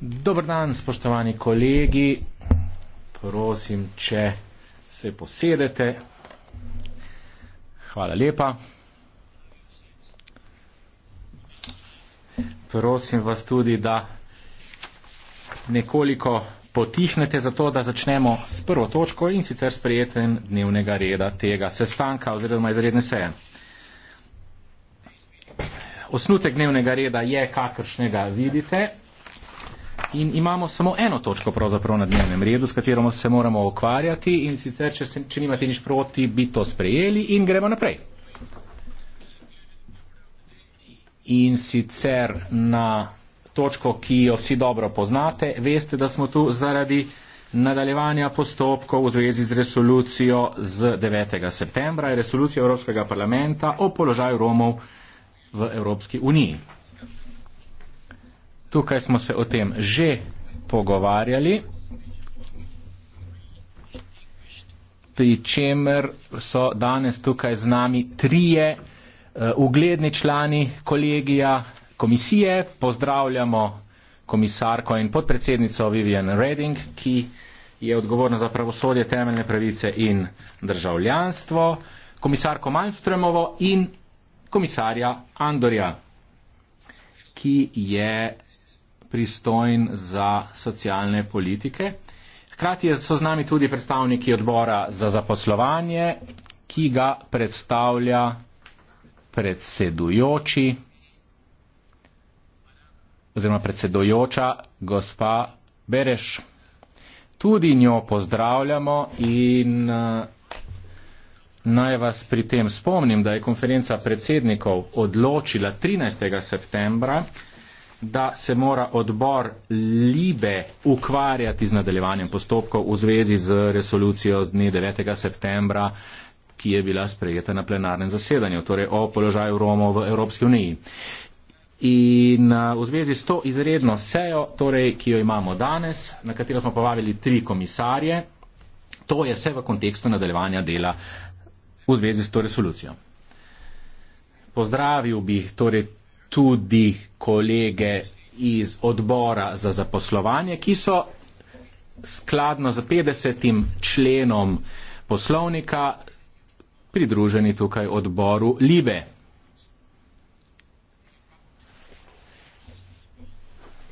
Dober dan, spoštovani kolegi. Prosim, če se posedete. Hvala lepa. Prosim vas tudi, da nekoliko potihnete za to, da začnemo s prvo točko in sicer s prijetjem dnevnega reda tega sestanka oziroma izredne seje. Osnutek dnevnega reda je, kakršnega vidite. In imamo samo eno točko pravzaprav na dnevnem redu, s katero se moramo ukvarjati in sicer, če, se, če nimate nič proti, bi to sprejeli in gremo naprej. In sicer na točko, ki jo vsi dobro poznate, veste, da smo tu zaradi nadaljevanja postopkov v zvezi z resolucijo z 9. septembra, resolucijo Evropskega parlamenta o položaju Romov v Evropski uniji. Tukaj smo se o tem že pogovarjali, pri čemer so danes tukaj z nami trije uh, ugledni člani kolegija komisije. Pozdravljamo komisarko in podpredsednico Vivian Redding, ki je odgovorna za pravosodje, temeljne pravice in državljanstvo, komisarko Malmstremovo in komisarja Andorja, ki je pristojen za socialne politike. Hkrati so z nami tudi predstavniki odbora za zaposlovanje, ki ga predstavlja predsedujoči oziroma predsedujoča gospa Bereš. Tudi njo pozdravljamo in uh, Naj vas pri tem spomnim, da je konferenca predsednikov odločila 13. septembra, da se mora odbor Libe ukvarjati z nadaljevanjem postopkov v zvezi z resolucijo z dne 9. septembra, ki je bila sprejeta na plenarnem zasedanju, torej o položaju Romov v Evropski uniji. In v zvezi s to izredno sejo, torej, ki jo imamo danes, na katero smo povabili tri komisarje, to je vse v kontekstu nadaljevanja dela v zvezi s to resolucijo. Pozdravil bi torej tudi kolege iz odbora za zaposlovanje, ki so skladno z 50. členom poslovnika pridruženi tukaj odboru Libe.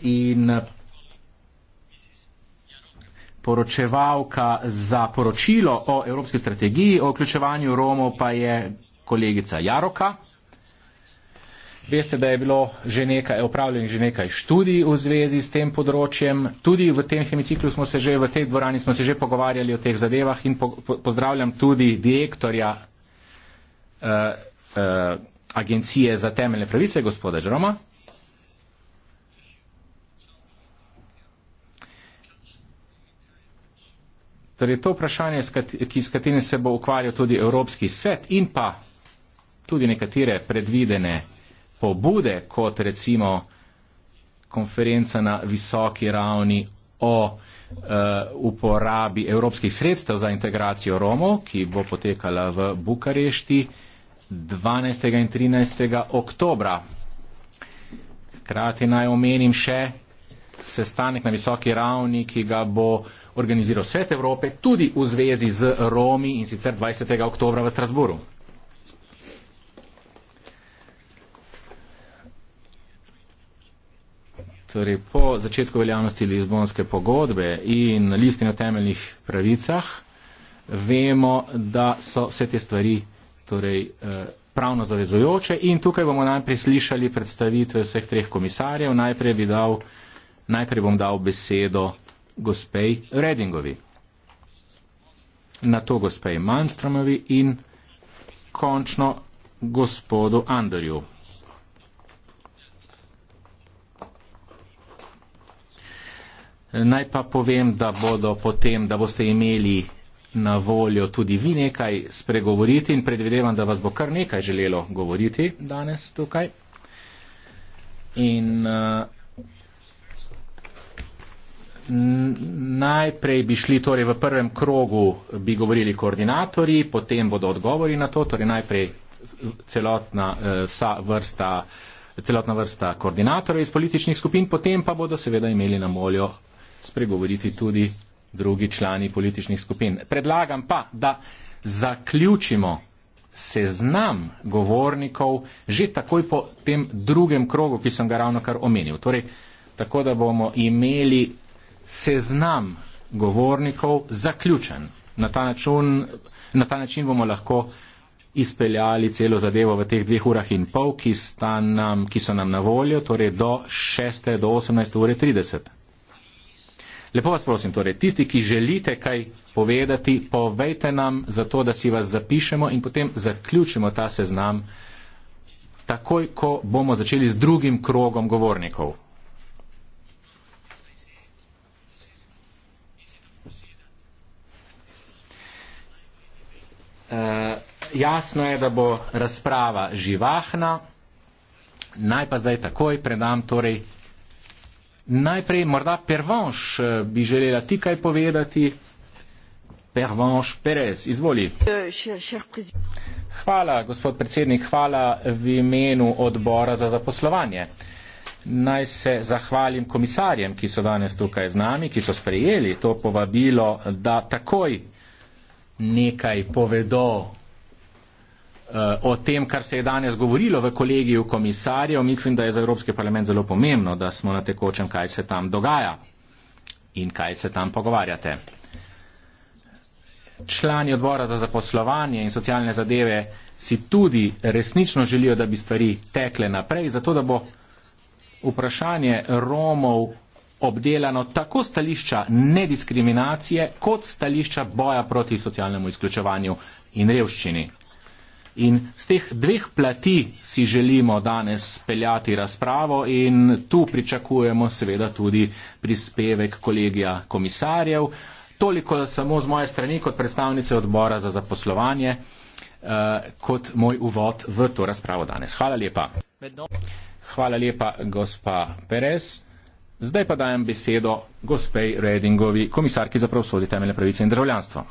In poročevalka za poročilo o evropski strategiji o vključevanju Romov pa je kolegica Jaroka. Veste, da je bilo že nekaj, opravljenih že nekaj študij v zvezi s tem področjem. Tudi v tem hemiciklu smo se že v tej dvorani smo se že pogovarjali o teh zadevah in po, po, pozdravljam tudi direktorja uh, uh, Agencije za temeljne pravice, gospoda Žroma. Torej, to vprašanje, s katerim se bo ukvarjal tudi Evropski svet in pa tudi nekatere predvidene pobude, kot recimo konferenca na visoki ravni o uh, uporabi evropskih sredstev za integracijo Romov, ki bo potekala v Bukarešti 12. in 13. oktobra. Hkrati naj omenim še sestanek na visoki ravni, ki ga bo uh, organiziral Svet Evrope tudi v zvezi z Romi in sicer 20. oktobra v Strasburu. Torej, po začetku veljavnosti Lizbonske pogodbe in listine o temeljnih pravicah vemo, da so vse te stvari torej, eh, pravno zavezujoče in tukaj bomo najprej slišali predstavitve vseh treh komisarjev. Najprej, bi dal, najprej bom dal besedo gospej Redingovi, na to gospej Manstromovi in končno gospodu Andorju. Naj pa povem, da bodo potem, da boste imeli na voljo tudi vi nekaj spregovoriti in predvidevam, da vas bo kar nekaj želelo govoriti danes tukaj. In uh, najprej bi šli torej v prvem krogu, bi govorili koordinatorji, potem bodo odgovori na to, torej najprej celotna, eh, vsa vrsta, celotna vrsta koordinatorjev iz političnih skupin, potem pa bodo seveda imeli na voljo spregovoriti tudi drugi člani političnih skupin. Predlagam pa, da zaključimo seznam govornikov že takoj po tem drugem krogu, ki sem ga ravno kar omenil. Torej, tako da bomo imeli seznam govornikov zaključen. Na ta, način, na ta način bomo lahko izpeljali celo zadevo v teh dveh urah in pol, ki, nam, ki so nam na voljo, torej do 6. do 18. ure 30. Lepo vas prosim, torej, tisti, ki želite kaj povedati, povejte nam za to, da si vas zapišemo in potem zaključimo ta seznam takoj, ko bomo začeli z drugim krogom govornikov. Eh, jasno je, da bo razprava živahna. Naj pa zdaj takoj predam torej najprej morda Pervanš eh, bi želela ti kaj povedati. Pervanš Perez, izvoli. Hvala, gospod predsednik, hvala v imenu odbora za zaposlovanje. Naj se zahvalim komisarjem, ki so danes tukaj z nami, ki so sprejeli to povabilo, da takoj nekaj povedo eh, o tem, kar se je danes govorilo v kolegiju komisarjev. Mislim, da je za Evropski parlament zelo pomembno, da smo na tekočem, kaj se tam dogaja in kaj se tam pogovarjate. Člani odbora za zaposlovanje in socialne zadeve si tudi resnično želijo, da bi stvari tekle naprej, zato da bo vprašanje Romov obdelano tako stališča nediskriminacije kot stališča boja proti socialnemu izključevanju in revščini. In z teh dveh plati si želimo danes peljati razpravo in tu pričakujemo seveda tudi prispevek kolegija komisarjev. Toliko samo z moje strani kot predstavnice odbora za zaposlovanje eh, kot moj uvod v to razpravo danes. Hvala lepa. No- Hvala lepa, gospa Perez. Zdaj pa dajem besedo gospej Redingovi, komisarki za pravosodje temeljne pravice in državljanstvo.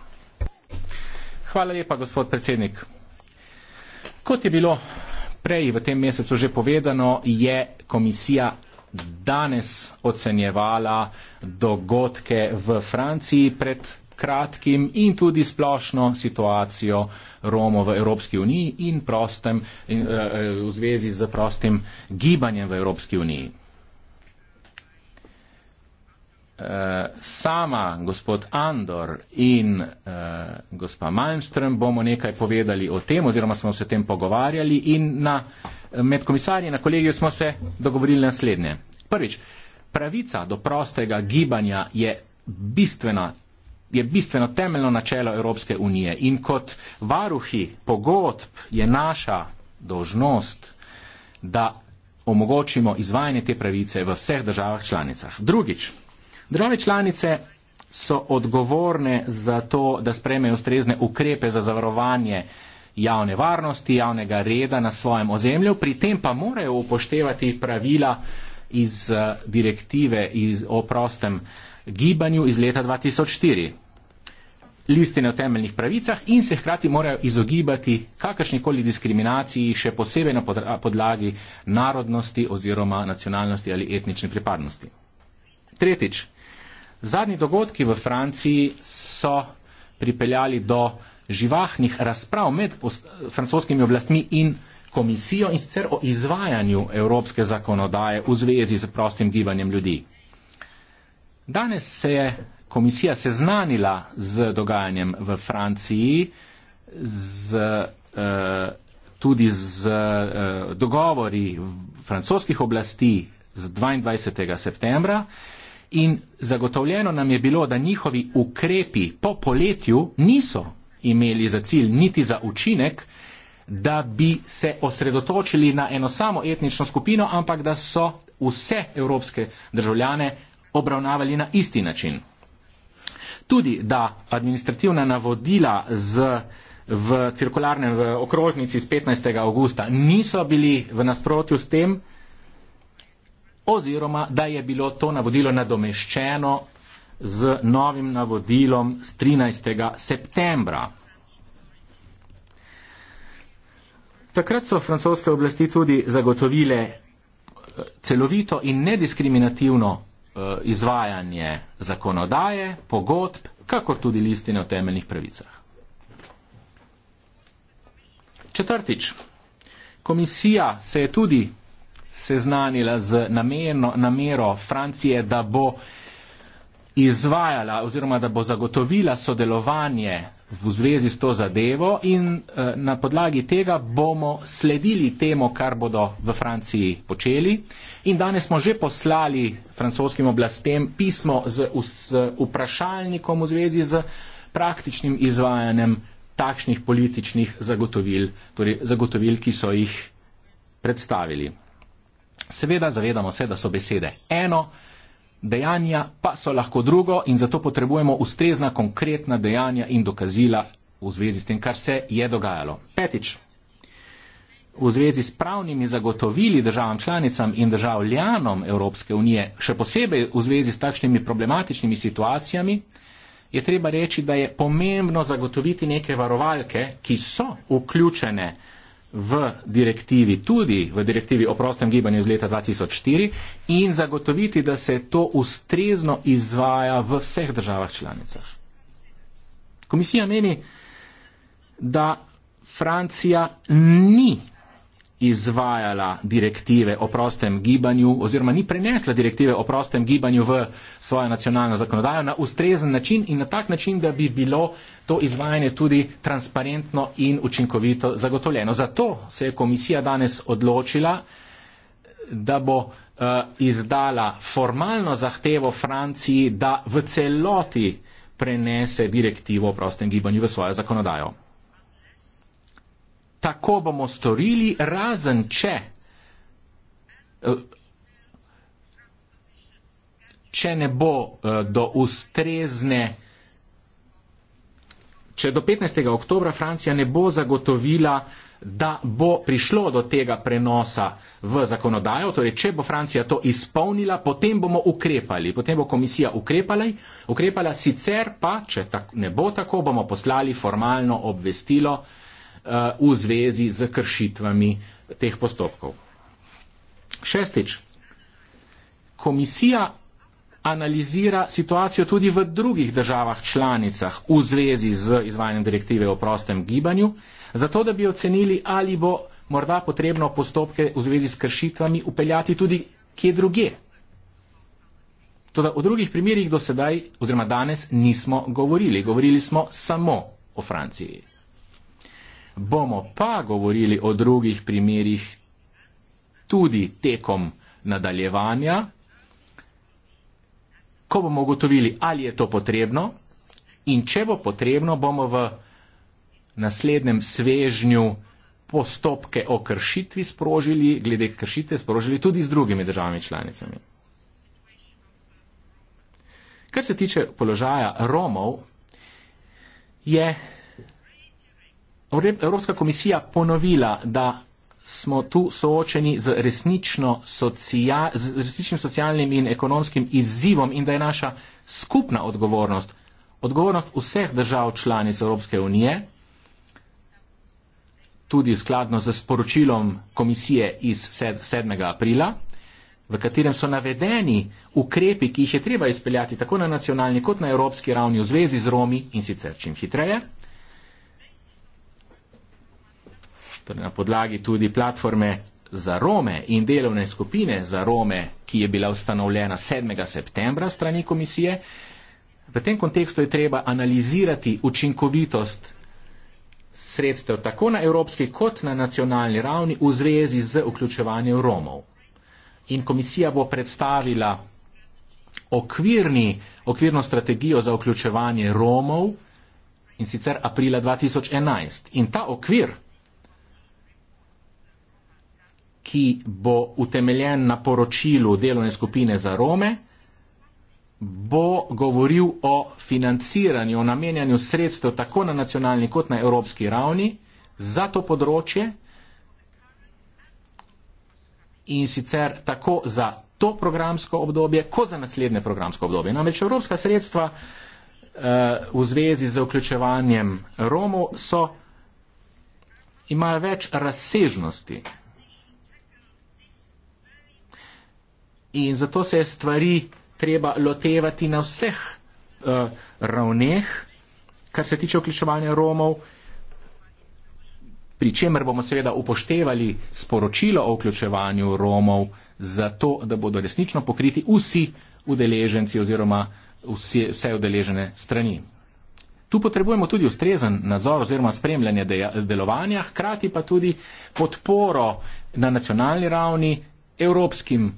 Hvala lepa, gospod predsednik. Kot je bilo prej v tem mesecu že povedano, je komisija danes ocenjevala dogodke v Franciji pred kratkim in tudi splošno situacijo Romov v Evropski uniji in, prostem, in eh, eh, v zvezi z prostim gibanjem v Evropski uniji. Eh, sama gospod Andor in uh, gospa Malmström bomo nekaj povedali o tem oziroma smo se o tem pogovarjali in na, med komisarji na kolegiju smo se dogovorili naslednje. Prvič, pravica do prostega gibanja je bistvena je bistveno temeljno načelo Evropske unije in kot varuhi pogodb je naša dožnost, da omogočimo izvajanje te pravice v vseh državah članicah. Drugič, Države članice so odgovorne za to, da spremejo ustrezne ukrepe za zavarovanje javne varnosti, javnega reda na svojem ozemlju, pri tem pa morajo upoštevati pravila iz eh, direktive iz o prostem gibanju iz leta 2004 listine o temeljnih pravicah in se hkrati morajo izogibati kakršnikoli diskriminaciji, še posebej na podlagi narodnosti oziroma nacionalnosti ali etnične pripadnosti. Tretjič, Zadnji dogodki v Franciji so pripeljali do živahnih razprav med francoskimi oblastmi in komisijo in sicer o izvajanju evropske zakonodaje v zvezi z prostim gibanjem ljudi. Danes se je komisija seznanila z dogajanjem v Franciji, z, eh, tudi z eh, dogovori francoskih oblasti z 22. septembra. Eh, in zagotovljeno nam je bilo, da njihovi ukrepi po poletju niso imeli za cilj niti za učinek, da bi se osredotočili na eno samo etnično skupino, ampak da so vse evropske državljane obravnavali na isti način. Tudi, da administrativna navodila z, v cirkularnem v okrožnici z 15. avgusta niso bili v nasprotju s tem, oziroma da je bilo to navodilo nadomeščeno z novim navodilom z 13. septembra. Takrat so francoske oblasti tudi zagotovile eh, celovito in nediskriminativno eh, izvajanje zakonodaje, pogodb, kakor tudi listine o temeljnih pravicah. Četrtič. Komisija se je tudi seznanila z namerno, namero Francije, da bo izvajala oziroma da bo zagotovila sodelovanje v zvezi s to zadevo in eh, na podlagi tega bomo sledili temu, kar bodo v Franciji počeli. In danes smo že poslali francoskim oblastem pismo z vprašalnikom v zvezi z praktičnim izvajanjem takšnih političnih zagotovil, torej zagotovil, ki so jih predstavili. Seveda zavedamo se, da so besede eno, dejanja pa so lahko drugo in zato potrebujemo ustrezna konkretna dejanja in dokazila v zvezi s tem, kar se je dogajalo. Petič. V zvezi s pravnimi zagotovili državam članicam in državljanom Evropske unije, še posebej v zvezi s takšnimi problematičnimi situacijami, je treba reči, da je pomembno zagotoviti neke varovalke, ki so vključene v direktivi, tudi v direktivi o prostem gibanju iz leta 2004 in zagotoviti, da se to ustrezno izvaja v vseh državah članicah. Komisija meni, da Francija ni izvajala direktive o prostem gibanju oziroma ni prenesla direktive o prostem gibanju v svojo nacionalno zakonodajo na ustrezen način in na tak način, da bi bilo to izvajanje tudi transparentno in učinkovito zagotovljeno. Zato se je komisija danes odločila, da bo uh, izdala formalno zahtevo Franciji, da v celoti prenese direktivo o prostem gibanju v svojo zakonodajo tako bomo storili, razen če, eh, če ne bo eh, do ustrezne, če do 15. oktobra Francija ne bo zagotovila, da bo prišlo do tega prenosa v zakonodajo, torej če bo Francija to izpolnila, potem bomo ukrepali, potem bo komisija ukrepala, ukrepala sicer pa, če tak, ne bo tako, bomo poslali formalno obvestilo, v zvezi z kršitvami teh postopkov. Šestič. Komisija analizira situacijo tudi v drugih državah članicah v zvezi z izvajanjem direktive o prostem gibanju, zato da bi ocenili, ali bo morda potrebno postopke v zvezi s kršitvami upeljati tudi kje druge. Toda o drugih primerjih do sedaj oziroma danes nismo govorili. Govorili smo samo o Franciji. Bomo pa govorili o drugih primerih tudi tekom nadaljevanja, ko bomo ugotovili, ali je to potrebno in če bo potrebno, bomo v naslednjem svežnju postopke o kršitvi sprožili, glede kršitve sprožili tudi z drugimi državami članicami. Kar se tiče položaja Romov, je Evropska komisija ponovila, da smo tu soočeni z, socia z resničnim socialnim in ekonomskim izzivom in da je naša skupna odgovornost, odgovornost vseh držav članic Evropske unije, tudi skladno z sporočilom komisije iz 7. aprila, v katerem so navedeni ukrepi, ki jih je treba izpeljati tako na nacionalni kot na evropski ravni v zvezi z Romi in sicer čim hitreje. torej na podlagi tudi platforme za Rome in delovne skupine za Rome, ki je bila ustanovljena 7. septembra strani komisije. V tem kontekstu je treba analizirati učinkovitost sredstev tako na evropski kot na nacionalni ravni v zvezi z vključevanjem Romov. In komisija bo predstavila okvirni, okvirno strategijo za vključevanje Romov in sicer aprila 2011. In ta okvir ki bo utemeljen na poročilu delovne skupine za Rome, bo govoril o financiranju, o namenjanju sredstev tako na nacionalni kot na evropski ravni za to področje in sicer tako za to programsko obdobje, kot za naslednje programsko obdobje. Namreč evropska sredstva eh, v zvezi z vključevanjem Romov so, imajo več razsežnosti. In zato se je stvari treba lotevati na vseh uh, ravneh, kar se tiče vključevanja Romov, pri čemer bomo seveda upoštevali sporočilo o vključevanju Romov, zato da bodo resnično pokriti vsi udeleženci oziroma vse, vse udeležene strani. Tu potrebujemo tudi ustrezen nadzor oziroma spremljanje delovanja, hkrati pa tudi podporo na nacionalni ravni evropskim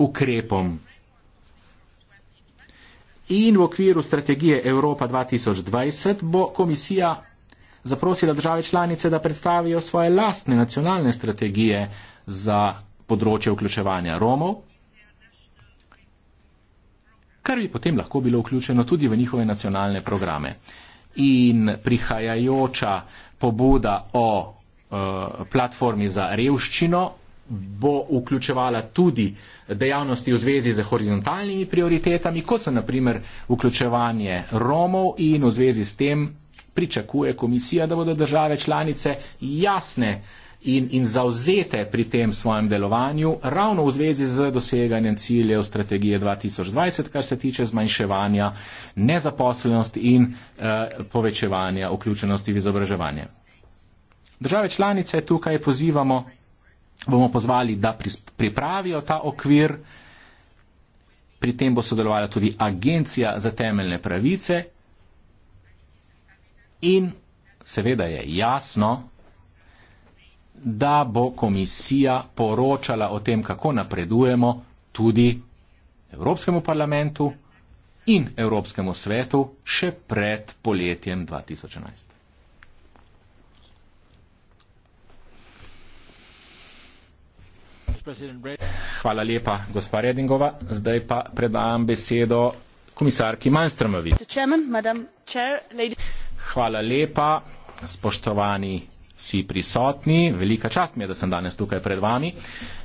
ukrepom. In v okviru strategije Evropa 2020 bo komisija zaprosila države članice, da predstavijo svoje lastne nacionalne strategije za področje vključevanja Romov, kar bi potem lahko bilo vključeno tudi v njihove nacionalne programe. In prihajajoča pobuda o uh, platformi za revščino bo vključevala tudi dejavnosti v zvezi z horizontalnimi prioritetami, kot so naprimer vključevanje Romov in v zvezi s tem pričakuje komisija, da bodo države članice jasne in, in zauzete pri tem svojem delovanju, ravno v zvezi z doseganjem ciljev strategije 2020, kar se tiče zmanjševanja nezaposlenosti in eh, povečevanja vključenosti v izobraževanje. Države članice tukaj pozivamo, bomo pozvali, da pripravijo ta okvir. Pri tem bo sodelovala tudi Agencija za temeljne pravice in seveda je jasno, da bo komisija poročala o tem, kako napredujemo tudi Evropskemu parlamentu in Evropskemu svetu še pred poletjem 2011. Hvala lepa, gospa Redingova. Zdaj pa predajam besedo komisarki Malmstromovi. Hvala lepa, spoštovani vsi prisotni. Velika čast mi je, da sem danes tukaj pred vami.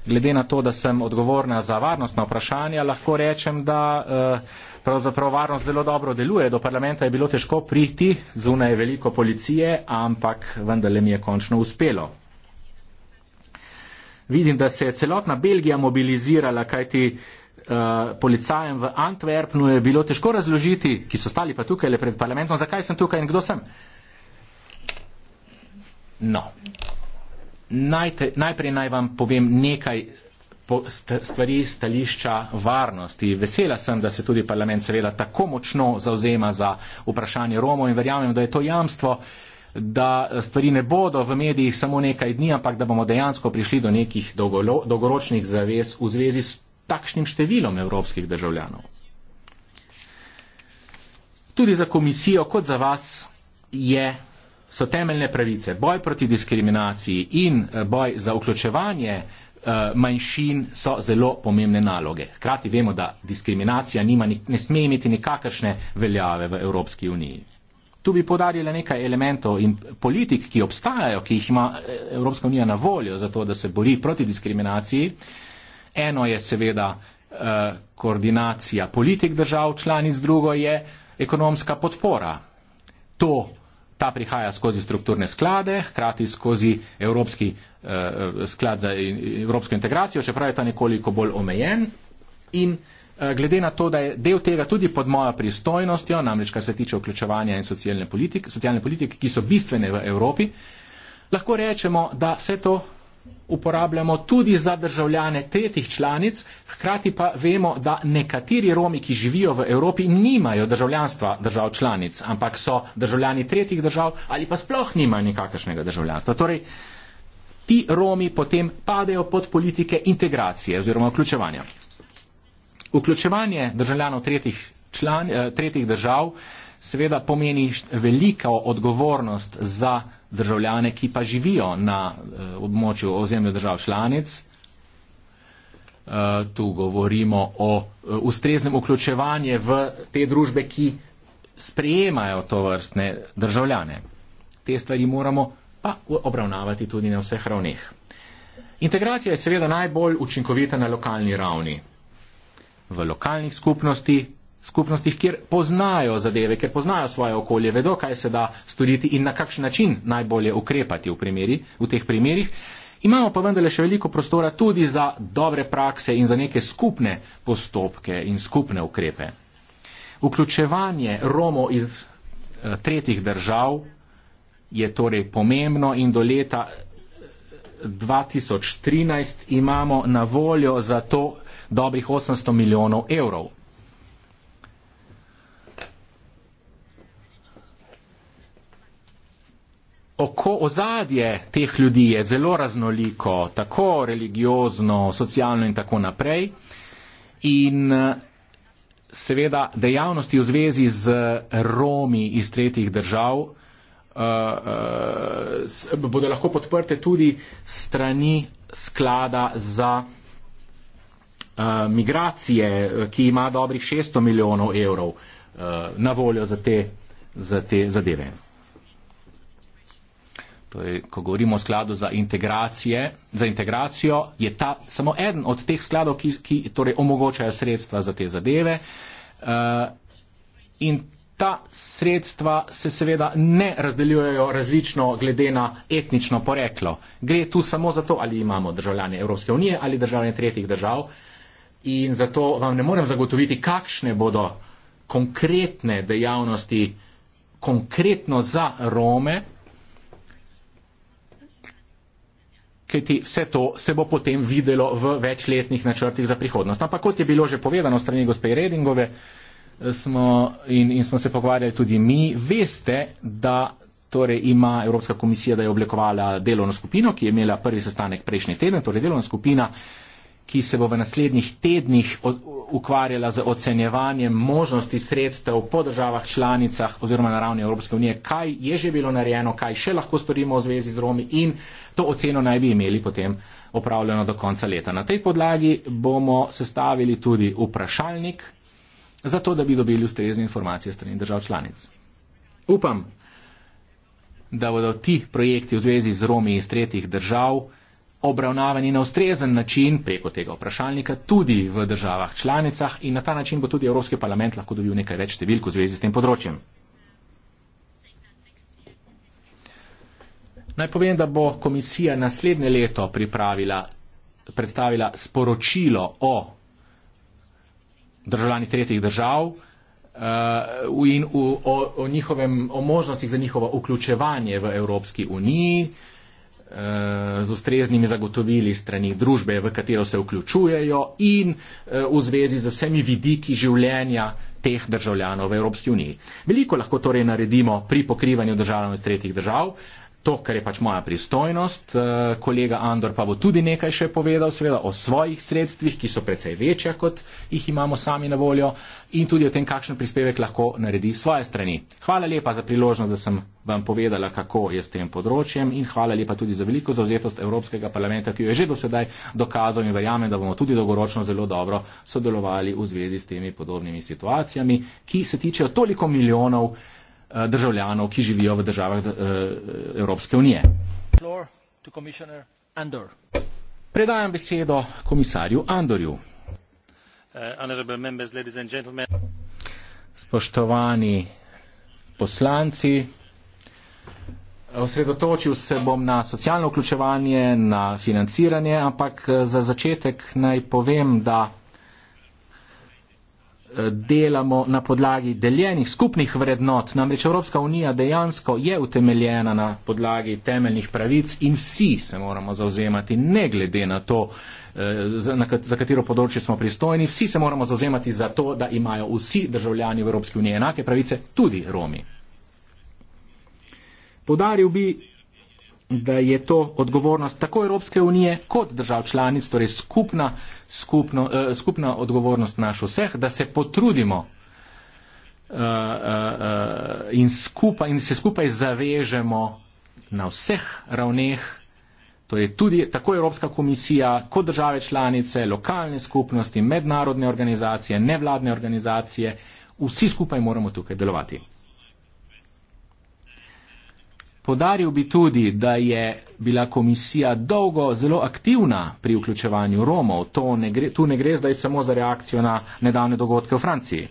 Glede na to, da sem odgovorna za varnostna vprašanja, lahko rečem, da eh, pravzaprav varnost zelo dobro deluje. Do parlamenta je bilo težko priti, zunaj je veliko policije, ampak vendarle mi je končno uspelo. Vidim, da se je celotna Belgija mobilizirala, kajti uh, policajem v Antwerpnu je bilo težko razložiti, ki so stali pa tukaj le pred parlamentom, zakaj sem tukaj in kdo sem. No. Najte, najprej naj vam povem nekaj stvari stališča varnosti. Vesela sem, da se tudi parlament seveda tako močno zauzema za vprašanje Romov in verjamem, da je to jamstvo, uh, da stvari ne bodo v medijih samo nekaj dni, ampak da bomo dejansko prišli do nekih dolgoročnih zavez v zvezi s takšnim številom evropskih državljanov. Tudi za komisijo, kot za vas, je, so temeljne pravice boj proti diskriminaciji in eh, boj za vključevanje eh, manjšin so zelo pomembne naloge. Hkrati vemo, da diskriminacija nima, ne sme imeti nikakršne veljave v Evropski uniji. Tu bi podarili nekaj elementov in politik, ki obstajajo, ki jih ima eh, Evropska unija na voljo za to, da se bori proti diskriminaciji. Eno je seveda eh, koordinacija politik držav članic, drugo je ekonomska podpora. To, ta prihaja skozi strukturne sklade, hkrati skozi Evropski eh, sklad za evropsko integracijo, čeprav je ta nekoliko bolj omejen. In Eh, glede na to, da je del tega tudi pod mojo pristojnostjo, namreč kar se tiče vključevanja in socialne politike, socialne politike ki so bistvene v Evropi, lahko rečemo, da vse to uporabljamo tudi za državljane tretjih članic, hkrati pa vemo, da nekateri Romi, ki živijo v Evropi, nimajo državljanstva držav članic, ampak so državljani tretjih držav ali pa sploh nimajo nikakršnega državljanstva. Torej, ti Romi potem padejo pod politike integracije oziroma vključevanja. Vključevanje državljanov tretjih, član, eh, tretjih držav seveda pomeni veliko odgovornost za državljane, ki pa živijo na eh, območju ozemlja držav članic. Eh, tu govorimo o ustreznem vključevanju v te družbe, ki sprejemajo to vrstne državljane. Te stvari moramo pa obravnavati tudi na vseh ravneh. Integracija je seveda najbolj učinkovita na lokalni ravni v lokalnih skupnosti, skupnostih, kjer poznajo zadeve, kjer poznajo svoje okolje, vedo, kaj se da storiti in na kakšen način najbolje ukrepati v, primeri, v teh primerih. Imamo pa vendarle še veliko prostora tudi za dobre prakse in za neke skupne postopke in skupne ukrepe. Vključevanje Romo iz eh, tretjih držav je torej pomembno in do leta 2013 eh, imamo na voljo za to dobrih 800 milijonov evrov. Oko ozadje teh ljudi je zelo raznoliko, tako religiozno, socialno in tako naprej. In seveda dejavnosti v zvezi z Romi iz tretjih držav uh, uh, bodo lahko podprte tudi strani sklada za. Eh, migracije, eh, ki ima dobrih 600 milijonov evrov eh, na voljo za te, za te zadeve. Je, torej, ko govorimo o skladu za, za integracijo, je ta samo eden od teh skladov, ki, ki torej omogočajo sredstva za te zadeve. In ta sredstva se seveda ne razdeljujejo različno glede na etnično poreklo. Gre tu samo za to, ali imamo državljane Evropske unije ali državljane tretjih držav in zato vam ne morem zagotoviti, kakšne bodo konkretne dejavnosti, konkretno za Rome, ker ti vse to se bo potem videlo v večletnih načrtih za prihodnost. Ampak kot je bilo že povedano strani gospe Redingove eh, smo, in, in smo se pogovarjali tudi mi, veste, da torej ima Evropska komisija, da je oblikovala delovno skupino, ki je imela prvi sestanek prejšnji teden, torej delovna skupina, ki se bo v naslednjih tednih ukvarjala z ocenjevanjem možnosti sredstev po državah članicah oziroma na ravni Evropske unije, kaj je že bilo narejeno, kaj še lahko storimo v zvezi z Romi in to oceno naj bi imeli potem opravljeno do konca leta. Na tej podlagi bomo sestavili tudi vprašalnik, zato da bi dobili ustrezne informacije strani držav članic. Upam, da bodo ti projekti v zvezi z Romi iz tretjih držav obravnavani na ustrezen način preko tega vprašalnika tudi v državah članicah in na ta način bo tudi Evropski parlament lahko dobil nekaj več številk v zvezi s tem področjem. Naj povem, da bo komisija naslednje leto pripravila, predstavila sporočilo o državljani tretjih držav uh, in v, o, o, njihovem, o možnostih za njihovo vključevanje v Evropski uniji. Uh, Eh, z ustreznimi zagotovili strani družbe, v katero se vključujejo in eh, v zvezi z vsemi vidiki življenja teh državljanov v Evropski uniji. Veliko lahko torej naredimo pri pokrivanju državljanov iz tretjih držav, to, kar je pač moja pristojnost. Eh, kolega Andor pa bo tudi nekaj še povedal, seveda o svojih sredstvih, ki so precej večja, kot jih imamo sami na voljo in tudi o tem, kakšen prispevek lahko naredi svoje strani. Hvala lepa za priložnost, da sem vam povedala, kako je s tem področjem in hvala lepa tudi za veliko zauzetost Evropskega parlamenta, ki jo je že do sedaj dokazal in verjamem, da bomo tudi dolgoročno zelo dobro sodelovali v zvezi s temi podobnimi situacijami, ki se tičejo toliko milijonov Eh, državljanov, ki živijo v državah eh, Evropske unije. Predajam besedo komisarju Andorju. Eh, Spoštovani poslanci, osredotočil se bom na socialno vključevanje, na financiranje, ampak za začetek naj povem, da delamo na podlagi deljenih skupnih vrednot. Namreč Evropska unija dejansko je utemeljena na podlagi temeljnih pravic in vsi se moramo zauzemati, ne glede na to, eh, za katero področje smo pristojni, vsi se moramo zauzemati za to, da imajo vsi državljani Evropske unije enake pravice, tudi Romi. Podaril bi da je to odgovornost tako Evropske unije kot držav članic, torej skupna, skupno, eh, skupna odgovornost naš vseh, da se potrudimo eh, eh, eh, in, skupaj, in se skupaj zavežemo na vseh ravneh, torej tudi tako Evropska komisija kot države članice, lokalne skupnosti, mednarodne organizacije, nevladne organizacije, vsi skupaj moramo tukaj delovati. Podaril bi tudi, da je bila komisija dolgo zelo aktivna pri vključevanju Romov. Ne gre, tu ne gre zdaj samo za reakcijo na nedavne dogodke v Franciji.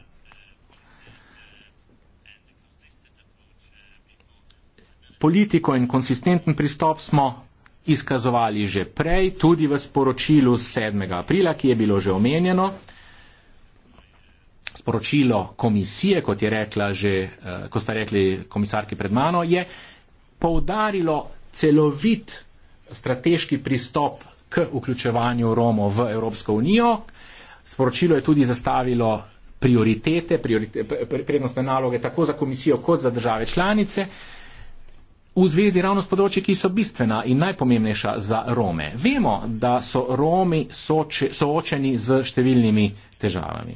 Politiko in konsistenten pristop smo izkazovali že prej, tudi v sporočilu 7. aprila, ki je bilo že omenjeno. Sporočilo komisije, kot je rekla že, eh, ko sta rekli komisarki pred mano, je poudarilo celovit strateški pristop k vključevanju Romov v Evropsko unijo. Sporočilo je tudi zastavilo prioritete, prioritete prednostne naloge tako za komisijo kot za države članice v zvezi ravno s področji, ki so bistvena in najpomembnejša za Rome. Vemo, da so Romi soče, soočeni z številnimi težavami.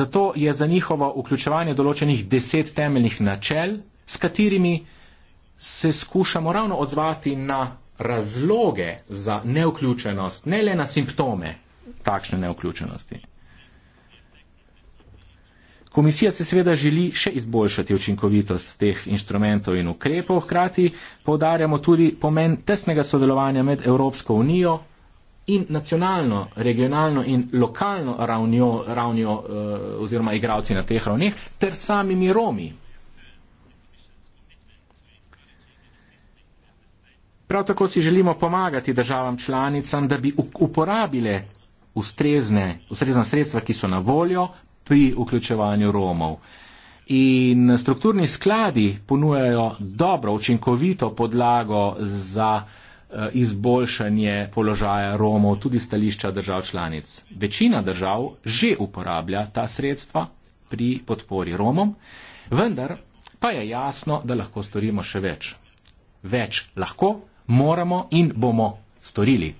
Zato je za njihovo vključevanje določenih deset temeljnih načel s katerimi se skušamo ravno odzvati na razloge za neuključenost, ne le na simptome takšne neuključenosti. Komisija se seveda želi še izboljšati učinkovitost teh instrumentov in ukrepov, hkrati povdarjamo tudi pomen tesnega sodelovanja med Evropsko unijo in nacionalno, regionalno in lokalno ravnjo, ravnjo eh, oziroma igravci na teh ravneh ter samimi Romi. Prav tako si želimo pomagati državam članicam, da bi uporabile ustrezne, ustrezna sredstva, ki so na voljo pri vključevanju Romov. In strukturni skladi ponujajo dobro, učinkovito podlago za eh, izboljšanje položaja Romov tudi stališča držav članic. Večina držav že uporablja ta sredstva pri podpori Romom, vendar pa je jasno, da lahko storimo še več. Več lahko, moramo in bomo storili.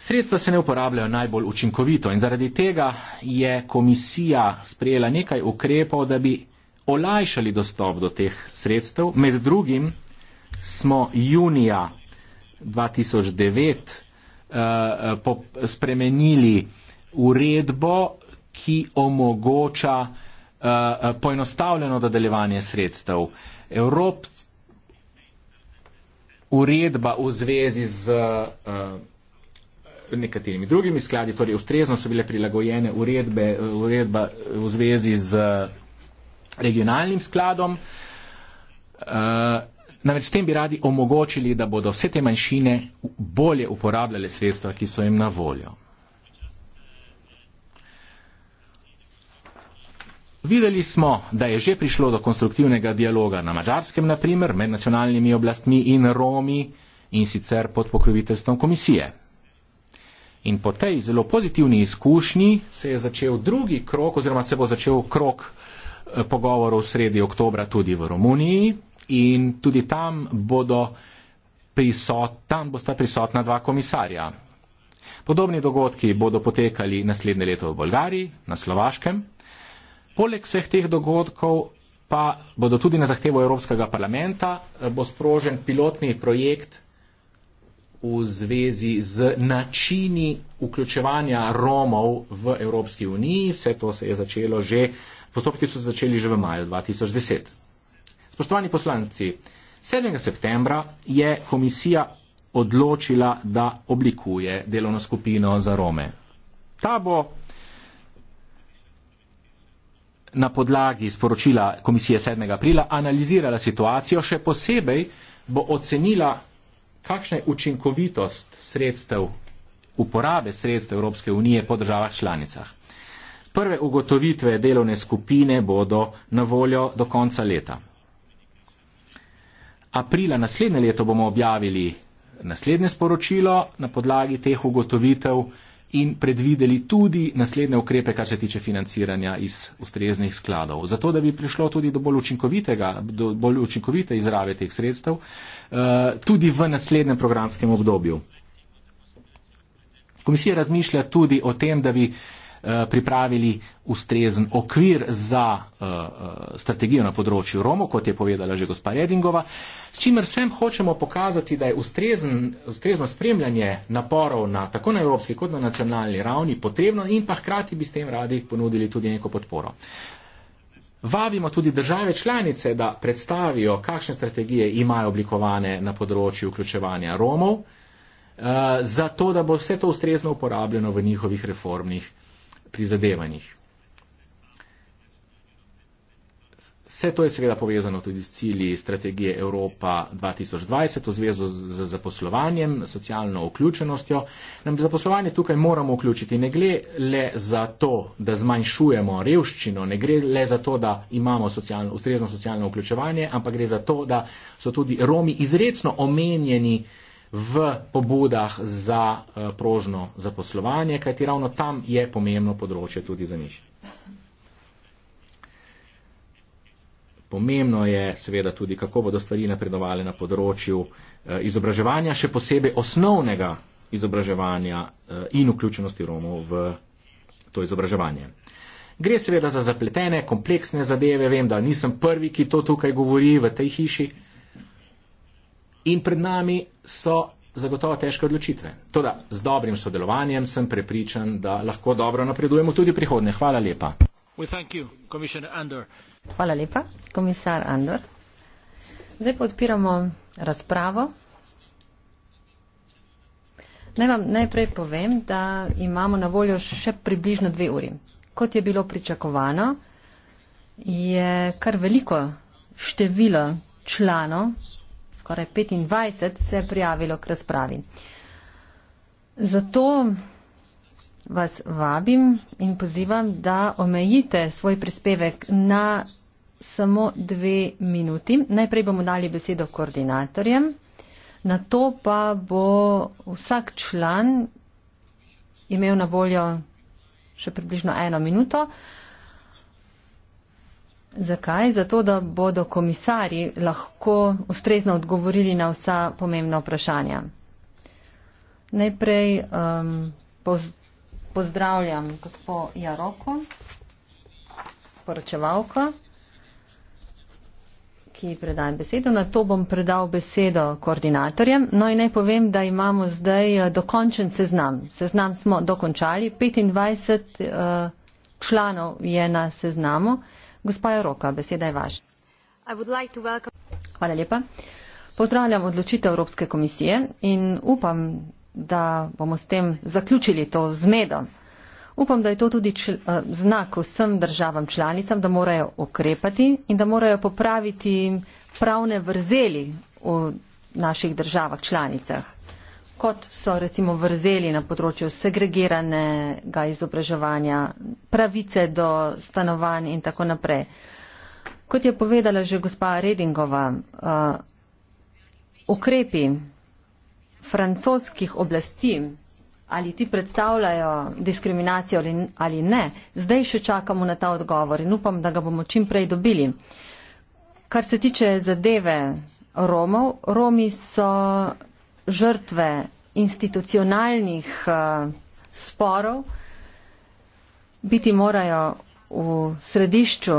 Sredstva se ne uporabljajo najbolj učinkovito in zaradi tega je komisija sprejela nekaj ukrepov, da bi olajšali dostop do teh sredstev. Med drugim smo junija 2009 uh, eh, eh, spremenili uredbo, ki omogoča uh, poenostavljeno dodeljevanje sredstev. Evropa uredba v zvezi z uh, nekaterimi drugimi skladi, torej ustrezno so bile prilagojene uredbe, uredba v zvezi z regionalnim skladom. Uh, Namreč s tem bi radi omogočili, da bodo vse te manjšine bolje uporabljale sredstva, ki so jim na voljo. Videli smo, da je že prišlo do konstruktivnega dialoga na mačarskem, naprimer med nacionalnimi oblastmi in Romi in sicer pod pokroviteljstvom komisije. In po tej zelo pozitivni izkušnji se je začel drugi krok oziroma se bo začel krok eh, pogovorov sredi oktobra tudi v Romuniji in tudi tam, prisot, tam bosta prisotna dva komisarja. Podobni dogodki bodo potekali naslednje leto v Bolgariji, na Slovaškem, Poleg vseh teh dogodkov pa bodo tudi na zahtevo Evropskega parlamenta eh, bo sprožen pilotni projekt v zvezi z načini vključevanja Romov v Evropski uniji. Vse to se je začelo že, postopki so začeli že v maju 2010. Spoštovani poslanci, 7. septembra je komisija odločila, da oblikuje delovno skupino za Rome. Ta bo na podlagi sporočila komisije 7. aprila analizirala situacijo, še posebej bo ocenila, kakšna je učinkovitost sredstev, uporabe sredstev Evropske unije po državah članicah. Prve ugotovitve delovne skupine bodo na voljo do konca leta. Aprila naslednje leto bomo objavili naslednje sporočilo na podlagi teh ugotovitev in predvideli tudi naslednje ukrepe, kar se tiče financiranja iz ustreznih skladov. Zato, da bi prišlo tudi do bolj, do bolj učinkovite izrave teh sredstev, eh, tudi v naslednjem programskem obdobju. Komisija razmišlja tudi o tem, da bi Eh, pripravili ustrezen okvir za eh, eh, strategijo na področju Romo, kot je povedala že gospa Redingova, s čimer sem hočemo pokazati, da je ustrezen, ustrezno spremljanje naporov na tako na evropski kot na nacionalni ravni potrebno in pa hkrati bi s tem radi ponudili tudi neko podporo. Vabimo tudi države članice, da predstavijo, kakšne strategije imajo oblikovane na področju vključevanja Romov, zato da bo vse to ustrezno uporabljeno v njihovih reformnih prizadevanjih. Vse to je seveda povezano tudi s cilji strategije Evropa 2020 v zvezi z zaposlovanjem, socialno vključenostjo. Nam zaposlovanje tukaj moramo vključiti. Ne gre le za to, da zmanjšujemo revščino, ne gre le za to, da imamo socialno, ustrezno socialno vključevanje, ampak gre za to, da so tudi Romi izredno omenjeni v pobudah za eh, prožno zaposlovanje, kajti ravno tam je pomembno področje tudi za njih. Pomembno je seveda tudi, kako bodo stvari napredovali na področju eh, izobraževanja, še posebej osnovnega izobraževanja eh, in vključenosti Romov v to izobraževanje. Gre seveda za zapletene, kompleksne zadeve. Vem, da nisem prvi, ki to tukaj govori v tej hiši. In pred nami so zagotovo težke odločitve. Toda z dobrim sodelovanjem sem prepričan, da lahko dobro napredujemo tudi prihodne. Hvala lepa. Hvala lepa, komisar Andor. Zdaj podpiramo razpravo. Naj vam najprej povem, da imamo na voljo še približno dve uri. Kot je bilo pričakovano, je kar veliko število članov skoraj 25, se je prijavilo k razpravi. Zato vas vabim in pozivam, da omejite svoj prispevek na samo dve minuti. Najprej bomo dali besedo koordinatorjem, na to pa bo vsak član imel na voljo še približno eno minuto. Zakaj? Zato, da bodo komisarji lahko ustrezno odgovorili na vsa pomembna vprašanja. Najprej um, poz, pozdravljam gospo Jaroko, poročevalko, ki predaj besedo. Na to bom predal besedo koordinatorjem. No in naj povem, da imamo zdaj uh, dokončen seznam. Seznam smo dokončali, 25 uh, članov je na seznamu. Gospa Jaroka, beseda je vaš. Hvala lepa. Pozdravljam odločitev Evropske komisije in upam, da bomo s tem zaključili to zmedo. Upam, da je to tudi čl, eh, znak vsem državam članicam, da morajo okrepati in da morajo popraviti pravne vrzeli v naših državah članicah kot so recimo vrzeli na področju segregiranega izobraževanja, pravice do stanovanj in tako naprej. Kot je povedala že gospa Redingova, uh, ukrepi francoskih oblasti, ali ti predstavljajo diskriminacijo ali, ali ne, zdaj še čakamo na ta odgovor in upam, da ga bomo čim prej dobili. Kar se tiče zadeve Romov, Romi so žrtve institucionalnih uh, sporov, biti morajo v središču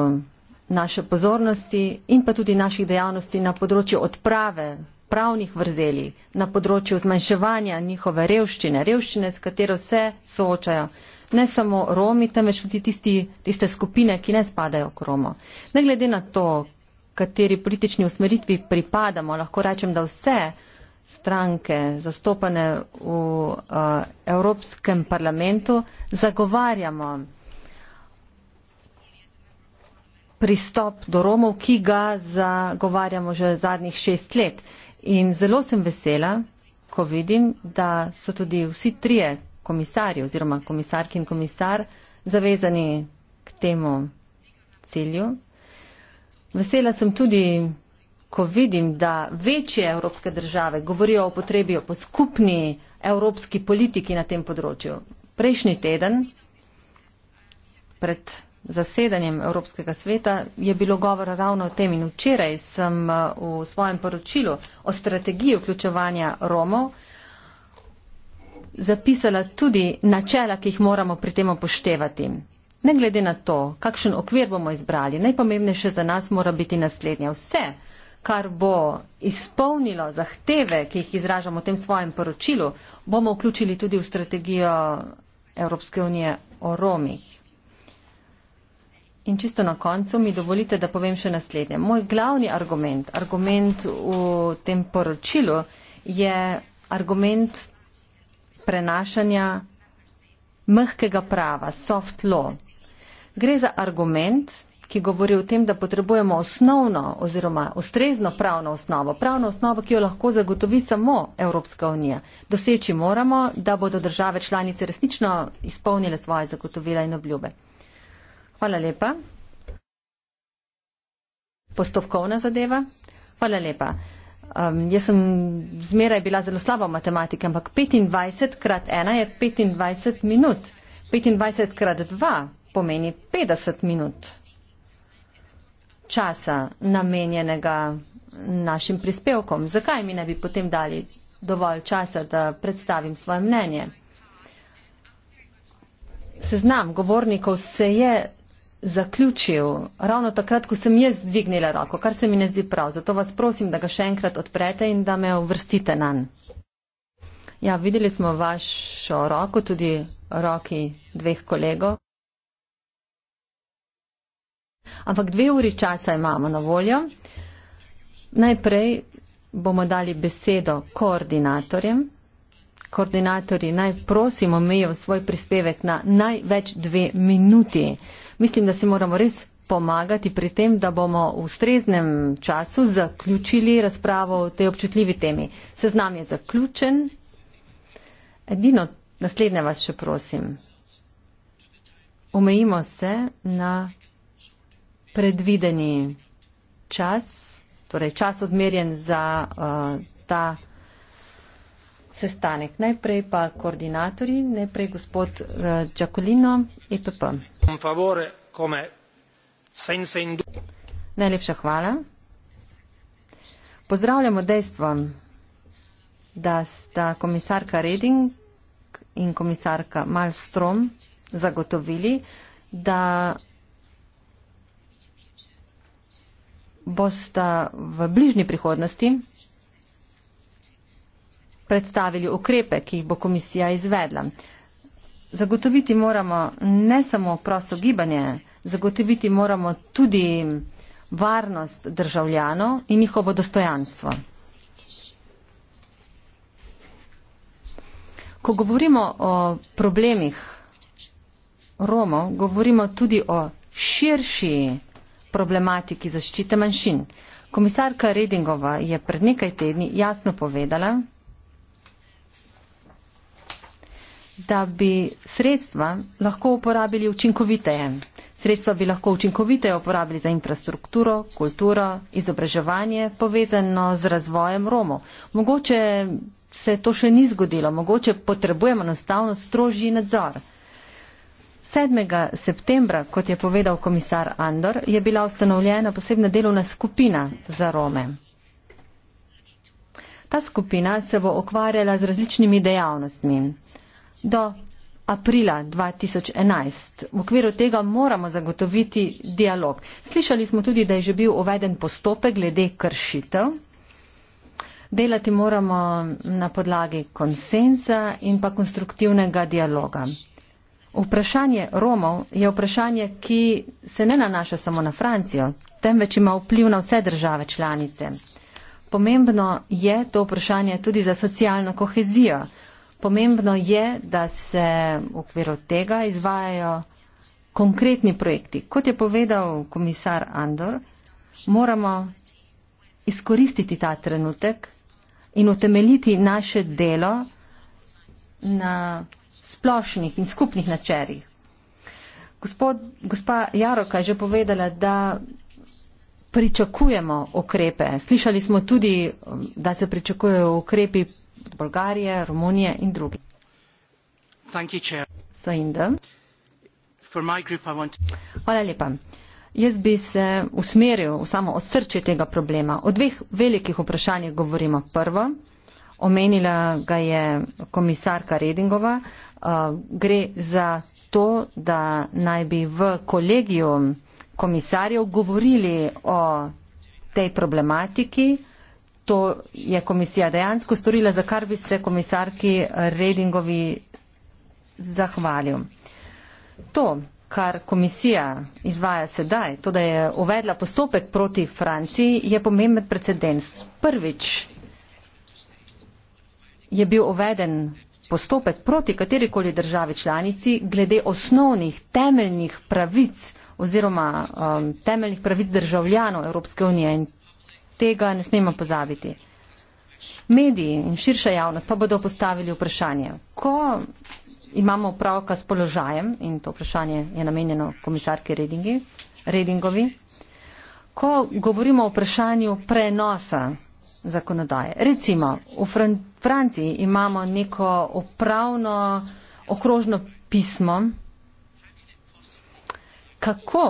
naše pozornosti in pa tudi naših dejavnosti na področju odprave pravnih vrzeli, na področju zmanjševanja njihove revščine, revščine, s katero se soočajo ne samo Romi, temveč tudi tisti, tiste skupine, ki ne spadajo k Romo. Ne glede na to, kateri politični usmeritvi pripadamo, lahko rečem, da vse stranke zastopane v uh, Evropskem parlamentu zagovarjamo pristop do Romov, ki ga zagovarjamo že zadnjih šest let. In zelo sem vesela, ko vidim, da so tudi vsi trije komisarji oziroma komisarki in komisar zavezani k temu cilju. Vesela sem tudi ko vidim, da večje evropske države govorijo o potrebi po skupni evropski politiki na tem področju. Prejšnji teden, pred zasedanjem Evropskega sveta, je bilo govora ravno o tem in včeraj sem eh, v svojem poročilu o strategiji vključevanja Romov zapisala tudi načela, ki jih moramo pri tem upoštevati. Ne glede na to, kakšen okvir bomo izbrali, najpomembnejše za nas mora biti naslednje. Vse kar bo izpolnilo zahteve, ki jih izražamo v tem svojem poročilu, bomo vključili tudi v strategijo Evropske unije o Romih. In čisto na koncu mi dovolite, da povem še naslednje. Moj glavni argument, argument v tem poročilu je argument prenašanja mehkega prava, soft law. Gre za argument, ki govori o tem, da potrebujemo osnovno oziroma ustrezno pravno osnovo, pravno osnovo, ki jo lahko zagotovi samo Evropska unija. Doseči moramo, da bodo države članice resnično izpolnile svoje zagotovila in obljube. Hvala lepa. Postopkovna zadeva. Hvala lepa. Um, jaz sem zmeraj bila zelo slaba v matematiki, ampak 25 krat 1 je 25 minut. 25 krat 2 pomeni 50 minut časa namenjenega našim prispevkom. Zakaj mi ne bi potem dali dovolj časa, da predstavim svoje mnenje? Seznam govornikov se je zaključil ravno takrat, ko sem jaz dvignila roko, kar se mi ne zdi prav. Zato vas prosim, da ga še enkrat odprete in da me uvrstite na nj. Ja, videli smo vašo roko, tudi roki dveh kolegov. Ampak dve uri časa imamo na voljo. Najprej bomo dali besedo koordinatorjem. Koordinatorji, naj prosimo mejo svoj prispevek na največ dve minuti. Mislim, da se moramo res pomagati pri tem, da bomo v streznem času zaključili razpravo o tej občutljivi temi. Seznam je zaključen. Edino, naslednje vas še prosim. Omejimo se na predvideni čas, torej čas odmerjen za uh, ta sestanek. Najprej pa koordinatorji, najprej gospod uh, Giacolino, EPP. Najlepša hvala. Pozdravljamo dejstvo, da sta komisarka Reding in komisarka Malstrom zagotovili, da bosta v bližnji prihodnosti predstavili ukrepe, ki jih bo komisija izvedla. Zagotoviti moramo ne samo prosto gibanje, zagotoviti moramo tudi varnost državljanov in njihovo dostojanstvo. Ko govorimo o problemih Romov, govorimo tudi o širši problematiki zaščite manjšin. Komisarka Redingova je pred nekaj tedni jasno povedala, da bi sredstva lahko uporabili učinkoviteje. Sredstva bi lahko učinkoviteje uporabili za infrastrukturo, kulturo, izobraževanje, povezano z razvojem Romo. Mogoče se to še ni zgodilo, mogoče potrebujemo enostavno strožji nadzor. 7. septembra, kot je povedal komisar Andor, je bila ustanovljena posebna delovna skupina za Rome. Ta skupina se bo okvarjala z različnimi dejavnostmi. Do aprila 2011 v okviru tega moramo zagotoviti dialog. Slišali smo tudi, da je že bil uveden postopek glede kršitev. Delati moramo na podlagi konsenza in pa konstruktivnega dialoga. Vprašanje Romov je vprašanje, ki se ne nanaša samo na Francijo, temveč ima vpliv na vse države članice. Pomembno je to vprašanje tudi za socialno kohezijo. Pomembno je, da se v okviru tega izvajajo konkretni projekti. Kot je povedal komisar Andor, moramo izkoristiti ta trenutek in utemeljiti naše delo na splošnih in skupnih načerjih. Gospod, gospa Jaroka je že povedala, da pričakujemo okrepe. Slišali smo tudi, da se pričakujejo okrepi Bolgarije, Romunije in drugih. Hvala lepa. Jaz bi se usmeril v samo osrčje tega problema. O dveh velikih vprašanjih govorimo. Prvo, omenila ga je komisarka Redingova, Uh, gre za to, da naj bi v kolegiju komisarjev govorili o tej problematiki. To je komisija dejansko storila, za kar bi se komisarki Redingovi zahvalil. To, kar komisija izvaja sedaj, to, da je uvedla postopek proti Franciji, je pomemben precedens. Prvič je bil uveden postopek proti katerikoli državi članici glede osnovnih temeljnih pravic oziroma um, temeljnih pravic državljanov Evropske unije in tega ne smemo pozabiti. Mediji in širša javnost pa bodo postavili vprašanje, ko imamo upravka s položajem, in to vprašanje je namenjeno komisarki Redingovi, ko govorimo o vprašanju prenosa zakonodaje. Recimo, v Fran Franciji imamo neko upravno okrožno pismo, kako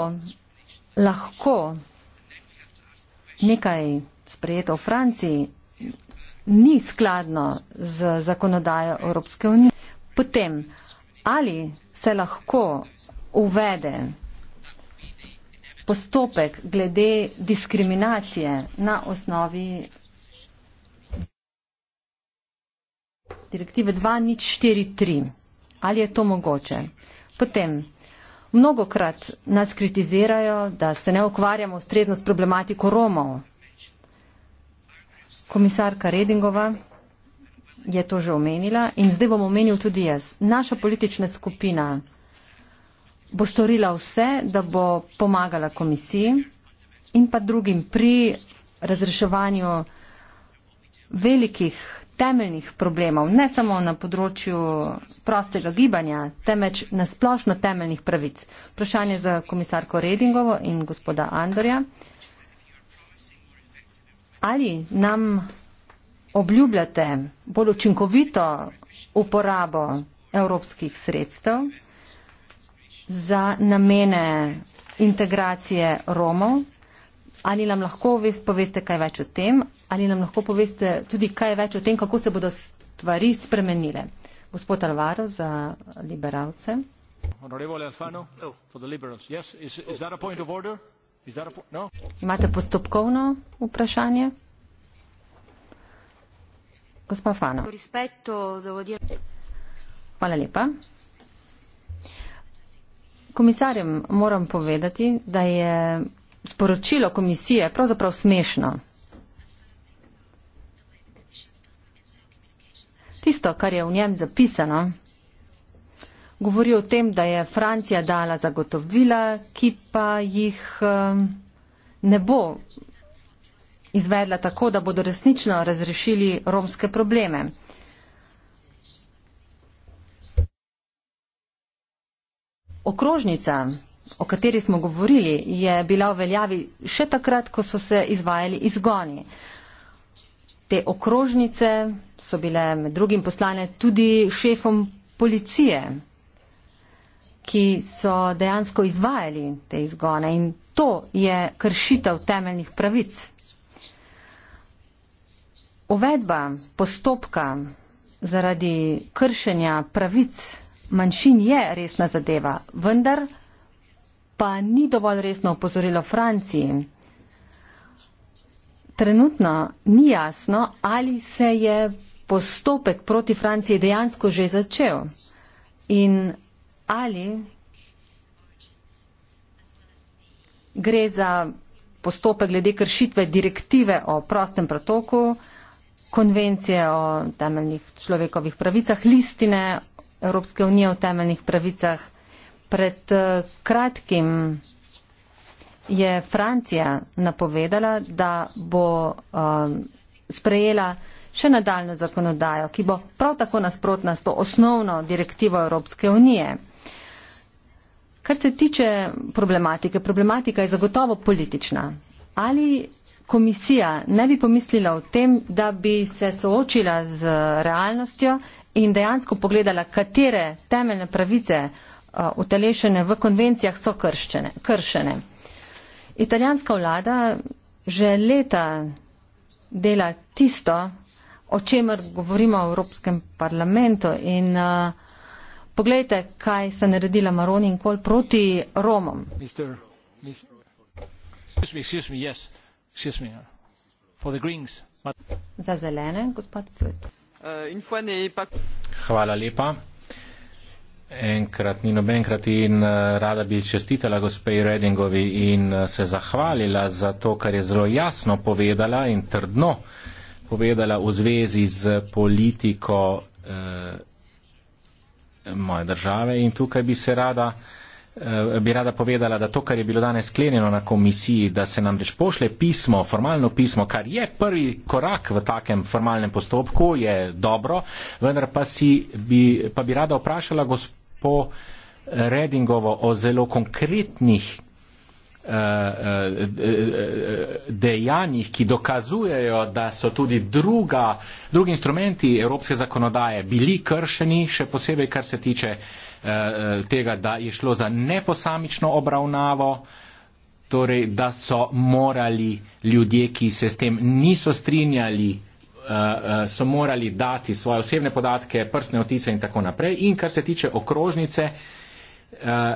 lahko nekaj sprejeto v Franciji ni skladno z zakonodajo Evropske unije. Potem, ali se lahko uvede postopek glede diskriminacije na osnovi Direktive 2043. Ali je to mogoče? Potem, mnogokrat nas kritizirajo, da se ne ukvarjamo ustrezno s problematiko Romov. Komisarka Redingova je to že omenila in zdaj bom omenil tudi jaz. Naša politična skupina bo storila vse, da bo pomagala komisiji in pa drugim pri razreševanju velikih temeljnih problemov, ne samo na področju prostega gibanja, temveč na splošno temeljnih pravic. Vprašanje za komisarko Redingovo in gospoda Andorja. Ali nam obljubljate bolj učinkovito uporabo evropskih sredstev za namene integracije Romov? Ali nam lahko poveste kaj več o tem, ali nam lahko poveste tudi kaj več o tem, kako se bodo stvari spremenile? Gospod Alvaro za liberalce. No? Imate postopkovno vprašanje? Gospa Fano. Hvala lepa. Komisarjem moram povedati, da je sporočilo komisije pravzaprav smešno. Tisto, kar je v njem zapisano, govori o tem, da je Francija dala zagotovila, ki pa jih um, ne bo izvedla tako, da bodo resnično razrešili romske probleme. Okrožnica o kateri smo govorili, je bila v veljavi še takrat, ko so se izvajali izgoni. Te okrožnice so bile med drugim poslane tudi šefom policije, ki so dejansko izvajali te izgone in to je kršitev temeljnih pravic. Uvedba postopka zaradi kršenja pravic manjšin je resna zadeva, vendar pa ni dovolj resno opozorilo Franciji. Trenutno ni jasno, ali se je postopek proti Franciji dejansko že začel in ali gre za postopek glede kršitve direktive o prostem protoku, konvencije o temeljnih človekovih pravicah, listine Evropske unije o temeljnih pravicah. Pred eh, kratkim je Francija napovedala, da bo eh, sprejela še nadaljno zakonodajo, ki bo prav tako nasprotna s to osnovno direktivo Evropske unije. Kar se tiče problematike, problematika je zagotovo politična. Ali komisija ne bi pomislila o tem, da bi se soočila z realnostjo in dejansko pogledala, katere temeljne pravice Uh, utelešene v konvencijah so kršene. Italijanska vlada že leta dela tisto, o čemer govorimo v Evropskem parlamentu in uh, poglejte, kaj sta naredila Maroni in Kol proti Romom. Mister, mister. Excuse me, excuse me, yes. For the greens, but... Za zelene, gospod Plut. Uh, Hvala lepa enkrat ni nobenkrat in eh, rada bi čestitela gospej Redingovi in eh, se zahvalila za to, kar je zelo jasno povedala in trdno povedala v zvezi z politiko eh, moje države. In tukaj bi se rada, eh, bi rada povedala, da to, kar je bilo danes sklenjeno na komisiji, da se nam reč pošle pismo, formalno pismo, kar je prvi korak v takem formalnem postopku, je dobro, vendar pa, si, bi, pa bi rada vprašala gospod po Redingovo o zelo konkretnih eh, eh, eh, dejanjih, ki dokazujejo, da so tudi druga, drugi instrumenti evropske zakonodaje bili kršeni, še posebej, kar se tiče tega, da je šlo za neposamično obravnavo, torej, da so morali ljudje, ki se s tem niso strinjali, Eh, eh, so morali dati svoje osebne podatke, prstne otise in tako naprej. In kar se tiče okrožnice, eh,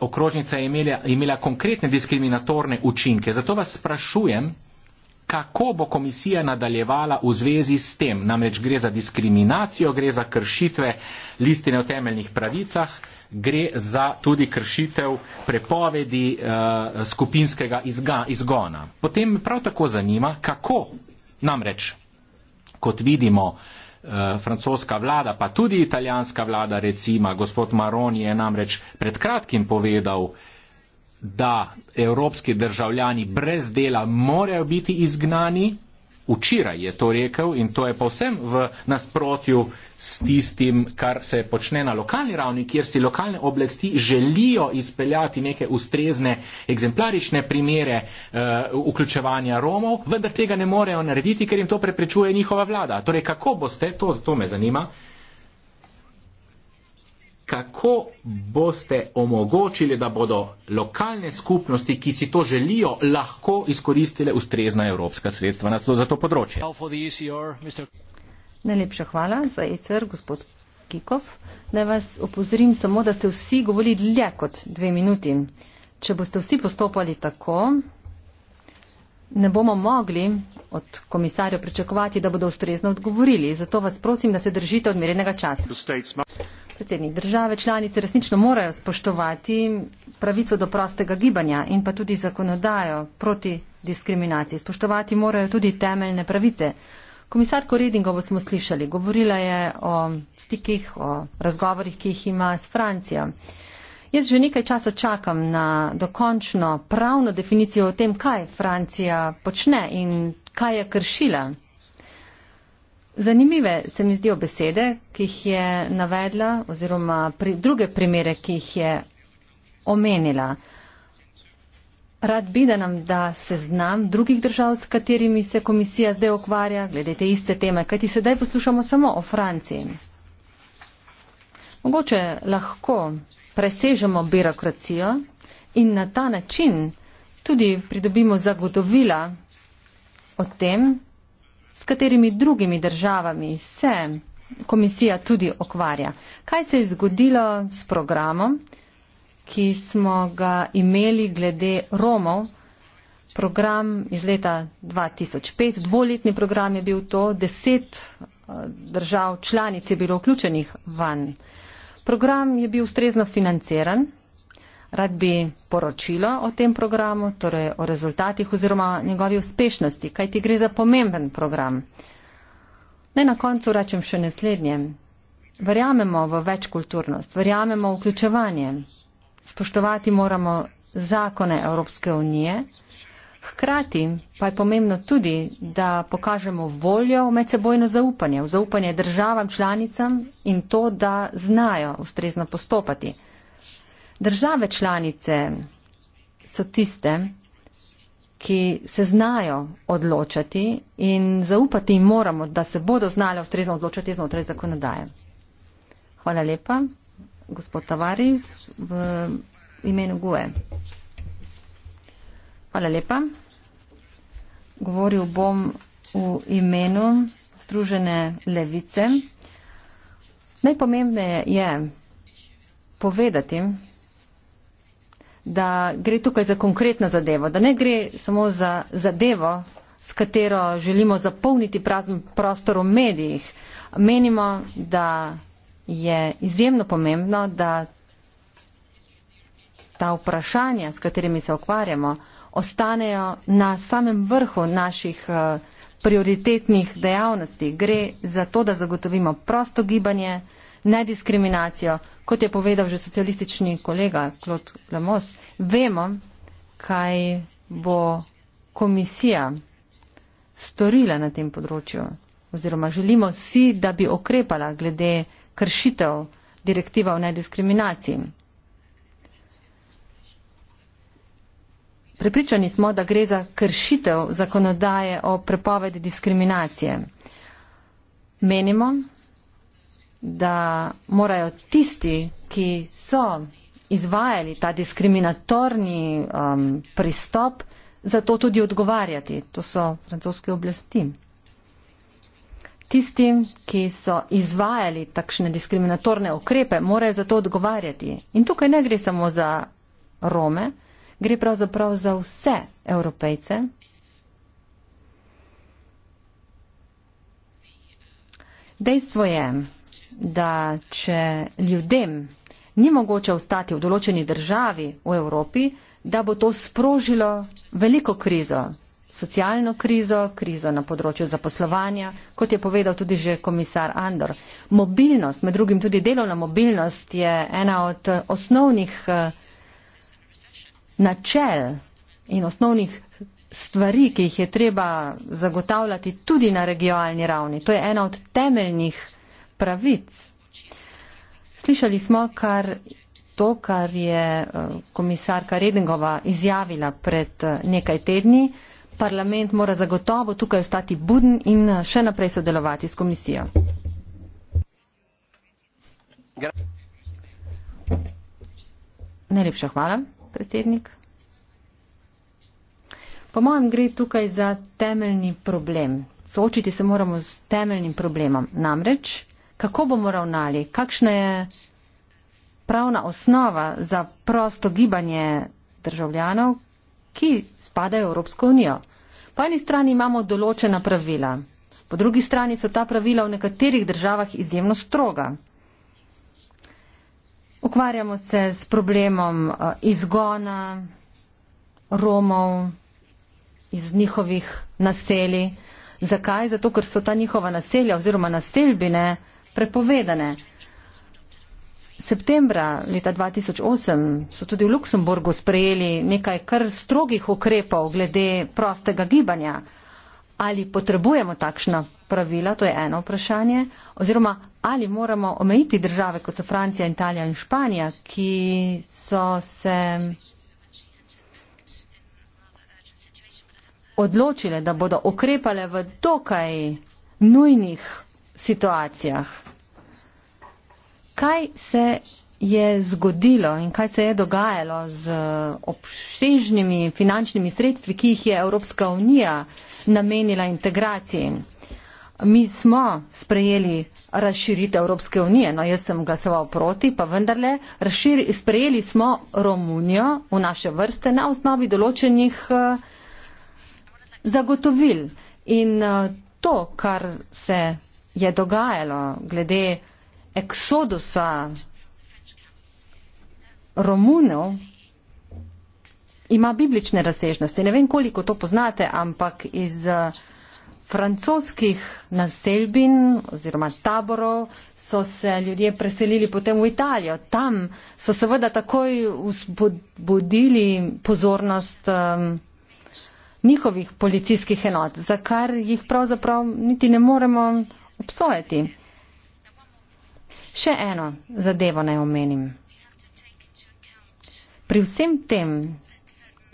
okrožnica je imela, imela konkretne diskriminatorne učinke. Zato vas sprašujem, kako bo komisija nadaljevala v zvezi s tem. Namreč gre za diskriminacijo, gre za kršitve listine o temeljnih pravicah, gre za tudi kršitev prepovedi uh, skupinskega izga, izgona. Potem prav tako zanima, kako Namreč, kot vidimo, eh, francoska vlada, pa tudi italijanska vlada, recimo gospod Maroni je namreč pred kratkim povedal, da evropski državljani brez dela morajo biti izgnani, včeraj je to rekel in to je povsem v nasprotju s tistim, kar se počne na lokalni ravni, kjer si lokalne oblasti želijo izpeljati neke ustrezne, egzemplarične primere uh, vključevanja Romov, vendar tega ne morejo narediti, ker jim to preprečuje njihova vlada. Torej, kako boste, to, to me zanima, uh, kako boste omogočili, da bodo lokalne skupnosti, ki si to želijo, lahko izkoristile ustrezna evropska sredstva na to, za to področje. E Najlepša hvala za ECR, gospod Kikov. Naj vas opozorim samo, da ste vsi govorili dlje kot dve minuti. Če boste vsi postopali tako, ne bomo mogli od komisarja pričakovati, da bodo ustrezno odgovorili. Zato vas prosim, da se držite odmerenega časa predsednik države, članice resnično morajo spoštovati pravico do prostega gibanja in pa tudi zakonodajo proti diskriminaciji. Spoštovati morajo tudi temeljne pravice. Komisarko Redingovo smo slišali, govorila je o stikih, o razgovorih, ki jih ima s Francijo. Jaz že nekaj časa čakam na dokončno pravno definicijo o tem, kaj Francija počne in kaj je kršila. Zanimive se mi zdijo besede, ki jih je navedla oziroma pri, druge primere, ki jih je omenila. Rad bi, da nam da seznam drugih držav, s katerimi se komisija zdaj ukvarja, glede te iste teme, kajti sedaj poslušamo samo o Franciji. Mogoče lahko presežemo birokracijo in na ta način tudi pridobimo zagotovila o tem, s katerimi drugimi državami se komisija tudi okvarja. Kaj se je zgodilo s programom, ki smo ga imeli glede Romov? Program iz leta 2005, dvoletni program je bil to, deset eh, držav članic je bilo vključenih van. Program je bil ustrezno financiran, Rad bi poročilo o tem programu, torej o rezultatih oziroma njegovi uspešnosti, kaj ti gre za pomemben program. Naj na koncu rečem še naslednje. Verjamemo v večkulturnost, verjamemo v vključevanje. Spoštovati moramo zakone Evropske unije. Hkrati pa je pomembno tudi, da pokažemo voljo v medsebojno zaupanje, v zaupanje državam članicam in to, da znajo ustrezno postopati države članice so tiste, ki se znajo odločati in zaupati jim moramo, da se bodo znali ustrezno odločati znotraj zakonodaje. Hvala lepa, gospod Tavari, v imenu GUE. Hvala lepa. Govoril bom v imenu Združene levice. Najpomembneje je povedati, da gre tukaj za konkretno zadevo, da ne gre samo za zadevo, s katero želimo zapolniti prazen prostor v medijih. Menimo, da je izjemno pomembno, da ta vprašanja, s katerimi se ukvarjamo, ostanejo na samem vrhu naših eh, prioritetnih dejavnosti. Gre za to, da zagotovimo prosto gibanje, nediskriminacijo, kot je povedal že socialistični kolega Klot Lemos, vemo, kaj bo komisija storila na tem področju oziroma želimo si, da bi okrepala glede kršitev direktiva o nediskriminaciji. Prepričani smo, da gre za kršitev zakonodaje o prepovedi diskriminacije. Menimo, da morajo tisti, ki so izvajali ta diskriminatorni um, pristop, za to tudi odgovarjati. To so francoske oblasti. Tisti, ki so izvajali takšne diskriminatorne ukrepe, morajo za to odgovarjati. In tukaj ne gre samo za Rome, gre pravzaprav za vse evropejce. Dejstvo je, da če ljudem ni mogoče ostati v določeni državi v Evropi, da bo to sprožilo veliko krizo, socialno krizo, krizo na področju zaposlovanja, kot je povedal tudi že komisar Andor. Mobilnost, med drugim tudi delovna mobilnost, je ena od osnovnih eh, načel in osnovnih stvari, ki jih je treba zagotavljati tudi na regionalni ravni. To je ena od temeljnih pravic. Slišali smo kar to, kar je eh, komisarka Redingova izjavila pred eh, nekaj tedni. Parlament mora zagotovo tukaj ostati buden in eh, še naprej sodelovati s komisijo. Najlepša hvala, predsednik. Po mojem gre tukaj za temeljni problem. Soočiti se moramo s temeljnim problemom. Namreč kako bomo ravnali, kakšna je pravna osnova za prosto gibanje državljanov, ki spadajo v Evropsko unijo. Po eni strani imamo določena pravila, po drugi strani so ta pravila v nekaterih državah izjemno stroga. Ukvarjamo se s problemom eh, izgona Romov iz njihovih naselij. Zakaj? Zato, ker so ta njihova naselja oziroma naselbine prepovedane. Septembra leta 2008 so tudi v Luksemburgu sprejeli nekaj kar strogih ukrepov glede prostega gibanja. Ali potrebujemo takšna pravila, to je eno vprašanje, oziroma ali moramo omejiti države, kot so Francija, Italija in Španija, ki so se odločile, da bodo ukrepale v dokaj nujnih situacijah. Kaj se je zgodilo in kaj se je dogajalo z obsežnimi finančnimi sredstvi, ki jih je Evropska unija namenila integraciji? Mi smo sprejeli razširitev Evropske unije, no jaz sem glasoval proti, pa vendarle razširi, sprejeli smo Romunijo v naše vrste na osnovi določenih uh, zagotovil. In uh, to, kar se je dogajalo glede eksodusa Romunov, ima biblične razsežnosti. Ne vem, koliko to poznate, ampak iz eh, francoskih naselbin oziroma taborov so se ljudje preselili potem v Italijo. Tam so seveda takoj vzbudili pozornost um, njihovih policijskih enot, za kar jih pravzaprav niti ne moremo obsojati. Še eno zadevo naj omenim. Pri vsem tem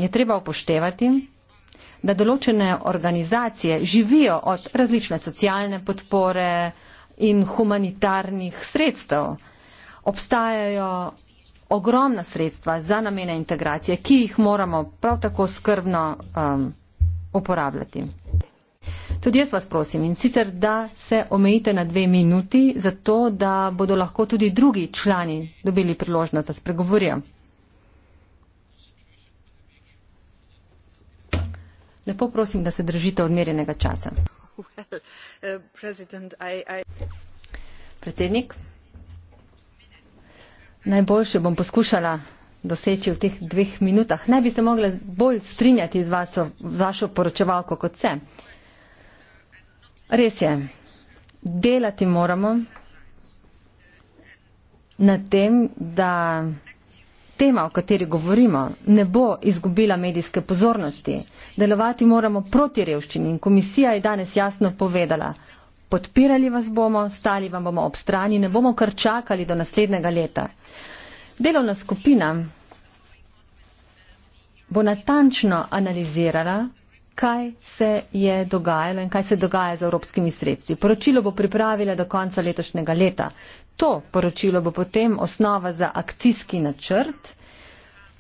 je treba upoštevati, da določene organizacije živijo od različne socialne podpore in humanitarnih sredstev. Obstajajo ogromna sredstva za namene integracije, ki jih moramo prav tako skrbno um, uporabljati. Tudi jaz vas prosim in sicer, da se omejite na dve minuti, zato da bodo lahko tudi drugi člani dobili priložnost, da spregovorijo. Lepo prosim, da se držite odmerjenega časa. Predsednik, najboljše bom poskušala doseči v teh dveh minutah. Ne bi se mogla bolj strinjati z vas, vašo poročevalko kot sem. Res je, delati moramo na tem, da tema, o kateri govorimo, ne bo izgubila medijske pozornosti. Delovati moramo proti revščini in komisija je danes jasno povedala, podpirali vas bomo, stali vam bomo ob strani, ne bomo kar čakali do naslednjega leta. Delovna skupina bo natančno analizirala kaj se je dogajalo in kaj se dogaja z evropskimi sredstvi. Poročilo bo pripravila do konca letošnjega leta. To poročilo bo potem osnova za akcijski načrt,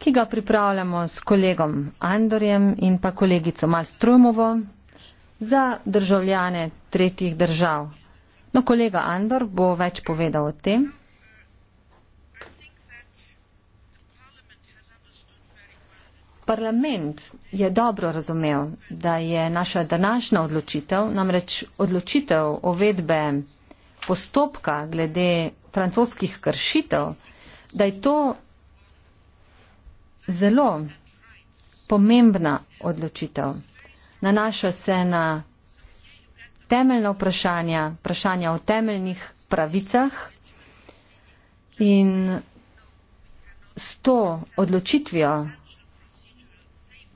ki ga pripravljamo s kolegom Andorjem in pa kolegico Malstrumovo za državljane tretjih držav. No, kolega Andor bo več povedal o tem. Parlament je dobro razumel, da je naša današnja odločitev, namreč odločitev ovedbe postopka glede francoskih kršitev, da je to zelo pomembna odločitev. Nanaša se na temeljna vprašanja, vprašanja o temeljnih pravicah in s to odločitvijo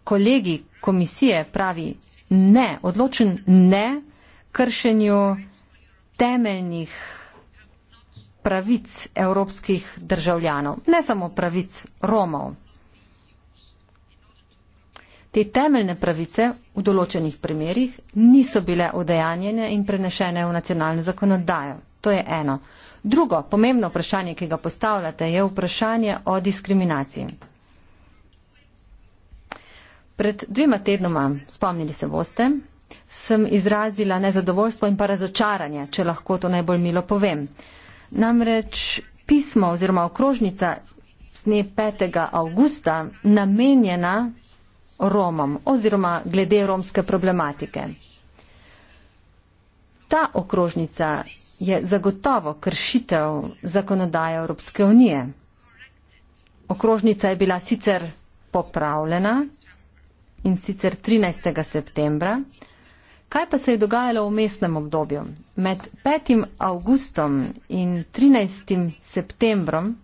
kolegi komisije pravi ne, odločen ne kršenju temeljnih pravic evropskih državljanov, ne samo pravic Romov. Te temeljne pravice v določenih primerjih niso bile odejanjene in prenešene v nacionalno zakonodajo. To je eno. Drugo pomembno vprašanje, ki ga postavljate, je vprašanje o diskriminaciji. Pred dvema tednoma, spomnili se boste, sem izrazila nezadovoljstvo in pa razočaranje, če lahko to najbolj milo povem. Namreč pismo oziroma okrožnica z dne 5. avgusta namenjena Romom oziroma glede romske problematike. Ta okrožnica je zagotovo kršitev zakonodaje Evropske unije. Okrožnica je bila sicer popravljena, in sicer 13. septembra. Kaj pa se je dogajalo v mestnem obdobju? Med 5. augustom in 13. septembrom,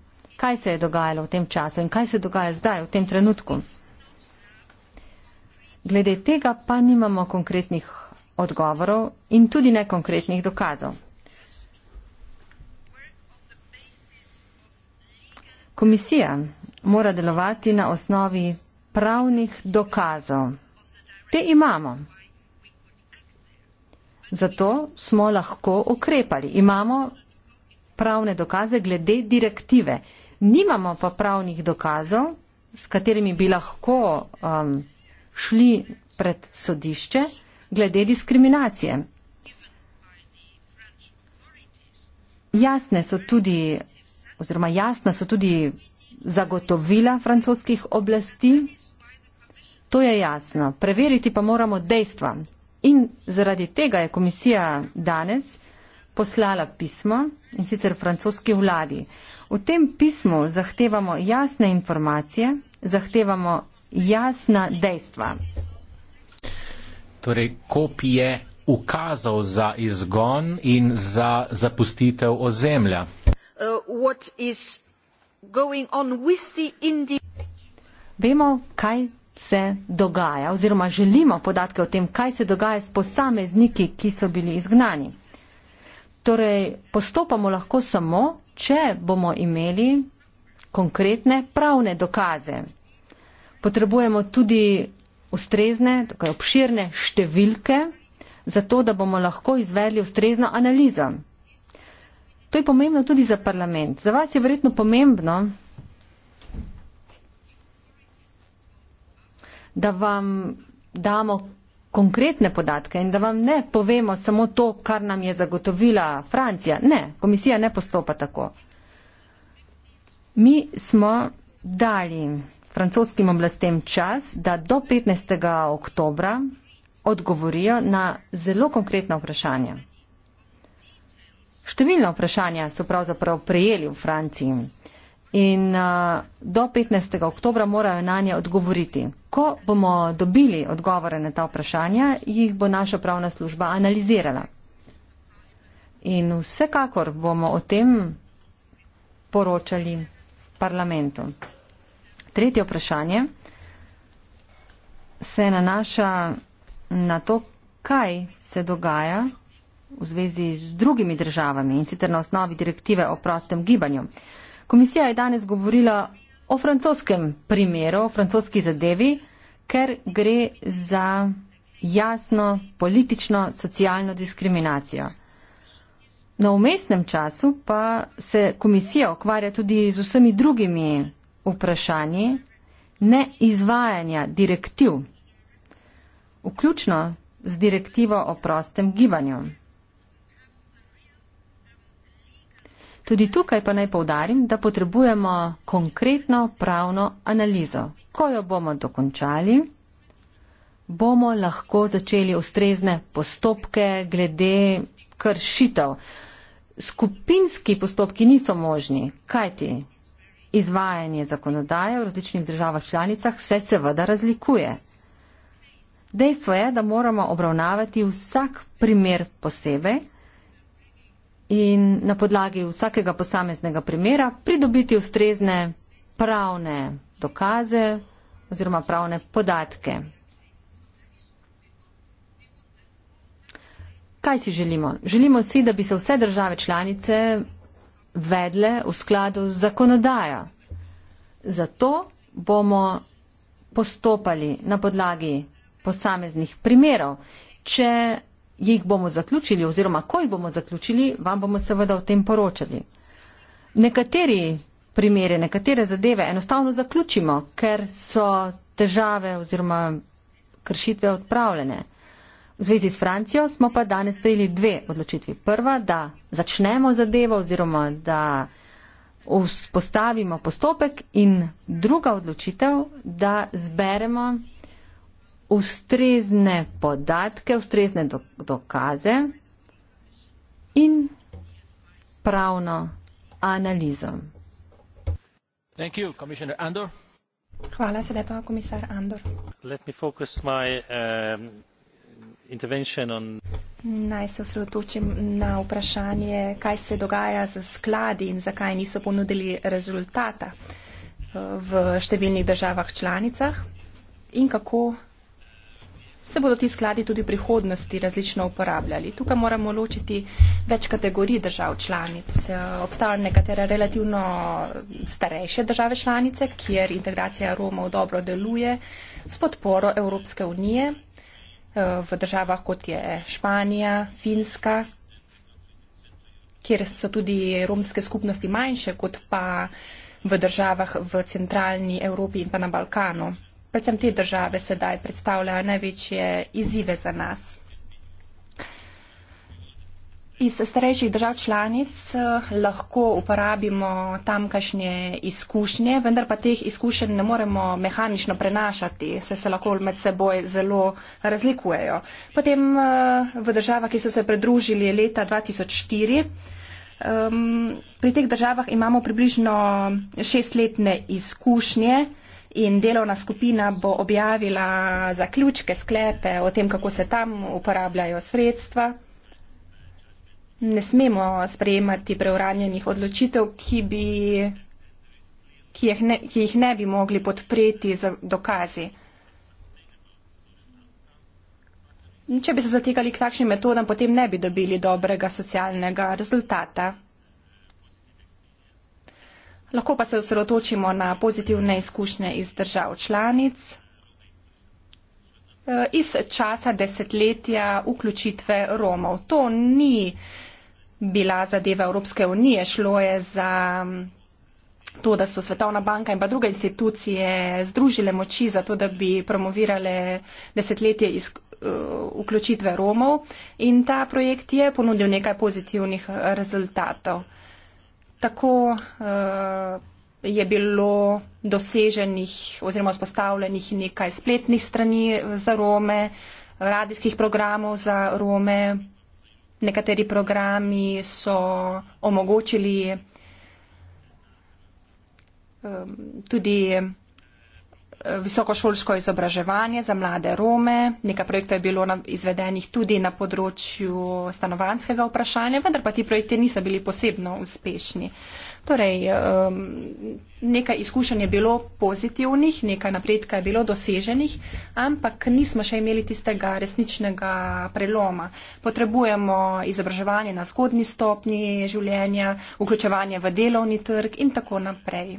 kaj se je dogajalo v tem času in kaj se dogaja zdaj, v tem trenutku? Glede tega pa nimamo konkretnih odgovorov in tudi ne konkretnih dokazov. Komisija mora delovati na osnovi pravnih dokazov. Te imamo. Zato smo lahko ukrepali. Imamo pravne dokaze glede direktive. Nimamo pa pravnih dokazov, s katerimi bi lahko um, šli pred sodišče glede diskriminacije. Jasne so tudi, oziroma jasna so tudi zagotovila francoskih oblasti. To je jasno. Preveriti pa moramo dejstva. In zaradi tega je komisija danes poslala pismo in sicer francoski vladi. V tem pismu zahtevamo jasne informacije, zahtevamo jasna dejstva. Torej, Kop je ukazal za izgon in za zapustitev ozemlja. Uh, Vemo, kaj se dogaja, oziroma želimo podatke o tem, kaj se dogaja s posamezniki, ki so bili izgnani. Torej, postopamo lahko samo, če bomo imeli konkretne pravne dokaze. Potrebujemo tudi ustrezne, obširne številke, zato da bomo lahko izvedli ustrezno analizo. To je pomembno tudi za parlament. Za vas je verjetno pomembno, da vam damo konkretne podatke in da vam ne povemo samo to, kar nam je zagotovila Francija. Ne, komisija ne postopa tako. Mi smo dali francoskim oblastem čas, da do 15. oktobra odgovorijo na zelo konkretna vprašanja številna vprašanja so pravzaprav prejeli v Franciji in uh, do 15. oktobra morajo na nje odgovoriti. Ko bomo dobili odgovore na ta vprašanja, jih bo naša pravna služba analizirala. In vsekakor bomo o tem poročali parlamentu. Tretje vprašanje se nanaša na to, kaj se dogaja v zvezi z drugimi državami in sicer na osnovi direktive o prostem gibanju. Komisija je danes govorila o francoskem primeru, o francoski zadevi, ker gre za jasno politično socialno diskriminacijo. Na umestnem času pa se komisija ukvarja tudi z vsemi drugimi vprašanji neizvajanja direktiv, vključno z direktivo o prostem gibanju. Tudi tukaj pa naj povdarim, da potrebujemo konkretno pravno analizo. Ko jo bomo dokončali, bomo lahko začeli ustrezne postopke glede kršitev. Skupinski postopki niso možni, kajti izvajanje zakonodaje v različnih državah članicah se seveda razlikuje. Dejstvo je, da moramo obravnavati vsak primer posebej in na podlagi vsakega posameznega primera pridobiti ustrezne pravne dokaze oziroma pravne podatke. Kaj si želimo? Želimo si, da bi se vse države članice vedle v skladu z zakonodajo. Zato bomo postopali na podlagi posameznih primerov. Če jih bomo zaključili oziroma ko jih bomo zaključili, vam bomo seveda o tem poročali. Nekateri primere, nekatere zadeve enostavno zaključimo, ker so težave oziroma kršitve odpravljene. V zvezi s Francijo smo pa danes sprejeli dve odločitvi. Prva, da začnemo zadevo oziroma da vzpostavimo postopek in druga odločitev, da zberemo ustrezne podatke, ustrezne dokaze in pravno analizo. Hvala, sedaj pa komisar Andor. Um, Naj se osredotočim na vprašanje, kaj se dogaja z skladi in zakaj niso ponudili rezultata uh, v številnih državah članicah in kako se bodo ti skladi tudi v prihodnosti različno uporabljali. Tukaj moramo ločiti več kategorij držav članic. Eh, obstajajo nekatere relativno eh, starejše države članice, kjer integracija Romov dobro deluje s podporo Evropske unije eh, v državah kot je Španija, Finska, kjer so tudi romske skupnosti manjše kot pa v državah v centralni Evropi in pa na Balkanu predvsem te države sedaj predstavljajo največje izzive za nas. Iz starejših držav članic eh, lahko uporabimo tamkajšnje izkušnje, vendar pa teh izkušenj ne moremo mehanično prenašati, saj se lahko med seboj zelo razlikujejo. Potem eh, v državah, ki so se pridružili leta 2004, pri teh državah imamo približno šestletne izkušnje in delovna skupina bo objavila zaključke, sklepe o tem, kako se tam uporabljajo sredstva. Ne smemo sprejemati preuranjenih odločitev, ki, bi, ki, jih ne, ki jih ne bi mogli podpreti z dokazi. Če bi se zatekali k takšnim metodam, potem ne bi dobili dobrega socialnega rezultata. Lahko pa se osredotočimo na pozitivne izkušnje iz držav članic, eh, iz časa desetletja vključitve Romov. To ni bila zadeva Evropske unije, šlo je za mm, to, da so Svetovna banka in pa druge institucije združile moči za to, da bi promovirale desetletje iz eh, vključitve Romov in ta projekt je ponudil nekaj pozitivnih eh, rezultatov tako uh, je bilo doseženih oziroma spostavljenih nekaj spletnih strani za Rome, radijskih programov za Rome. Nekateri programi so omogočili um, tudi visokošolsko izobraževanje za mlade Rome. Nekaj projektov je bilo izvedenih tudi na področju stanovanskega vprašanja, vendar pa ti projekti niso bili posebno uspešni. Torej, um, nekaj izkušenj je bilo pozitivnih, nekaj napredka je bilo doseženih, ampak nismo še imeli tistega resničnega preloma. Potrebujemo izobraževanje na zgodni stopni življenja, vključevanje v delovni trg in tako naprej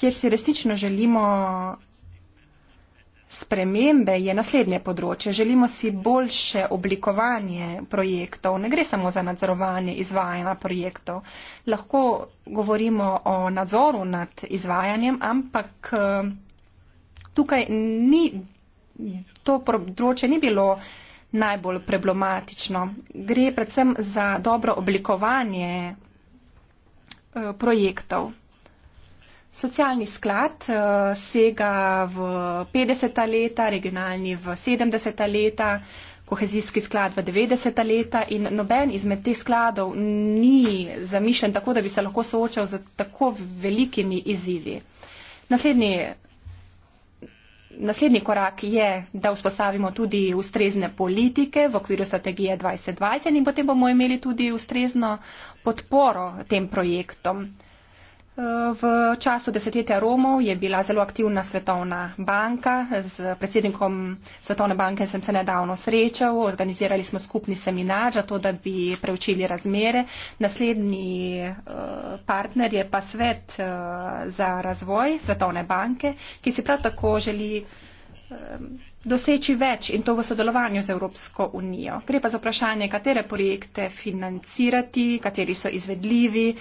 kjer si resnično želimo spremembe, je naslednje področje. Želimo si boljše oblikovanje projektov. Ne gre samo za nadzorovanje izvajanja projektov. Lahko govorimo o nadzoru nad izvajanjem, ampak eh, tukaj ni, to področje ni bilo najbolj problematično. Gre predvsem za dobro oblikovanje eh, projektov. Socialni sklad uh, sega v 50-ta leta, regionalni v 70-ta leta, kohezijski sklad v 90-ta leta in noben izmed teh skladov ni zamišljen tako, da bi se lahko soočal z tako velikimi izzivi. Naslednji, naslednji korak je, da vzpostavimo tudi ustrezne politike v okviru strategije 2020 in potem bomo imeli tudi ustrezno podporo tem projektom. V času desetletja Romov je bila zelo aktivna Svetovna banka. Z predsednikom Svetovne banke sem se nedavno srečal. Organizirali smo skupni seminar, zato da bi preučili razmere. Naslednji eh, partner je pa Svet eh, za razvoj Svetovne banke, ki si prav tako želi eh, doseči več in to v sodelovanju z Evropsko unijo. Gre pa za vprašanje, katere projekte financirati, kateri so izvedljivi.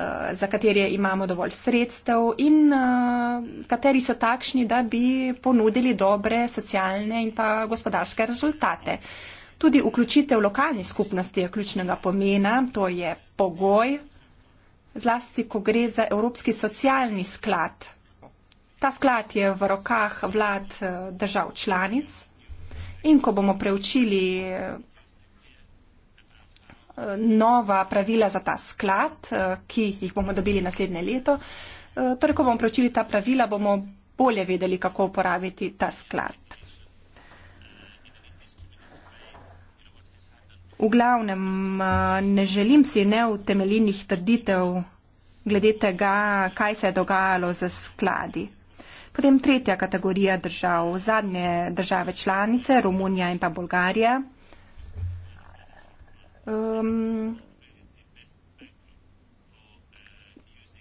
Eh, za katere imamo dovolj sredstev in eh, kateri so takšni, da bi ponudili dobre socialne in pa gospodarske rezultate. Tudi vključitev lokalnih skupnosti je ključnega pomena, to je pogoj, zlasti, ko gre za Evropski socialni sklad. Ta sklad je v rokah vlad eh, držav članic in ko bomo preučili nova pravila za ta sklad, eh, ki jih bomo dobili naslednje leto. Eh, torej, ko bomo pročili ta pravila, bomo bolje vedeli, kako uporabiti ta sklad. V glavnem, eh, ne želim si neutemeljenih trditev glede tega, kaj se je dogajalo z skladi. Potem tretja kategorija držav, zadnje države članice, Romunija in pa Bolgarija um,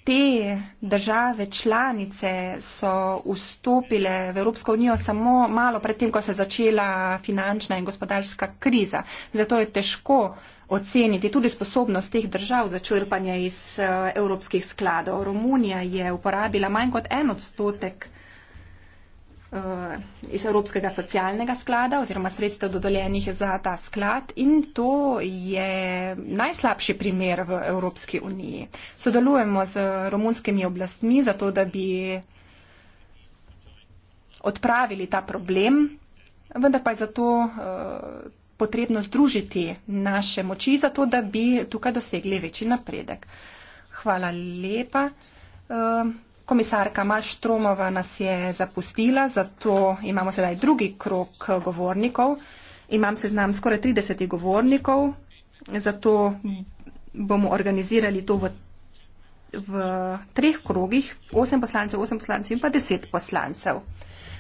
te države članice so vstopile v Evropsko unijo samo malo predtem, ko se je začela finančna in gospodarska kriza. Zato je težko oceniti tudi sposobnost teh držav za črpanje iz eh, evropskih skladov. Romunija je uporabila manj kot en odstotek Eh, iz Evropskega socialnega sklada oziroma sredstev dodeljenih za ta sklad in to je najslabši primer v Evropski uniji. Sodelujemo z romunskimi oblastmi za to, da bi odpravili ta problem, vendar pa je zato eh, potrebno združiti naše moči za to, da bi tukaj dosegli večji napredek. Hvala lepa. Eh, Komisarka Malštromova nas je zapustila, zato imamo sedaj drugi krok eh, govornikov. Imam seznam skoraj 30 govornikov, zato bomo organizirali to v, v treh krogih, 8 poslancev, 8 poslancev in pa 10 poslancev.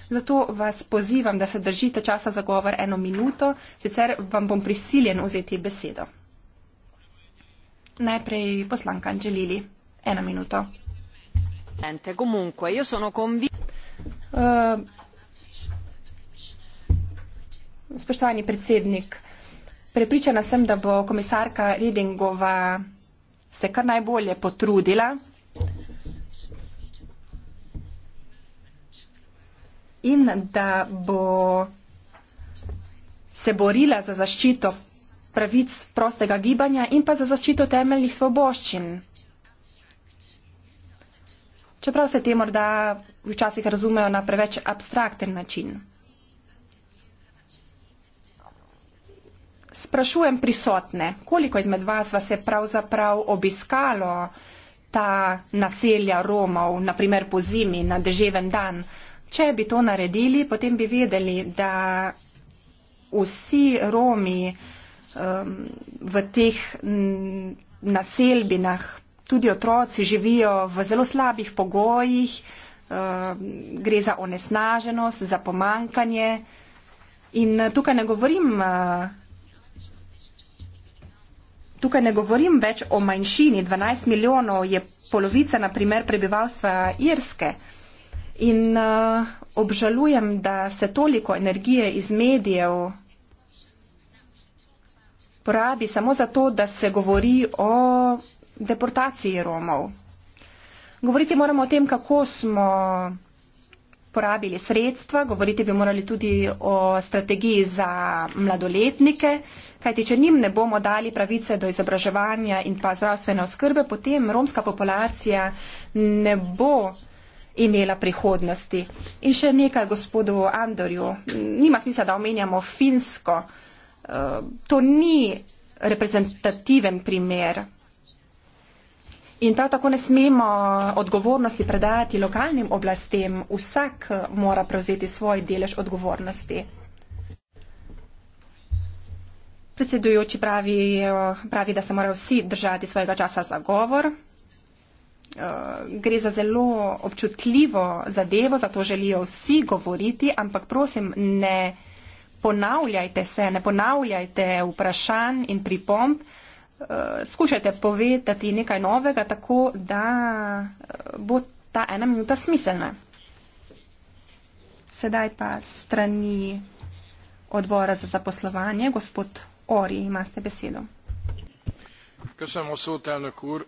Zato vas pozivam, da se držite časa za govor eno minuto, sicer vam bom prisiljen vzeti besedo. Najprej poslanka Anželili, eno minuto presidente comunque io sono eh, spoštovani predsednik prepričana sem da bo komisarka redingova se kar najbolje potrudila in da bo se borila za zaščito pravic prostega gibanja in pa za zaščito temeljnih svoboščin čeprav se te morda včasih razumejo na preveč abstrakten način. Sprašujem prisotne, koliko izmed vas vas je pravzaprav obiskalo ta naselja Romov, naprimer po zimi, na deževen dan. Če bi to naredili, potem bi vedeli, da vsi Romi um, v teh naselbinah tudi otroci živijo v zelo slabih pogojih, eh, gre za onesnaženost, za pomankanje. In eh, tukaj ne govorim, eh, tukaj ne govorim več o manjšini, 12 milijonov je polovica na primer prebivalstva Irske. In obžalujem, da se toliko energije iz medijev porabi samo zato, da se govori o deportaciji Romov. Govoriti moramo o tem, kako smo porabili sredstva, govoriti bi morali tudi o strategiji za mladoletnike, kajti če njim ne bomo dali pravice do izobraževanja in pa zdravstvene oskrbe, potem romska populacija ne bo imela prihodnosti. In še nekaj gospodu Andorju, nima smisla, da omenjamo Finsko, eh, to ni reprezentativen primer. In prav tako ne smemo odgovornosti predajati lokalnim oblastem. Vsak eh, mora prevzeti svoj delež odgovornosti. Predsedujoči pravi, eh, pravi, da se morajo vsi držati svojega časa za govor. Eh, gre za zelo občutljivo zadevo, zato želijo vsi govoriti, ampak prosim, ne ponavljajte se, ne ponavljajte vprašanj in pripomp uh, eh, skušate povedati nekaj novega, tako da eh, bo ta ena minuta smiselna. Sedaj pa strani odbora za zaposlovanje, gospod Ori, imate besedo. Ker sem osvotelnik ur,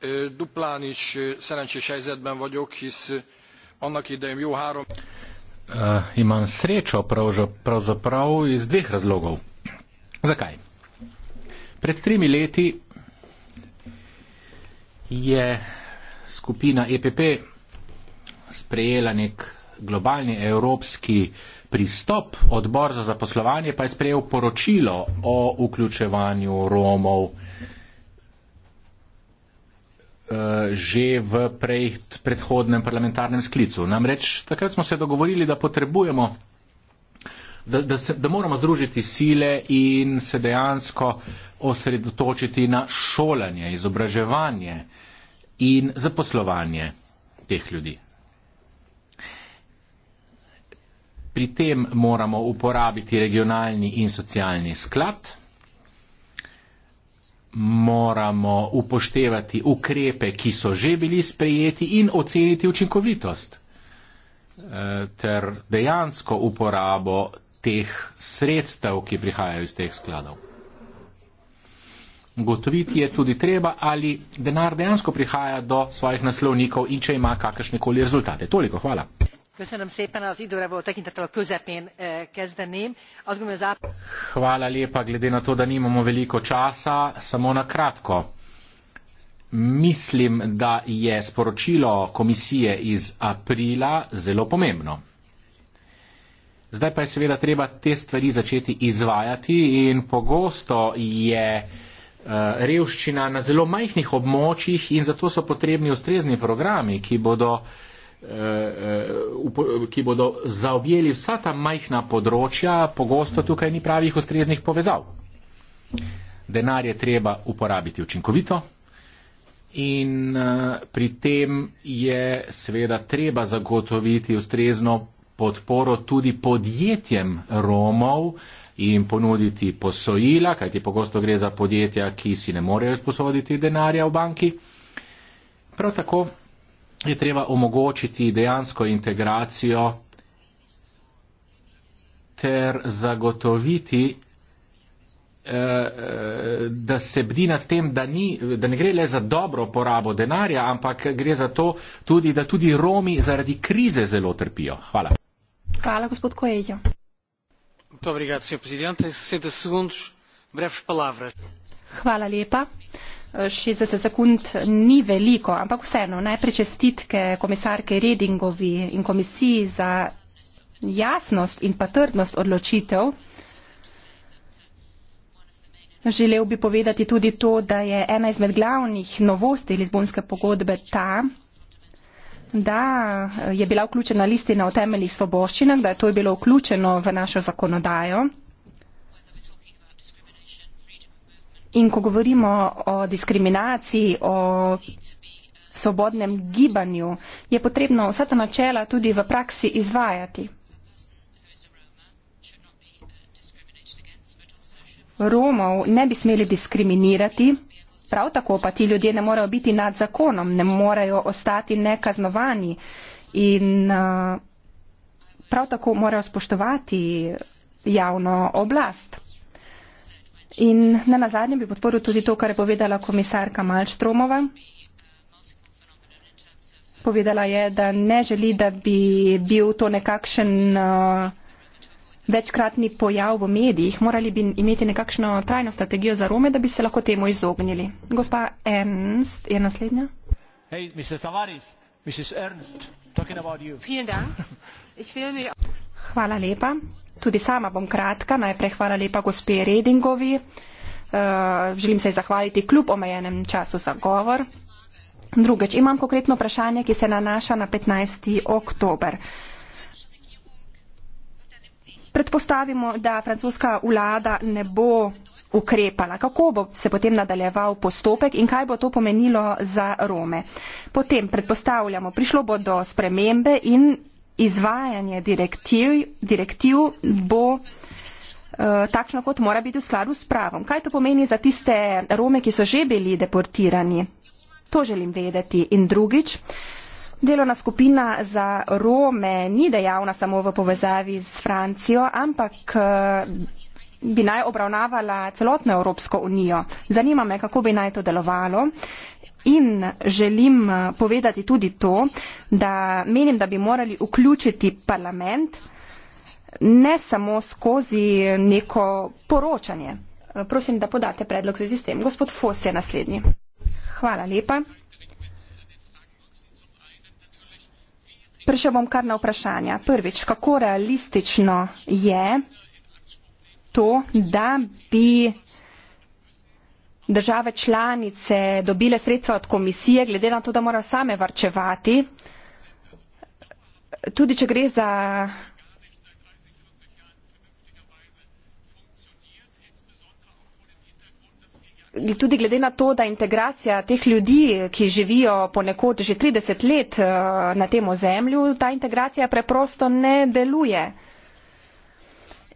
eh, duplan iz srečnega šestdesetben vodjok, ki se onak idejem ju harom. Uh, imam srečo pravzaprav prav iz dveh razlogov. Zakaj? Pred tremi leti je skupina EPP sprejela nek globalni evropski pristop, odbor za zaposlovanje pa je sprejel poročilo o vključevanju Romov eh, že v prej, predhodnem parlamentarnem sklicu. Namreč takrat smo se dogovorili, da potrebujemo da, da, se, da moramo združiti sile in se dejansko osredotočiti na šolanje, izobraževanje in zaposlovanje teh ljudi. Pri tem moramo uporabiti regionalni in socialni sklad, moramo upoštevati ukrepe, ki so že bili sprejeti in oceniti učinkovitost eh, ter dejansko uporabo teh sredstev, ki prihajajo iz teh skladov. Gotoviti je tudi treba, ali denar dejansko prihaja do svojih naslovnikov in če ima kakršne koli rezultate. Toliko, hvala. Eh, hvala lepa, glede na to, da nimamo veliko časa, samo na kratko. Mislim, da je sporočilo komisije iz aprila zelo pomembno. Zdaj pa je seveda treba te stvari začeti izvajati in pogosto je eh, revščina na zelo majhnih območjih in zato so potrebni ustrezni programi, ki bodo, eh, eh, ki bodo zaobjeli vsa ta majhna področja, pogosto tukaj ni pravih ustreznih povezav. Denar je treba uporabiti učinkovito in pri tem je seveda treba zagotoviti ustrezno podporo tudi podjetjem Romov in ponuditi posojila, kajti pogosto gre za podjetja, ki si ne morejo izposoditi denarja v banki. Prav tako je treba omogočiti dejansko integracijo ter zagotoviti, eh, eh, da se bdi nad tem, da, ni, da ne gre le za dobro porabo denarja, ampak gre za to tudi, da tudi Romi zaradi krize zelo trpijo. Hvala. Fala, gospod Coelho. Muito obrigado, Sr. Presidente. 60 segundos, breves palavras. Hvala lepa. 60 sekund ni veliko, ampak vseeno najprej čestitke komisarke Redingovi in komisiji za jasnost in pa trdnost odločitev. Želel bi povedati tudi to, da je ena izmed glavnih novosti Lizbonske pogodbe ta, da je bila vključena listina o temeljnih svoboščinah, da je to je bilo vključeno v našo zakonodajo. In ko govorimo o diskriminaciji, o svobodnem gibanju, je potrebno vsa ta načela tudi v praksi izvajati. Romov ne bi smeli diskriminirati, Prav tako pa ti ljudje ne morejo biti nad zakonom, ne morejo ostati nekaznovani in uh, prav tako morajo spoštovati javno oblast. In na nazadnje bi podporil tudi to, kar je povedala komisarka Malštromova. Povedala je, da ne želi, da bi bil to nekakšen uh, večkratni pojav v medijih, morali bi imeti nekakšno trajno strategijo za Rome, da bi se lahko temu izognili. Gospa Ernst je naslednja. Hey, Mr. Tavares, Mrs. Ernst, talking about you. Hvala lepa. Tudi sama bom kratka. Najprej hvala lepa gospe Redingovi. Uh, želim se zahvaliti kljub omejenem času za govor. Drugič, imam konkretno vprašanje, ki se nanaša na 15. oktober. Uh, predpostavimo, da francoska vlada ne bo ukrepala, kako bo se potem nadaljeval postopek in kaj bo to pomenilo za Rome. Potem predpostavljamo, prišlo bo do spremembe in izvajanje direktiv, direktiv bo eh, takšno, kot mora biti v skladu s pravom. Kaj to pomeni za tiste Rome, ki so že bili deportirani? To želim vedeti. In drugič, Delovna skupina za Rome ni dejavna samo v povezavi z Francijo, ampak eh, bi naj obravnavala celotno Evropsko unijo. Zanima me, kako bi naj to delovalo. In želim eh, povedati tudi to, da menim, da bi morali vključiti parlament ne samo skozi neko poročanje. Eh, prosim, da podate predlog za sistem. Gospod Fos je naslednji. Hvala lepa. Prišel bom kar na vprašanja. Prvič, kako realistično je to, da bi države članice dobile sredstva od komisije, glede na to, da morajo same varčevati, tudi če gre za tudi glede na to, da integracija teh ljudi, ki živijo ponekod že 30 let eh, na tem ozemlju, ta integracija preprosto ne deluje.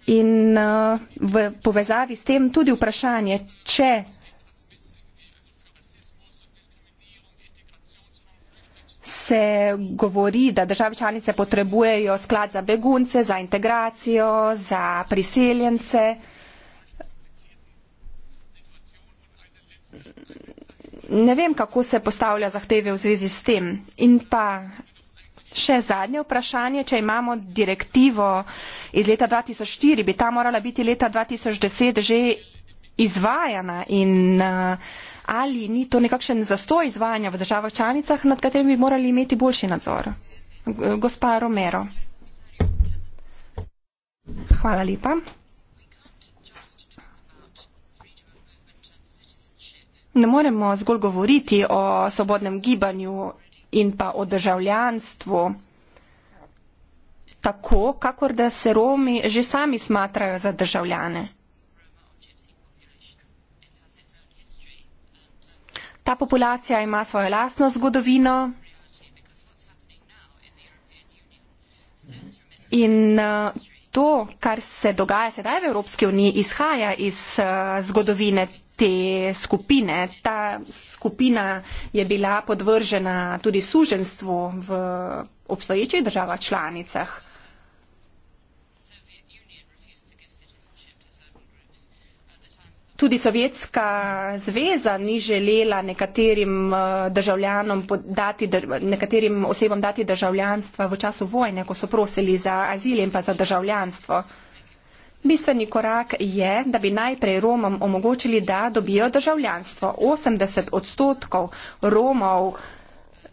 In eh, v povezavi s tem tudi vprašanje, če se govori, da države članice potrebujejo sklad za begunce, za integracijo, za priseljence, ne vem, kako se postavlja zahteve v zvezi s tem. In pa še zadnje vprašanje, če imamo direktivo iz leta 2004, bi ta morala biti leta 2010 že izvajana in eh, ali ni to nekakšen zastoj izvajanja v državah članicah, nad katerimi bi morali imeti boljši nadzor. Gospa Romero. Hvala lepa. ne moremo zgolj govoriti o svobodnem gibanju in pa o državljanstvu tako, kakor da se Romi že sami smatrajo za državljane. Ta populacija ima svojo lastno zgodovino in uh, to, kar se dogaja sedaj v Evropski uniji, izhaja iz uh, zgodovine te skupine. Ta skupina je bila podvržena tudi suženstvu v obstoječih državah članicah. tudi Sovjetska zveza ni želela nekaterim eh, državljanom dati, nekaterim osebam dati državljanstva v času vojne, ko so prosili za azil in pa za državljanstvo. Bistveni korak je, da bi najprej Romom omogočili, da dobijo državljanstvo. 80 odstotkov Romov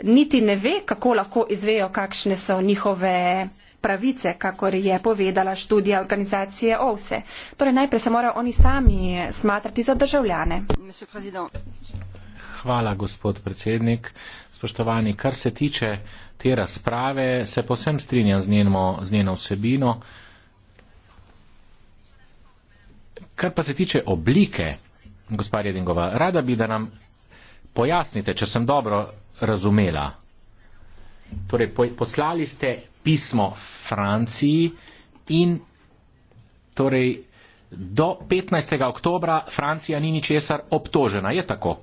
niti ne ve, kako lahko izvejo, kakšne so njihove pravice, kakor je povedala študija organizacije OVSE. Torej najprej se morajo oni sami smatrati za državljane. Hvala, gospod predsednik. Spoštovani, kar se tiče te razprave, se posem strinjam z, njeno, z njeno vsebino. Kar pa se tiče oblike, gospa Redingova, rada bi, da nam pojasnite, če sem dobro razumela. Torej, poslali ste pismo Franciji in torej do 15. oktobra Francija ni ničesar obtožena, je tako.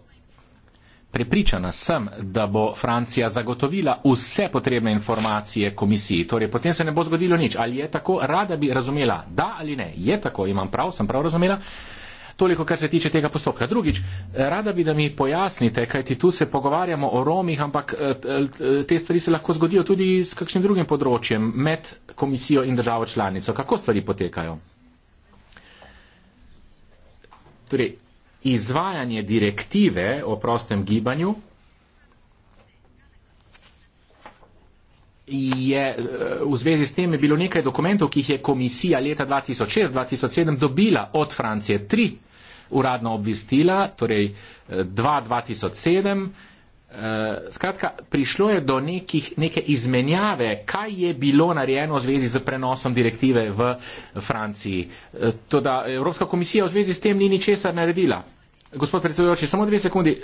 Prepričana sem, da bo Francija zagotovila vse potrebne informacije komisiji, torej potem se ne bo zgodilo nič. Ali je tako, rada bi razumela, da ali ne, je tako, imam prav, sem prav razumela. Uh, Toliko, kar se tiče tega postopka. Drugič, rada bi, da mi pojasnite, kaj ti tu se pogovarjamo o Romih, ampak eh, eh, te stvari se lahko zgodijo tudi s kakšnim drugim področjem med komisijo in državo članico. Kako stvari potekajo? Torej, izvajanje direktive o prostem gibanju je eh, v zvezi s tem bilo nekaj dokumentov, ki jih je komisija leta 2006-2007 dobila od Francije. Tri uradna obvestila, torej 2-2007. Eh, eh, skratka, prišlo je do nekih, neke izmenjave, kaj je bilo narejeno v zvezi z prenosom direktive v Franciji. Toda Evropska komisija v zvezi s tem ni ničesar naredila. Gospod predsedujoči, samo dve sekundi,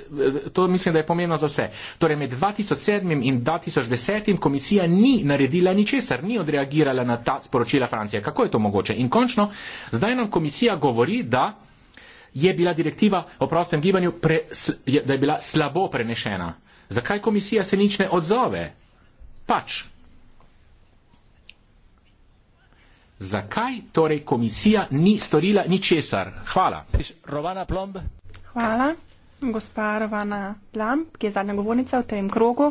to mislim, da je pomembno za vse. Torej, med 2007 in 2010 komisija ni naredila ničesar, ni odreagirala na ta sporočila Francije. Kako je to mogoče? In končno, zdaj nam komisija govori, da je bila direktiva o prostem gibanju pre, je bila slabo prenešena. Zakaj komisija se nič ne odzove? Pač. Zakaj torej komisija ni storila ničesar? Hvala. Hvala. Gospa Rovana Lamp, ki je zadnja govornica v tem krogu.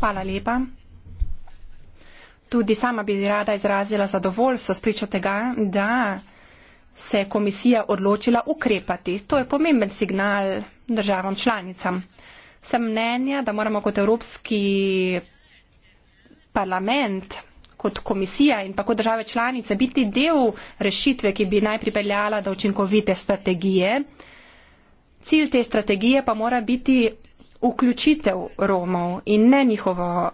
Hvala lepa. Tudi sama bi rada izrazila zadovoljstvo spričo tega, da se je komisija odločila ukrepati. To je pomemben signal državam članicam. Sem mnenja, da moramo kot Evropski parlament kot komisija in pa kot države članice biti del rešitve, ki bi naj pripeljala do učinkovite strategije. Cilj te strategije pa mora biti vključitev Romov in ne, njihovo,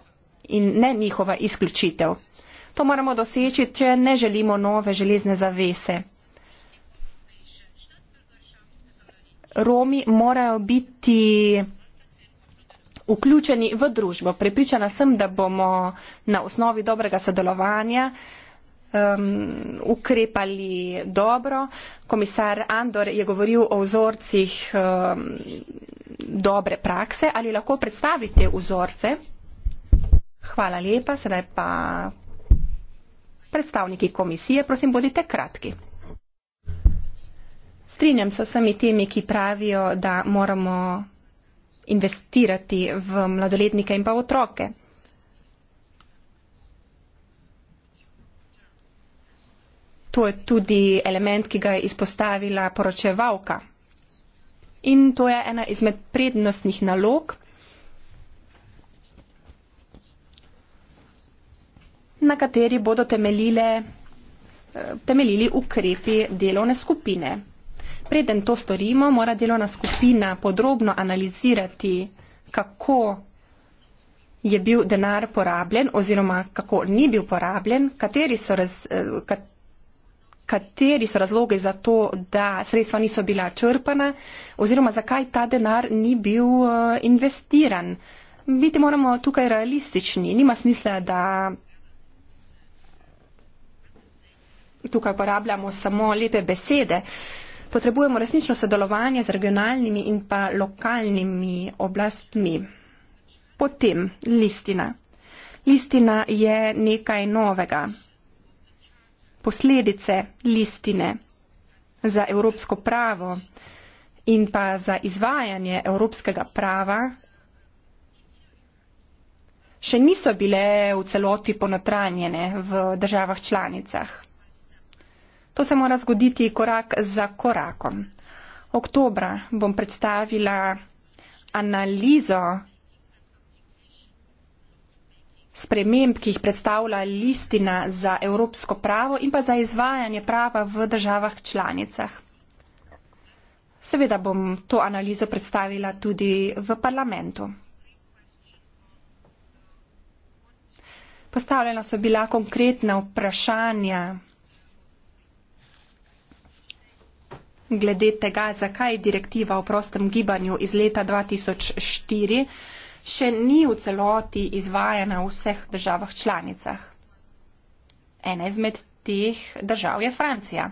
in ne njihova izključitev. To moramo doseči, če ne želimo nove železne zavese. Romi morajo biti vključeni v družbo. Prepričana sem, da bomo na osnovi dobrega sodelovanja um, ukrepali dobro. Komisar Andor je govoril o vzorcih um, dobre prakse. Ali lahko predstavite vzorce? Hvala lepa. Sedaj pa predstavniki komisije, prosim, bodite kratki. Strinjam se s vsemi temi, ki pravijo, da moramo investirati v mladoletnike in pa v otroke. To je tudi element, ki ga je izpostavila poročevalka. In to je ena izmed prednostnih nalog, na kateri bodo temeljile, eh, temeljili ukrepi delovne skupine preden to storimo, mora delovna skupina podrobno analizirati, kako je bil denar porabljen oziroma kako ni bil porabljen, kateri so, raz, eh, kateri so razloge za to, da sredstva niso bila črpana oziroma zakaj ta denar ni bil eh, investiran. Biti moramo tukaj realistični. Nima smisla, da tukaj uporabljamo samo lepe besede. Uh, potrebujemo resnično sodelovanje z regionalnimi in pa lokalnimi oblastmi. Potem listina. Listina je nekaj novega. Posledice listine za evropsko pravo in pa za izvajanje evropskega prava še niso bile v celoti ponotranjene v državah članicah. To se mora zgoditi korak za korakom. Oktobra bom predstavila analizo sprememb, ki jih predstavlja listina za evropsko pravo in pa za izvajanje prava v državah članicah. Seveda bom to analizo predstavila tudi v parlamentu. Postavljena so bila konkretna vprašanja glede tega, zakaj direktiva o prostem gibanju iz leta 2004 še ni v celoti izvajana v vseh državah članicah. Ena izmed teh držav je Francija.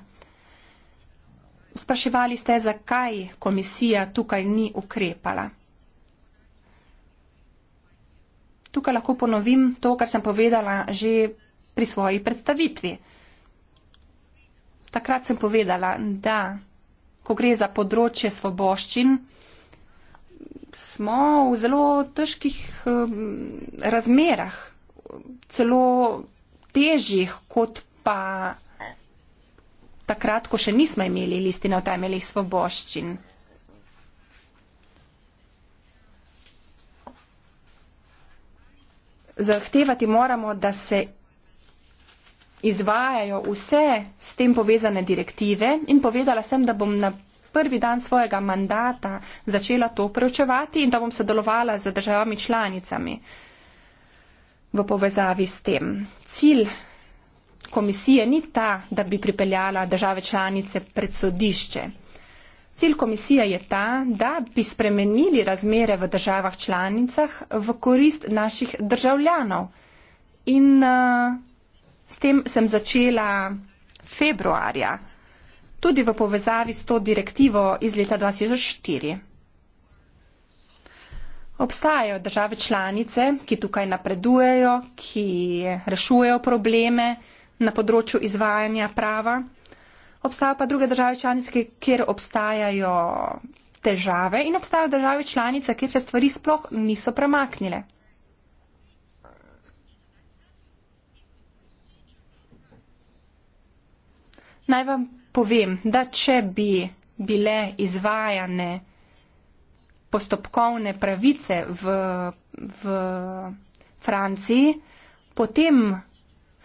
Spraševali ste, zakaj komisija tukaj ni ukrepala. Tukaj lahko ponovim to, kar sem povedala že pri svoji predstavitvi. Takrat sem povedala, da ko gre za področje svoboščin, smo v zelo težkih um, razmerah, celo težjih, kot pa takrat, ko še nismo imeli listine o temeljih svoboščin. Zahtevati moramo, da se izvajajo vse s tem povezane direktive in povedala sem, da bom na prvi dan svojega mandata začela to preučevati in da bom sodelovala z državami članicami v povezavi s tem. Cilj komisije ni ta, da bi pripeljala države članice pred sodišče. Cilj komisije je ta, da bi spremenili razmere v državah članicah v korist naših državljanov. In uh, S tem sem začela februarja, tudi v povezavi s to direktivo iz leta 2004. Obstajajo države članice, ki tukaj napredujejo, ki rešujejo probleme na področju izvajanja prava. Obstajajo pa druge države članice, kjer obstajajo težave in obstajajo države članice, kjer se stvari sploh niso premaknile. Naj vam povem, da če bi bile izvajane postopkovne pravice v, v Franciji, potem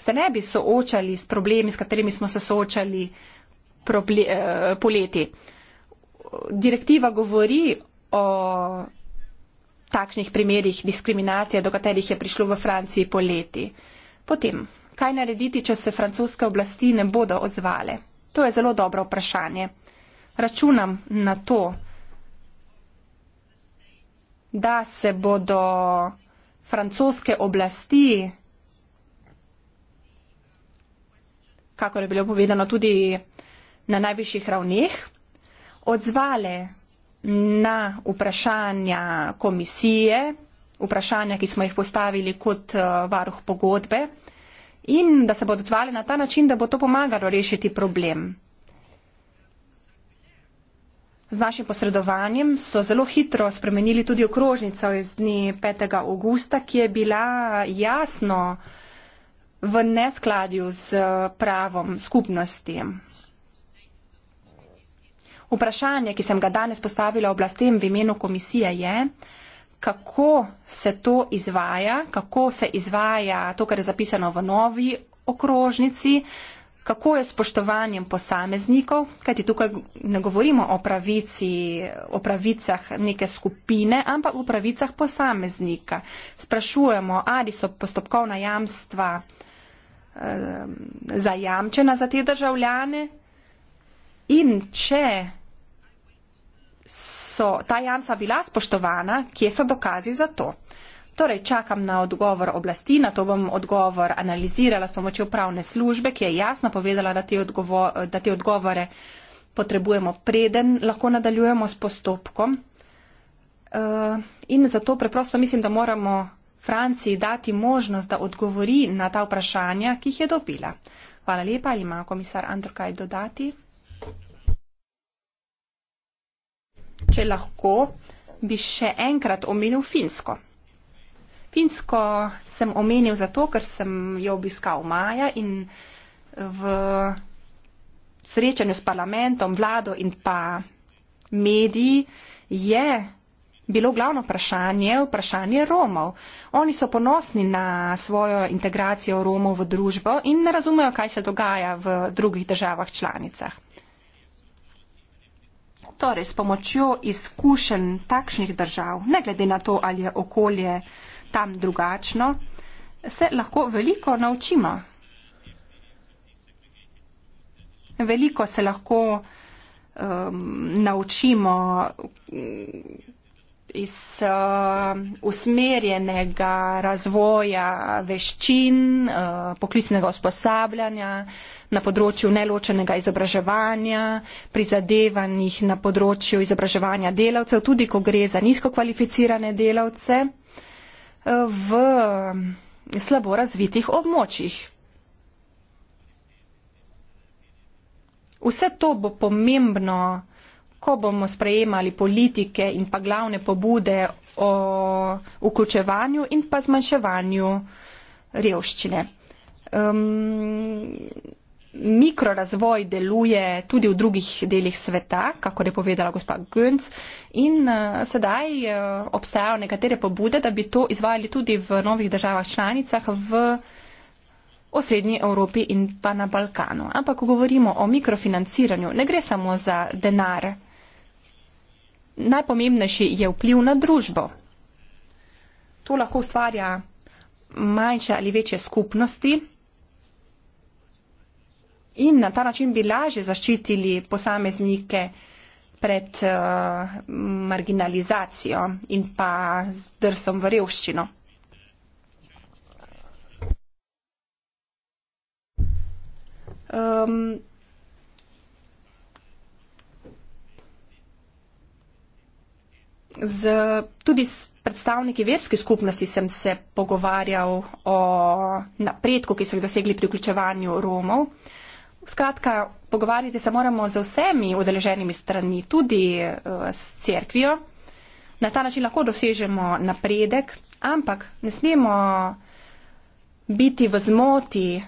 se ne bi soočali s problemi, s katerimi smo se soočali proble, eh, poleti. Direktiva govori o takšnih primerih diskriminacije, do katerih je prišlo v Franciji poleti. Potem kaj narediti, če se francoske oblasti ne bodo odzvale? To je zelo dobro vprašanje. Računam na to, da se bodo francoske oblasti, kako je bilo povedano tudi na najvišjih ravneh, odzvale na vprašanja komisije, vprašanja, ki smo jih postavili kot eh, varuh pogodbe, in da se bo odzvali na ta način, da bo to pomagalo rešiti problem. Z našim posredovanjem so zelo hitro spremenili tudi okrožnico iz dne 5. augusta, ki je bila jasno v neskladju z eh, pravom skupnosti. Vprašanje, ki sem ga danes postavila oblastem v imenu komisije, je, kako se to izvaja, kako se izvaja to, kar je zapisano v novi okrožnici, kako je s spoštovanjem posameznikov, kajti tukaj ne govorimo o, pravici, o pravicah neke skupine, ampak o pravicah posameznika. Sprašujemo, ali so postopkovna jamstva eh, zajamčena za te državljane in če so ta jamstva bila spoštovana, kje so dokazi za to. Torej, čakam na odgovor oblasti, na to bom odgovor analizirala s pomočjo pravne službe, ki je jasno povedala, da te, odgovo, da te odgovore potrebujemo preden lahko nadaljujemo s postopkom. Eh, in zato preprosto mislim, da moramo Franciji dati možnost, da odgovori na ta vprašanja, ki jih je dobila. Hvala lepa, ali ima komisar Andrkaj dodati? če lahko, bi še enkrat omenil Finsko. Finsko sem omenil zato, ker sem jo obiskal maja in v srečanju s parlamentom, vlado in pa mediji je bilo glavno vprašanje vprašanje Romov. Oni so ponosni na svojo integracijo Romov v družbo in ne razumejo, kaj se dogaja v drugih državah članicah torej s pomočjo izkušenj takšnih držav, ne glede na to, ali je okolje tam drugačno, se lahko veliko naučimo. Veliko se lahko um, naučimo. Um, iz uh, usmerjenega razvoja veščin, uh, poklicnega usposabljanja, na področju neločenega izobraževanja, prizadevanjih na področju izobraževanja delavcev, tudi ko gre za nizko kvalificirane delavce, uh, v slabo razvitih območjih. Vse to bo pomembno ko bomo sprejemali politike in pa glavne pobude o vključevanju in pa zmanjševanju revščine. Um, mikrorazvoj deluje tudi v drugih delih sveta, kako je povedala gospa Gönc, in uh, sedaj uh, obstajajo nekatere pobude, da bi to izvajali tudi v novih državah članicah v osrednji Evropi in pa na Balkanu. Ampak, ko govorimo o mikrofinanciranju, ne gre samo za denar, najpomembnejši je vpliv na družbo. To lahko ustvarja manjše ali večje skupnosti in na ta način bi lažje zaščitili posameznike pred uh, marginalizacijo in pa drsom v revščino. Um, z, tudi s predstavniki verske skupnosti sem se pogovarjal o napredku, ki so jih dosegli pri vključevanju Romov. Skratka, pogovarjati se moramo z vsemi udeleženimi strani, tudi eh, s crkvijo. Na ta način lahko dosežemo napredek, ampak ne smemo biti v zmoti,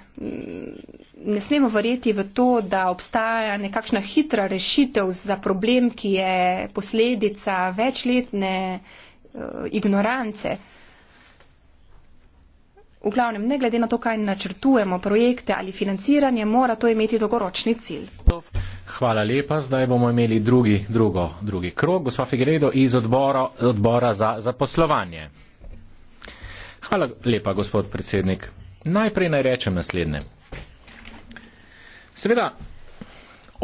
ne smemo verjeti v to, da obstaja nekakšna hitra rešitev za problem, ki je posledica večletne eh, ignorance. V glavnem, ne glede na to, kaj načrtujemo, projekte ali financiranje, mora to imeti dolgoročni cilj. Hvala lepa. Zdaj bomo imeli drugi, drugo, drugi krog. Gospa Figredo iz odbora, odbora za zaposlovanje. Hvala lepa, gospod predsednik. Najprej naj rečem naslednje. Seveda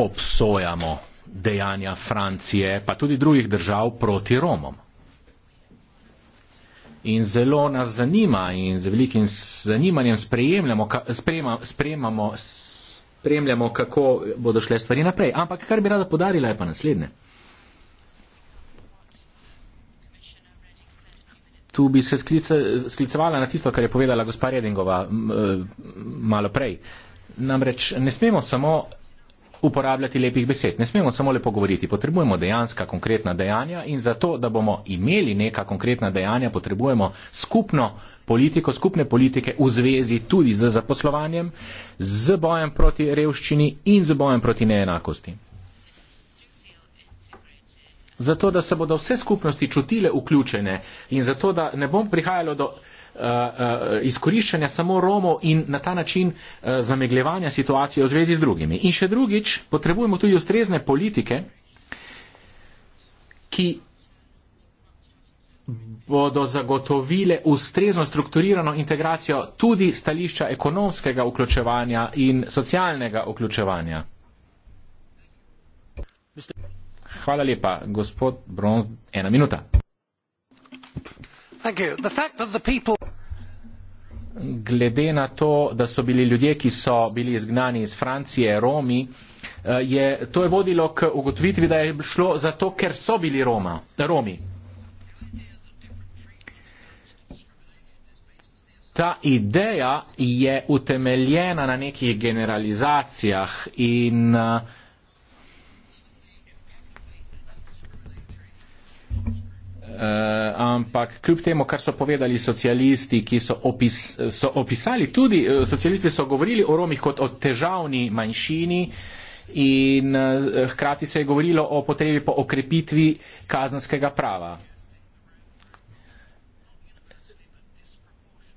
obsojamo dejanja Francije, pa tudi drugih držav proti Romom. In zelo nas zanima in z velikim zanimanjem spremljamo, ka, kako bodo šle stvari naprej. Ampak kar bi rada podarila je pa naslednje. Tu bi se sklice, sklicevala na tisto, kar je povedala gospa Redingova eh, malo prej. Namreč ne smemo samo uporabljati lepih besed, ne smemo samo lepo govoriti, potrebujemo dejanska konkretna dejanja in zato, da bomo imeli neka konkretna dejanja, potrebujemo skupno politiko, skupne politike v zvezi tudi z zaposlovanjem, z bojem proti revščini in z bojem proti neenakosti zato da se bodo vse skupnosti čutile vključene in zato da ne bom prihajalo do eh, eh, izkoriščanja samo Romov in na ta način eh, zamegljevanja situacije v zvezi z drugimi. In še drugič, potrebujemo tudi ustrezne politike, ki bodo zagotovile ustrezno strukturirano integracijo tudi stališča ekonomskega vključevanja in socialnega vključevanja. Hvala lepa. Gospod Bronz, ena minuta. Glede na to, da so bili ljudje, ki so bili izgnani iz Francije, Romi, eh, je, to je vodilo k ugotovitvi, da je šlo zato, ker so bili Roma, Romi. Ta ideja je utemeljena na nekih generalizacijah in uh, Eh, ampak kljub temu, kar so povedali socialisti, ki so, opis, so opisali tudi, eh, socialisti so govorili o Romih kot o težavni manjšini in eh, hkrati se je govorilo o potrebi po okrepitvi kazanskega prava.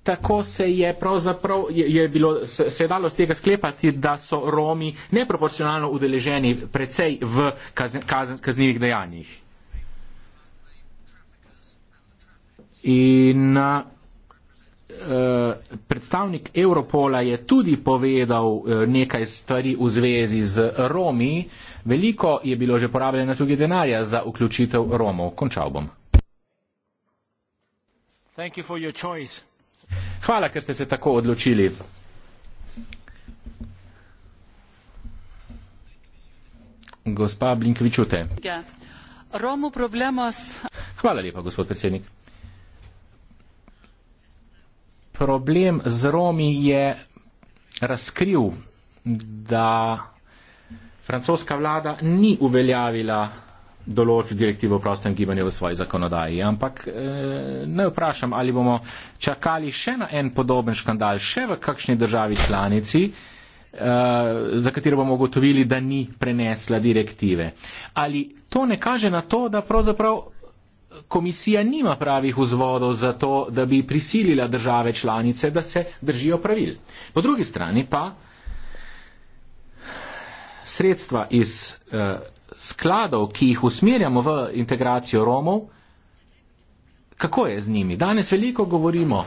Tako se je pravzaprav, je, je bilo, se, se dalo z tega sklepati, da so Romi neproporcionalno udeleženi precej v kazn, kaznivih dejanjih. In uh, predstavnik Europola je tudi povedal eh, nekaj stvari v zvezi z Romi. Veliko je bilo že porabljeno tudi denarja za vključitev Romov. Končal bom. Thank you for your choice. Hvala, ker ste se tako odločili. Gospa Blinkvičute. Hvala lepa, gospod predsednik problem z Romi je razkril, da francoska vlada ni uveljavila določb direktive o prostem gibanju v svoji zakonodaji. Ampak eh, ne vprašam, ali bomo čakali še na en podoben škandal, še v kakšni državi članici, eh, za katero bomo ugotovili, da ni prenesla direktive. Ali to ne kaže na to, da pravzaprav komisija nima pravih vzvodov za to, da bi prisilila države članice, da se držijo pravil. Po drugi strani pa sredstva iz eh, skladov, ki jih usmerjamo v integracijo Romov, kako je z njimi? Danes veliko govorimo,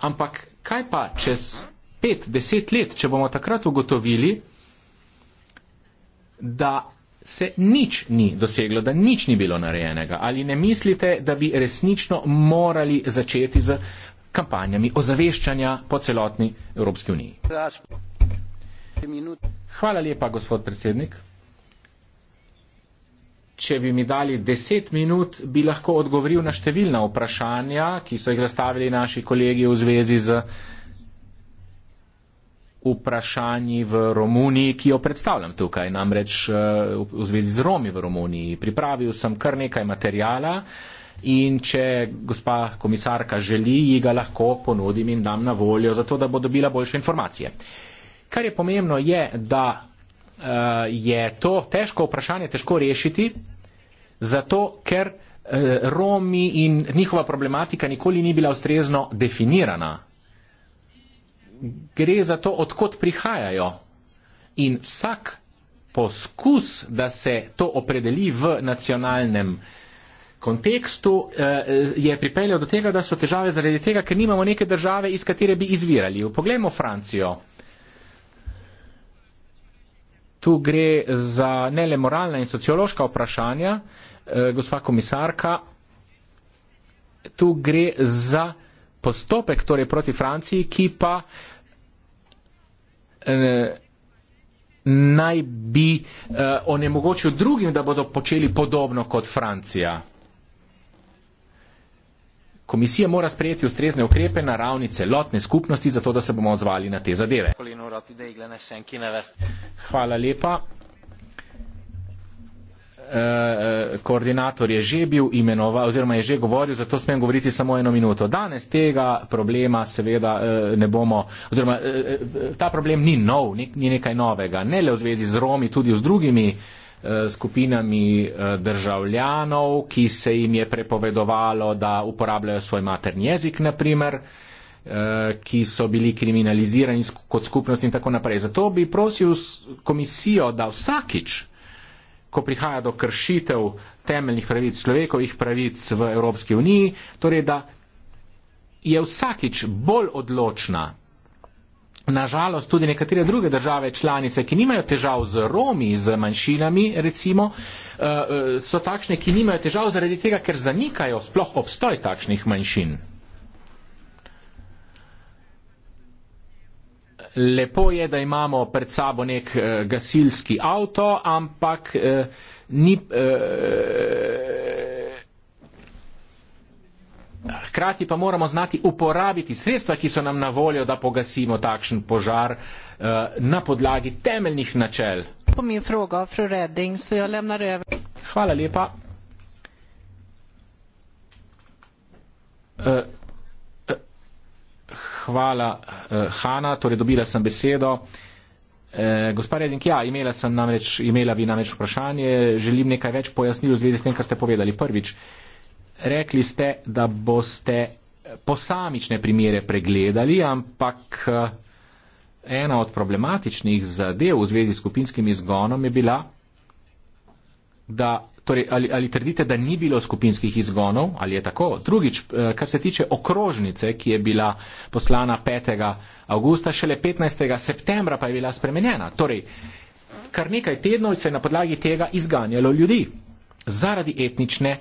ampak kaj pa čez pet, deset let, če bomo takrat ugotovili, da se nič ni doseglo, da nič ni bilo narejenega. Ali ne mislite, da bi resnično morali začeti z kampanjami ozaveščanja po celotni Evropski uniji? Hvala lepa, gospod predsednik. Če bi mi dali deset minut, bi lahko odgovoril na številna vprašanja, ki so jih zastavili naši kolegi v zvezi z uh, vprašanji v Romuniji, ki jo predstavljam tukaj, namreč eh, v zvezi z Romi v Romuniji. Pripravil sem kar nekaj materijala in če gospa komisarka želi, ji ga lahko ponudim in dam na voljo, zato da bo dobila boljše informacije. Kar je pomembno je, da eh, je to težko vprašanje težko rešiti, zato ker eh, Romi in njihova problematika nikoli ni bila ustrezno definirana gre za to, odkot prihajajo. In vsak poskus, da se to opredeli v nacionalnem kontekstu, eh, je pripeljal do tega, da so težave zaradi tega, ker nimamo neke države, iz katere bi izvirali. Poglejmo Francijo. Tu gre za ne le moralna in sociološka vprašanja, eh, gospa komisarka, tu gre za postopek torej proti Franciji, ki pa eh, naj bi uh, onemogočil drugim, da bodo počeli podobno kot Francija. Komisija mora sprejeti ustrezne ukrepe na ravni celotne skupnosti, zato da se bomo odzvali na te zadeve. Hvala lepa. Eh, eh, koordinator je že bil imenoval oziroma je že govoril, zato smem govoriti samo eno minuto. Danes tega problema seveda eh, ne bomo, oziroma ta problem ni nov, ni nekaj novega, ne le v zvezi z Romi, tudi z drugimi skupinami državljanov, ki se jim je prepovedovalo, da uporabljajo svoj materni jezik, naprimer, ki so bili kriminalizirani kot skupnost in tako naprej. Zato bi prosil komisijo, da vsakič, ko prihaja do kršitev temeljnih pravic človekovih pravic v Evropski uniji, torej da je vsakič bolj odločna, nažalost tudi nekatere druge države članice, ki nimajo težav z Romi, z manjšinami recimo, eh, eh, so takšne, ki nimajo težav zaradi tega, ker zanikajo sploh obstoj takšnih manjšin. lepo je, da imamo pred sabo nek e, gasilski avto, ampak e, ni. E, hkrati pa moramo znati uporabiti sredstva, ki so nam na voljo, da pogasimo takšen požar e, na podlagi temeljnih načel. Hvala lepa. E, hvala, uh, eh, Hanna, torej dobila sem besedo. Uh, gospa Redink, ja, imela, sem namreč, imela bi namreč vprašanje, želim nekaj več pojasnil v zvezi s tem, kar ste povedali. Prvič, rekli ste, da boste posamične primere pregledali, ampak eh, ena od problematičnih zadev v zvezi s skupinskim izgonom je bila, da, torej, ali, ali trdite, da ni bilo skupinskih izgonov, ali je tako? Drugič, eh, kar se tiče okrožnice, ki je bila poslana 5. avgusta, šele 15. septembra pa je bila spremenjena. Torej, kar nekaj tednov se je na podlagi tega izganjalo ljudi zaradi etničnega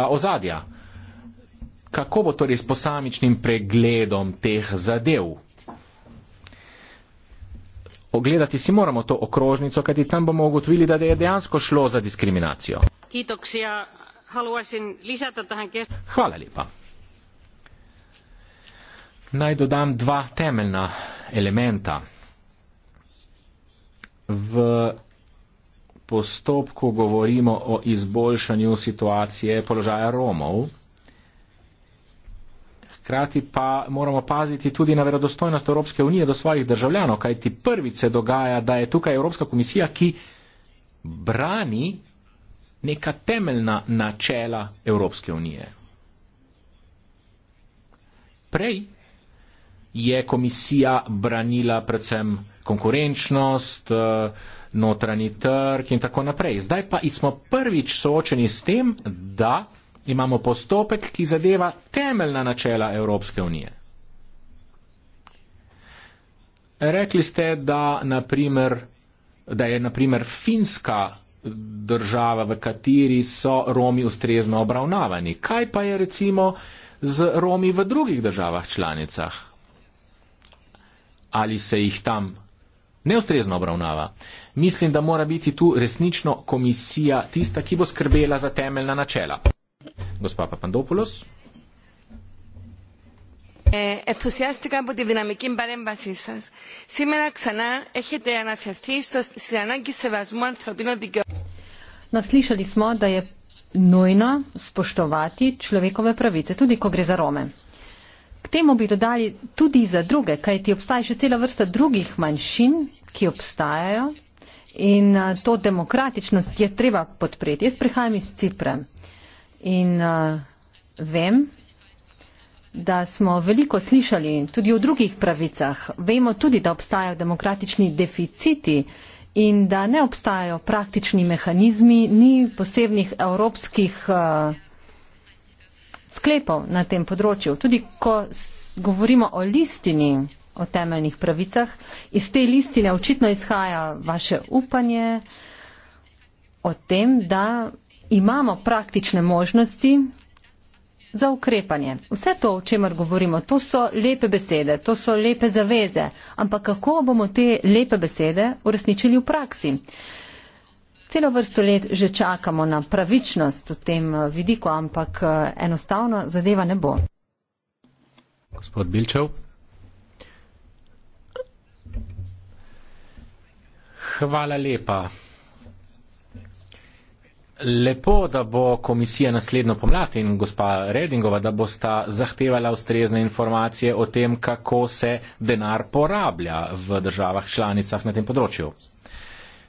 eh, ozadja. Kako bo torej s posamičnim pregledom teh zadev? Ogledati si moramo to okrožnico, kajti tam bomo ugotovili, da je dejansko šlo za diskriminacijo. Hvala lepa. Naj dodam dva temeljna elementa. V postopku govorimo o izboljšanju situacije položaja Romov. Hkrati pa moramo paziti tudi na verodostojnost Evropske unije do svojih državljanov, kajti prvič se dogaja, da je tukaj Evropska komisija, ki brani neka temeljna načela Evropske unije. Prej je komisija branila predvsem konkurenčnost, eh, notranji trg in tako naprej. Zdaj pa smo prvič soočeni s tem, da imamo postopek, ki zadeva temeljna načela Evropske unije. Rekli ste, da, naprimer, da je naprimer finska država, v kateri so Romi ustrezno obravnavani. Kaj pa je recimo z Romi v drugih državah članicah? Ali se jih tam neustrezno obravnava? Mislim, da mora biti tu resnično komisija tista, ki bo skrbela za temeljna načela ενθουσιάστηκα από τη δυναμική παρέμβασή σα. Σήμερα ξανά έχετε αναφερθεί στο, στην ανάγκη σεβασμού ανθρωπίνων δικαιωμάτων. No, nujno spoštovati človekove pravice, tudi ko gre za Rome. K temu bi dodali tudi za druge, kajti obstaja še cela vrsta drugih manjšin, ki obstajajo in to demokratičnost je treba podpreti. Jaz prihajam iz Cipre, In uh, vem, da smo veliko slišali tudi o drugih pravicah. Vemo tudi, da obstajajo demokratični deficiti in da ne obstajajo praktični mehanizmi, ni posebnih evropskih uh, sklepov na tem področju. Tudi ko govorimo o listini, o temeljnih pravicah, iz te listine očitno izhaja vaše upanje o tem, da imamo praktične možnosti za ukrepanje. Vse to, o čemer govorimo, to so lepe besede, to so lepe zaveze, ampak kako bomo te lepe besede uresničili v praksi? Celo vrsto let že čakamo na pravičnost v tem eh, vidiku, ampak eh, enostavno zadeva ne bo. Gospod Bilčev. Hvala lepa. Lepo, da bo komisija naslednjo pomlad in gospa Redingova, da bosta zahtevala ustrezne informacije o tem, kako se denar porablja v državah članicah na tem področju.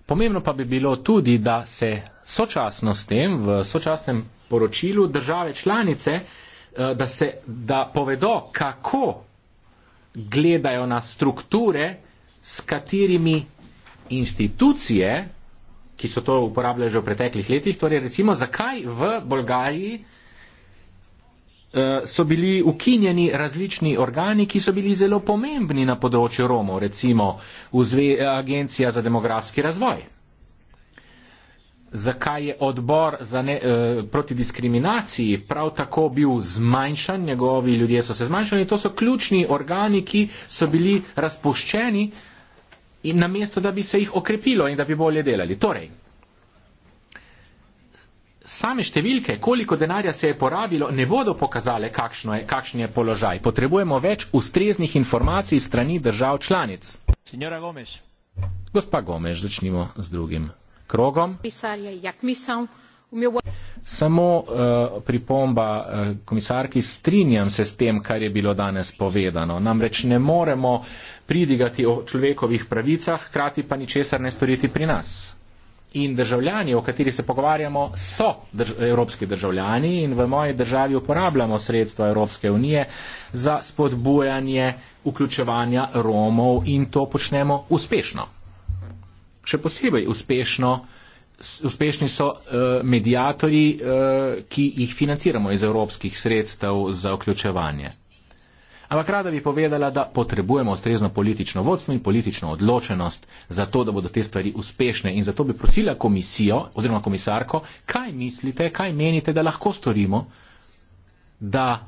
Pomembno pa bi bilo tudi, da se sočasno s tem v sočasnem poročilu države članice, eh, da se da povedo, kako gledajo na strukture, s katerimi institucije ki so to uporabljali že v preteklih letih. Torej, recimo, zakaj v Bolgariji eh, so bili ukinjeni različni organi, ki so bili zelo pomembni na področju Romov, recimo Zve, Agencija za demografski razvoj. Zakaj je odbor za ne, eh, proti diskriminaciji prav tako bil zmanjšan, njegovi ljudje so se zmanjšali, to so ključni organi, ki so bili razpoščeni na mesto, da bi se jih okrepilo in da bi bolje delali. Torej, same številke, koliko denarja se je porabilo, ne bodo pokazale, kakšno je, kakšen je položaj. Potrebujemo več ustreznih informacij strani držav članic. Signora Gomes. Gospa Gomes, začnimo z drugim krogom. Pisarje, jak mi so Samo uh, pripomba uh, komisarki, strinjam se s tem, kar je bilo danes povedano. Namreč ne moremo pridigati o človekovih pravicah, hkrati pa ničesar ne storiti pri nas. In državljani, o katerih se pogovarjamo, so drž evropski državljani in v moji državi uporabljamo sredstva Evropske unije za spodbujanje vključevanja Romov in to počnemo uspešno. Še posebej uspešno uspešni so eh, medijatori, eh, ki jih financiramo iz evropskih sredstev za vključevanje. Ampak rada bi povedala, da potrebujemo ustrezno politično vodstvo in politično odločenost za to, da bodo te stvari uspešne. In zato bi prosila komisijo oziroma komisarko, kaj mislite, kaj menite, da lahko storimo, da,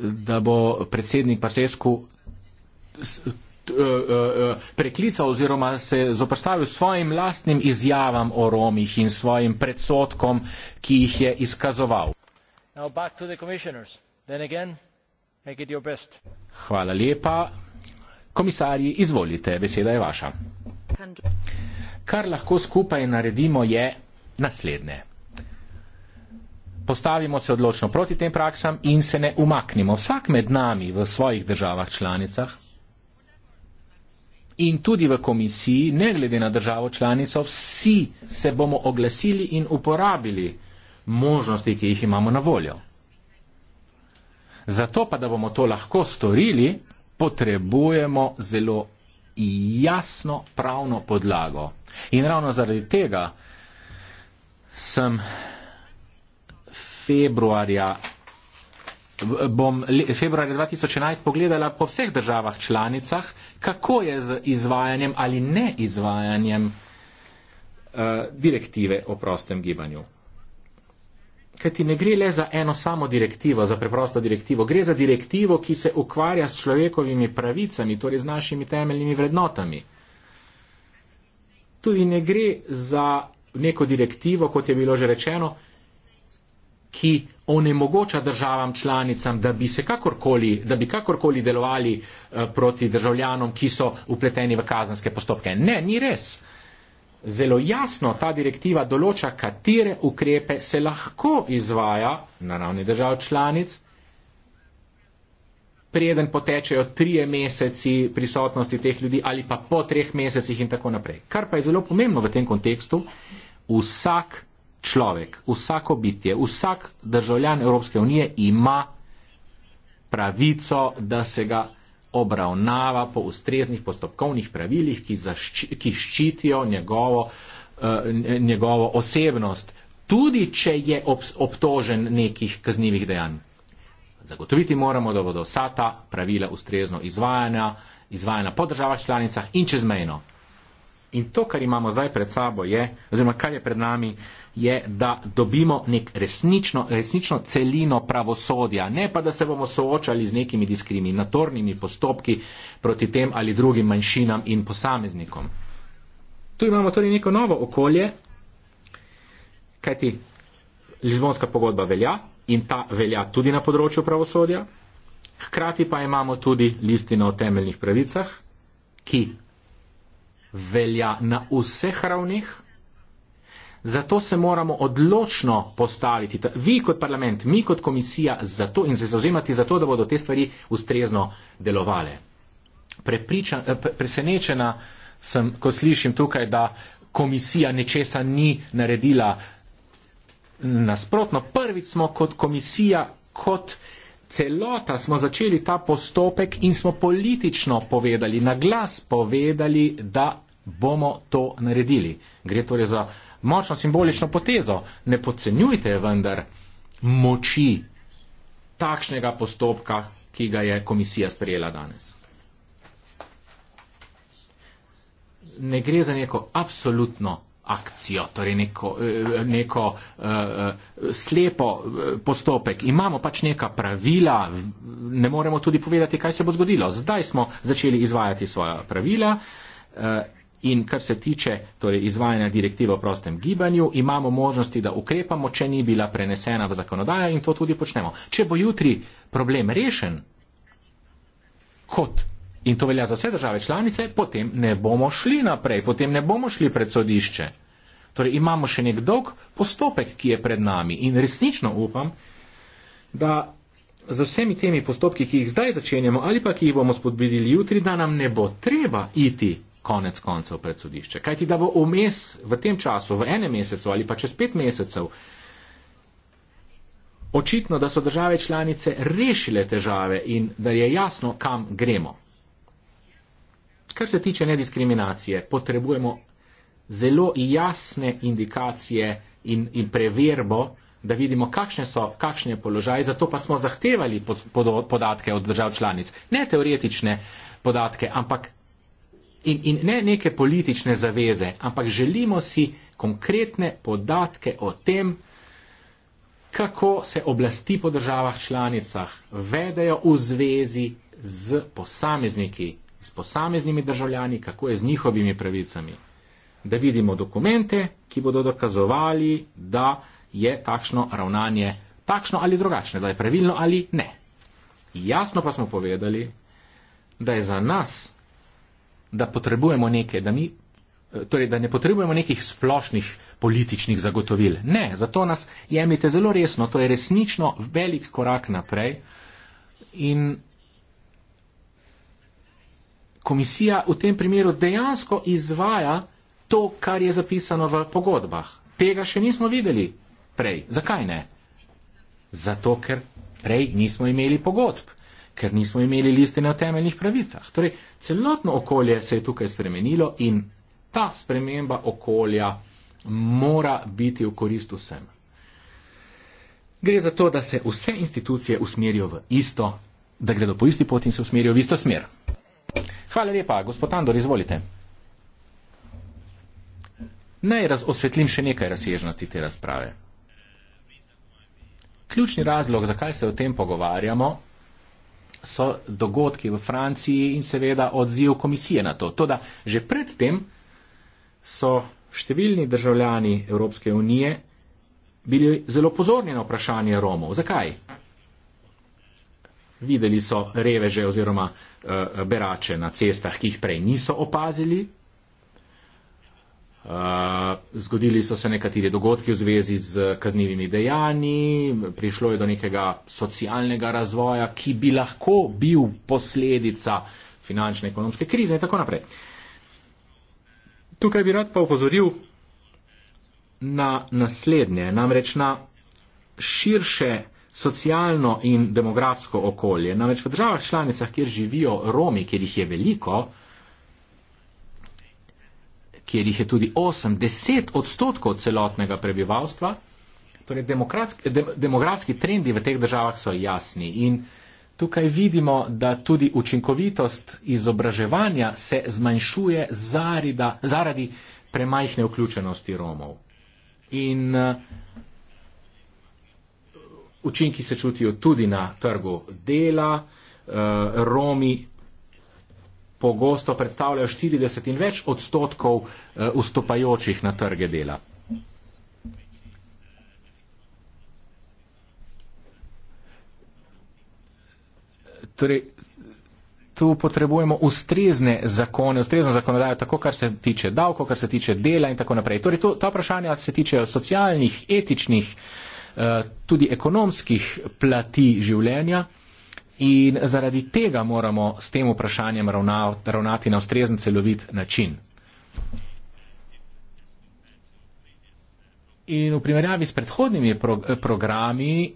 da bo predsednik Parsesku Eh, eh, eh, preklical oziroma se zoprstavil svojim lastnim izjavam o Romih in svojim predsotkom, ki jih je izkazoval. Hvala lepa. Komisarji, izvolite, beseda je vaša. Kar lahko skupaj naredimo je naslednje. Postavimo se odločno proti tem praksam in se ne umaknimo. Vsak med nami v svojih državah članicah in tudi v komisiji, ne glede na državo članico, vsi se bomo oglasili in uporabili možnosti, ki jih imamo na voljo. Zato pa, da bomo to lahko storili, potrebujemo zelo jasno pravno podlago. In ravno zaradi tega sem februarja bom februarja 2011 pogledala po vseh državah članicah, kako je z izvajanjem ali ne izvajanjem eh, direktive o prostem gibanju. Ker ti ne gre le za eno samo direktivo, za preprosto direktivo, gre za direktivo, ki se ukvarja s človekovimi pravicami, torej z našimi temeljnimi vrednotami. Tu ne gre za neko direktivo, kot je bilo že rečeno, ki onemogoča državam članicam, da bi se kakorkoli, da bi kakorkoli delovali eh, proti državljanom, ki so upleteni v kazanske postopke. Ne, ni res. Zelo jasno ta direktiva določa, katere ukrepe se lahko izvaja na ravni držav članic, preden potečejo trije meseci prisotnosti teh ljudi ali pa po treh mesecih in tako naprej. Kar pa je zelo pomembno v tem kontekstu, vsak človek, vsako bitje, vsak državljan Evropske unije ima pravico, da se ga obravnava po ustreznih postopkovnih pravilih, ki, zašči, ki ščitijo njegovo, uh, njegovo osebnost, tudi če je ob, obtožen nekih kaznjivih dejanj. Zagotoviti moramo, da bodo vsa ta pravila ustrezno izvajana, izvajana po državah članicah in čezmejno. In to, kar imamo zdaj pred sabo, je, oziroma kar je pred nami, je, da dobimo nek resnično, resnično celino pravosodja, ne pa da se bomo soočali z nekimi diskriminatornimi postopki proti tem ali drugim manjšinam in posameznikom. Tu imamo torej neko novo okolje, kajti Lizbonska pogodba velja in ta velja tudi na področju pravosodja. Hkrati pa imamo tudi listino o temeljnih pravicah, ki velja na vseh ravneh. Zato se moramo odločno postaviti, vi kot parlament, mi kot komisija, za to in se zauzemati za to, da bodo te stvari ustrezno delovale. Prepričan, presenečena sem, ko slišim tukaj, da komisija nečesa ni naredila nasprotno. Prvič smo kot komisija, kot celota smo začeli ta postopek in smo politično povedali, na glas povedali, da bomo to naredili. Gre torej za močno simbolično potezo. Ne podcenjujte vendar moči takšnega postopka, ki ga je komisija sprejela danes. Ne gre za neko absolutno akcijo, torej neko, eh, neko eh, eh, slepo postopek. Imamo pač neka pravila, ne moremo tudi povedati, kaj se bo zgodilo. Zdaj smo začeli izvajati svoja pravila in kar se tiče torej, izvajanja direktive o prostem gibanju, imamo možnosti, da ukrepamo, če ni bila prenesena v zakonodajo in to tudi počnemo. Če bo jutri problem rešen, kot in to velja za vse države članice, potem ne bomo šli naprej, potem ne bomo šli pred sodišče. Torej imamo še nek dolg postopek, ki je pred nami in resnično upam, da z vsemi temi postopki, ki jih zdaj začenjamo ali pa ki jih bomo spodbudili jutri, da nam ne bo treba iti konec koncev pred sodišče. Kajti da bo vmes v tem času, v enem mesecu ali pa čez pet mesecev, očitno, da so države članice rešile težave in da je jasno, kam gremo. Kar se tiče nediskriminacije, potrebujemo zelo jasne indikacije in, in preverbo, da vidimo, kakšne so, kakšne položaje, zato pa smo zahtevali pod, pod, podatke od držav članic. Ne teoretične podatke, ampak in, in ne neke politične zaveze, ampak želimo si konkretne podatke o tem, kako se oblasti po državah članicah vedejo v zvezi z posamezniki, s posameznimi državljani, kako je z njihovimi pravicami. Da vidimo dokumente, ki bodo dokazovali, da je takšno ravnanje takšno ali drugačno, da je pravilno ali ne. Jasno pa smo povedali, da je za nas, da potrebujemo nekaj, da mi. Torej, da ne potrebujemo nekih splošnih političnih zagotovil. Ne, zato nas jemljite zelo resno. To je resnično velik korak naprej. In komisija v tem primeru dejansko izvaja to, kar je zapisano v pogodbah. Tega še nismo videli prej. Zakaj ne? Zato, ker prej nismo imeli pogodb, ker nismo imeli liste na temeljnih pravicah. Torej, celotno okolje se je tukaj spremenilo in ta sprememba okolja mora biti v korist vsem. Gre za to, da se vse institucije usmerijo v isto, da gredo po isti poti in se usmerijo v isto smer. Hvala lepa, gospod Andor, izvolite. Naj osvetlim še nekaj razsežnosti te razprave. Ključni razlog, zakaj se o tem pogovarjamo, so dogodki v Franciji in seveda odziv komisije na to. Toda že predtem so številni državljani Evropske unije bili zelo pozorni na vprašanje Romov. Zakaj? videli so reveže oziroma eh, berače na cestah, ki jih prej niso opazili. Uh, zgodili so se nekateri dogodki v zvezi z kaznivimi dejanji, prišlo je do nekega socialnega razvoja, ki bi lahko bil posledica finančne in ekonomske krize in tako naprej. Tukaj bi rad pa upozoril na naslednje, namreč na širše socialno in demografsko okolje. Namreč v državah članicah, kjer živijo Romi, kjer jih je veliko, kjer jih je tudi 80 odstotkov celotnega prebivalstva, torej demografski trendi v teh državah so jasni in tukaj vidimo, da tudi učinkovitost izobraževanja se zmanjšuje zarida, zaradi premajhne vključenosti Romov. In uh, učinki se čutijo tudi na trgu dela. Eh, Romi pogosto predstavljajo 40 in več odstotkov eh, vstopajočih na trge dela. Torej, tu potrebujemo ustrezne zakone, ustrezno zakonodajo, tako kar se tiče davko, kar se tiče dela in tako naprej. Torej, to, ta vprašanja se tiče socialnih, etičnih, uh, Eh, tudi ekonomskih plati življenja in zaradi tega moramo s tem vprašanjem ravnati na ustrezen celovit način. In v primerjavi s predhodnimi pro, programi eh,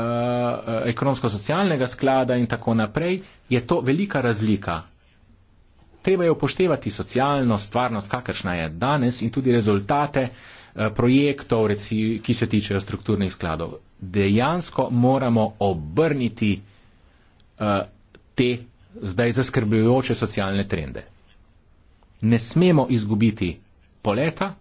eh ekonomsko-socialnega sklada in tako naprej je to velika razlika. Treba je upoštevati socialno stvarnost, kakršna je danes in tudi rezultate eh, Eh, projektov, reci, ki se tičejo strukturnih skladov. Dejansko moramo obrniti uh, te zdaj zaskrbljujoče socialne trende. Ne smemo izgubiti poleta,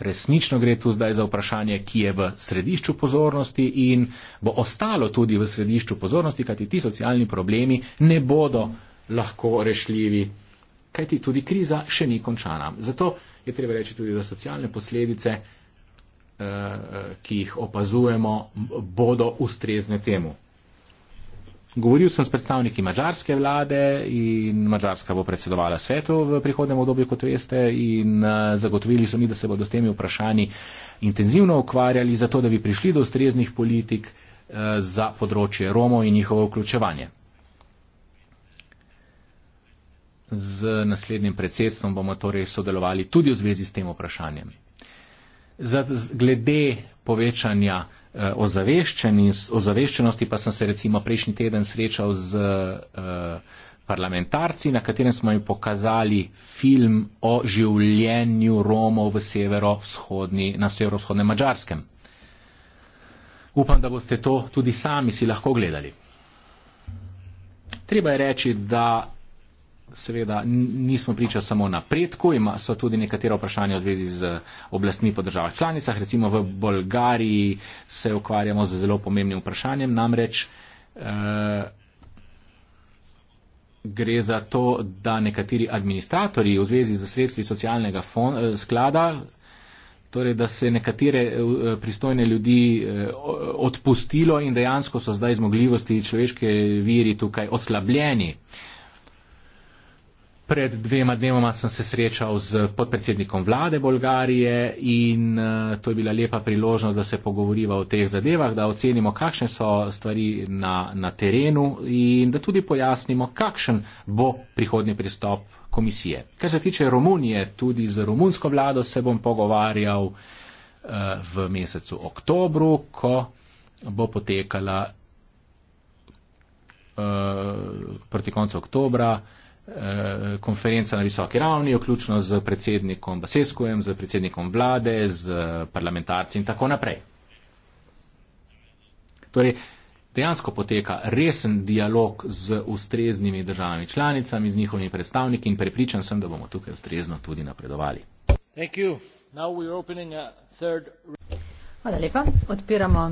resnično gre tu zdaj za vprašanje, ki je v središču pozornosti in bo ostalo tudi v središču pozornosti, kajti ti socialni problemi ne bodo lahko rešljivi, kajti tudi kriza še ni končana. Zato je treba reči tudi, da socialne posledice, eh, ki jih opazujemo, bodo ustrezne temu. Govoril sem s predstavniki mađarske vlade in mađarska bo predsedovala svetu v prihodnem obdobju, kot veste, in eh, zagotovili so mi, da se bodo s temi vprašanji intenzivno ukvarjali, zato da bi prišli do ustreznih politik eh, za področje Romov in njihovo vključevanje. z naslednjim predsedstvom bomo torej sodelovali tudi v zvezi s tem vprašanjem. Glede povečanja eh, ozaveščenosti pa sem se recimo prejšnji teden srečal z eh, parlamentarci, na katerem smo jim pokazali film o življenju Romov v severovzhodni, na severovzhodnem Mačarskem. Upam, da boste to tudi sami si lahko gledali. Treba je reči, da seveda nismo priča samo napredku, ima so tudi nekatera vprašanja v zvezi z eh, oblastmi po državah članicah. Recimo v Bolgariji se ukvarjamo z zelo pomembnim vprašanjem, namreč eh, gre za to, da nekateri administratori v zvezi z sredstvi socialnega fond, eh, sklada, torej da se nekatere eh, pristojne ljudi eh, odpustilo in dejansko so zdaj zmogljivosti človeške viri tukaj oslabljeni. Eh, pred dvema dnevoma sem se srečal z podpredsednikom vlade Bolgarije in eh, to je bila lepa priložnost, da se pogovoriva o teh zadevah, da ocenimo, kakšne so stvari na, na terenu in da tudi pojasnimo, kakšen bo prihodnji pristop komisije. Kar se tiče Romunije, tudi z romunsko vlado se bom pogovarjal eh, v mesecu oktobru, ko bo potekala eh, proti koncu oktobra Eh, konferenca na visoki ravni, vključno z predsednikom Baseskujem, z predsednikom vlade, z parlamentarci in tako naprej. Torej, dejansko poteka resen dialog z ustreznimi državami članicami, z njihovimi predstavniki in prepričan sem, da bomo tukaj ustrezno tudi napredovali. Third... Hvala lepa. Odpiramo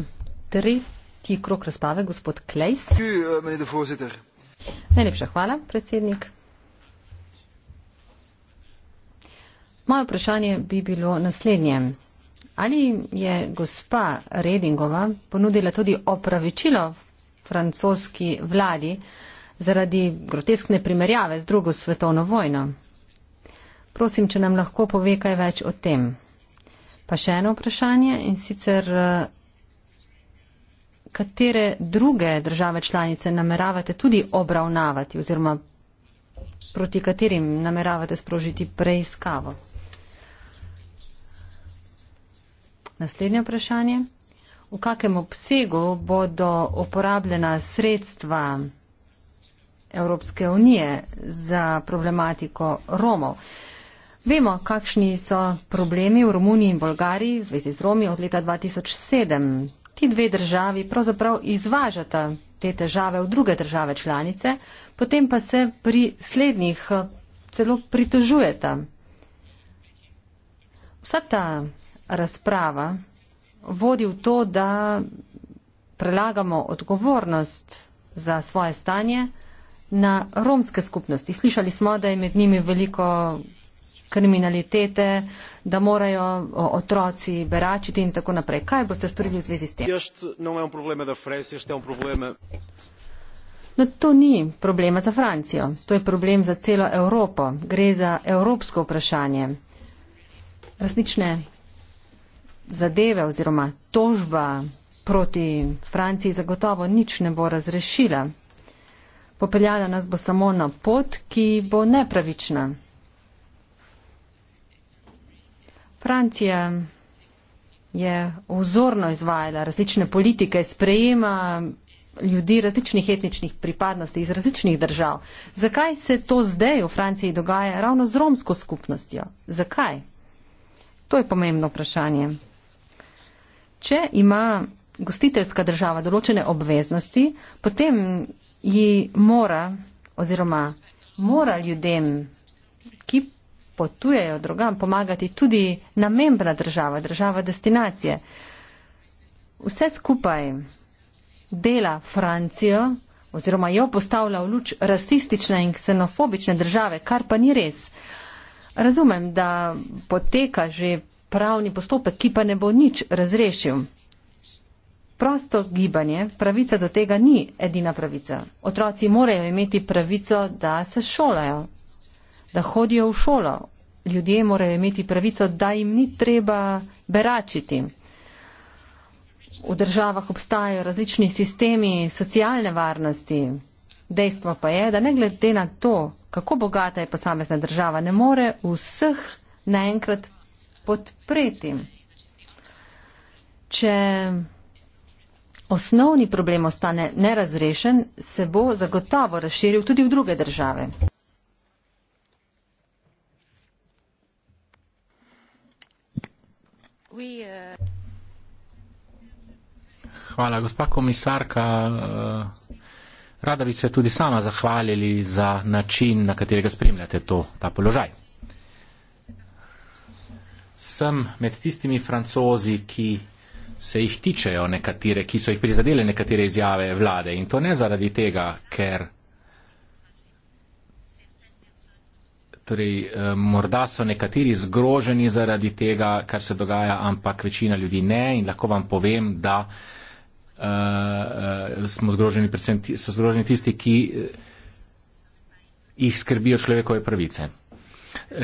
tretji krok razprave, gospod Klejs. Eh, Najlepša hvala, predsednik. Moje vprašanje bi bilo naslednje. Ali je gospa Redingova ponudila tudi opravičilo francoski vladi zaradi groteskne primerjave z drugo svetovno vojno? Prosim, če nam lahko pove kaj več o tem. Pa še eno vprašanje in sicer, katere druge države članice nameravate tudi obravnavati oziroma proti katerim nameravate sprožiti preiskavo. Naslednje vprašanje. V kakem obsegu bodo uporabljena sredstva Evropske unije za problematiko Romov? Vemo, kakšni so problemi v Romuniji in Bolgariji v zvezi z Romi od leta 2007. Ti dve državi pravzaprav izvažata te težave v druge države članice, potem pa se pri slednjih eh, celo pritožujeta. Vsa ta razprava vodi v to, da prelagamo odgovornost za svoje stanje na romske skupnosti. Slišali smo, da je med njimi veliko kriminalitete, da morajo otroci beračiti in tako naprej. Kaj boste storili v zvezi s tem? Um um no, to ni problema za Francijo, to je problem za celo Evropo. Gre za evropsko vprašanje. Resnične zadeve oziroma tožba proti Franciji zagotovo nič ne bo razrešila. Popeljala nas bo samo na pot, ki bo nepravična. Francija je vzorno izvajala različne politike, sprejema ljudi različnih etničnih pripadnosti iz različnih držav. Zakaj se to zdaj v Franciji dogaja ravno z romsko skupnostjo? Zakaj? To je pomembno vprašanje. Če ima gostiteljska država določene obveznosti, potem ji mora oziroma mora ljudem, ki potujejo drugam, pomagati tudi namembna država, država destinacije. Vse skupaj dela Francijo oziroma jo postavlja v luč rasistične in ksenofobične države, kar pa ni res. Razumem, da poteka že pravni postopek, ki pa ne bo nič razrešil. Prosto gibanje, pravica do tega ni edina pravica. Otroci morajo imeti pravico, da se šolajo, da hodijo v šolo. Ljudje morajo imeti pravico, da jim ni treba beračiti. V državah obstajajo različni sistemi socialne varnosti. Dejstvo pa je, da ne glede na to, kako bogata je posamezna država, ne more vseh naenkrat podpreti. Če osnovni problem ostane nerazrešen, se bo zagotovo razširil tudi v druge države. Uh, Hvala, gospa komisarka. Eh, rada bi se tudi sama zahvalili za način, na katerega spremljate to, ta položaj. Sem med tistimi francozi, ki se jih tičejo nekatere, ki so jih prizadele nekatere izjave vlade in to ne zaradi tega, ker Torej, eh, morda so nekateri zgroženi zaradi tega, kar se dogaja, ampak večina ljudi ne in lahko vam povem, da uh, smo zgroženi, predvsem so zgroženi tisti, ki jih skrbijo človekove pravice.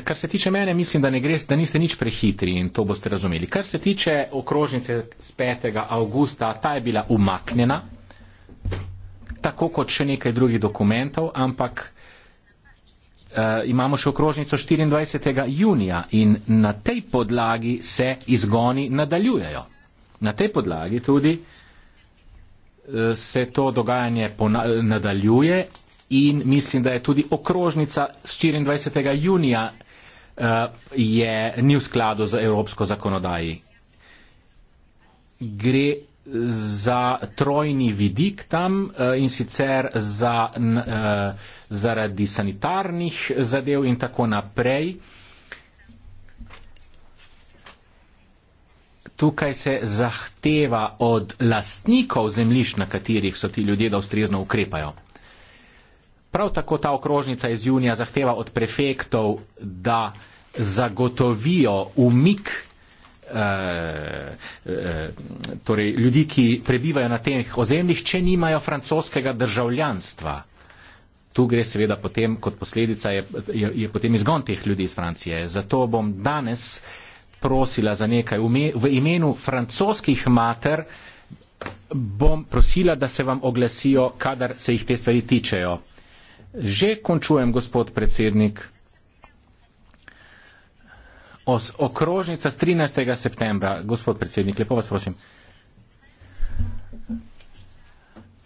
Kar se tiče mene, mislim, da, gre, da niste nič prehitri in to boste razumeli. Kar se tiče okrožnice z 5. augusta, ta je bila umaknjena, tako kot še nekaj drugih dokumentov, ampak uh, imamo še okrožnico 24. junija in na tej podlagi se izgoni nadaljujejo. Na tej podlagi tudi uh, se to dogajanje nadaljuje in mislim, da je tudi okrožnica 24. junija uh, je, ni v skladu z evropsko zakonodaji. Gre za trojni vidik tam eh, in sicer za, eh, zaradi sanitarnih zadev in tako naprej. Tukaj se zahteva od lastnikov zemljišč, na katerih so ti ljudje, da ustrezno ukrepajo. Prav tako ta okrožnica iz junija zahteva od prefektov, da zagotovijo umik Eh, eh, torej ljudi, ki prebivajo na teh ozemljih, če nimajo francoskega državljanstva. Tu gre seveda potem, kot posledica je, je, je potem izgon teh ljudi iz Francije. Zato bom danes prosila za nekaj. V imenu francoskih mater bom prosila, da se vam oglasijo, kadar se jih te stvari tičejo. Že končujem, gospod predsednik okrožnica z 13. septembra. Gospod predsednik, lepo vas prosim.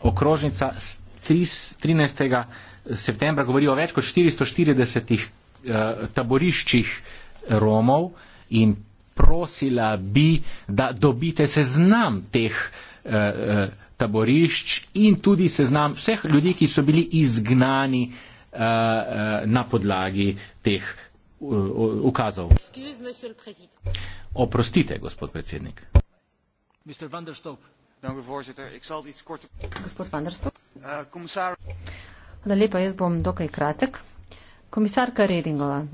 Okrožnica z 13. septembra govori o več kot 440 uh, eh, taboriščih Romov in prosila bi, da dobite seznam teh uh, taborišč in tudi seznam vseh ljudi, ki so bili izgnani uh, uh, na podlagi teh ukazal. Oprostite, gospod predsednik. Gospod Van der Stoop. Eh, Hvala lepa, jaz bom dokaj kratek. Komisarka Redingova,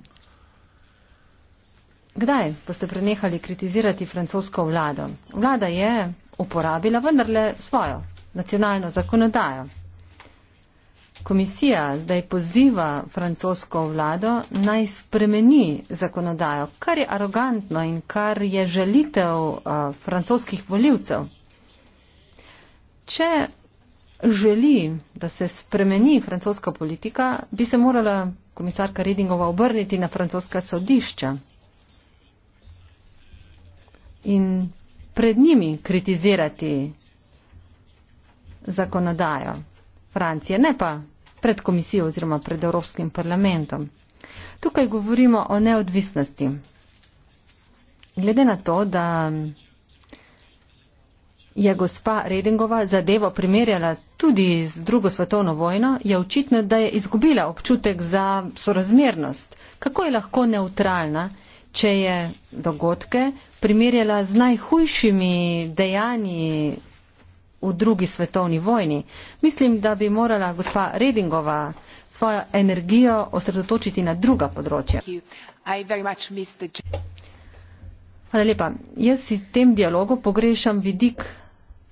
kdaj boste prenehali kritizirati francosko vlado? Vlada je uporabila vendarle svojo nacionalno zakonodajo. Komisija zdaj poziva francosko vlado naj spremeni zakonodajo, kar je arogantno in kar je želitev uh, eh, francoskih voljivcev. Če želi, da se spremeni francoska politika, bi se morala komisarka Redingova obrniti na francoska sodišča in pred njimi kritizirati zakonodajo. Francije, ne pa pred komisijo oziroma pred Evropskim parlamentom. Tukaj govorimo o neodvisnosti. Glede na to, da je gospa Redingova zadevo primerjala tudi z drugo svetovno vojno, je očitno, da je izgubila občutek za sorazmernost. Kako je lahko neutralna, če je dogodke primerjala z najhujšimi dejanji v drugi svetovni vojni. Mislim, da bi morala gospa Redingova svojo energijo osredotočiti na druga področja. Hvala lepa. Jaz si v tem dialogu pogrešam vidik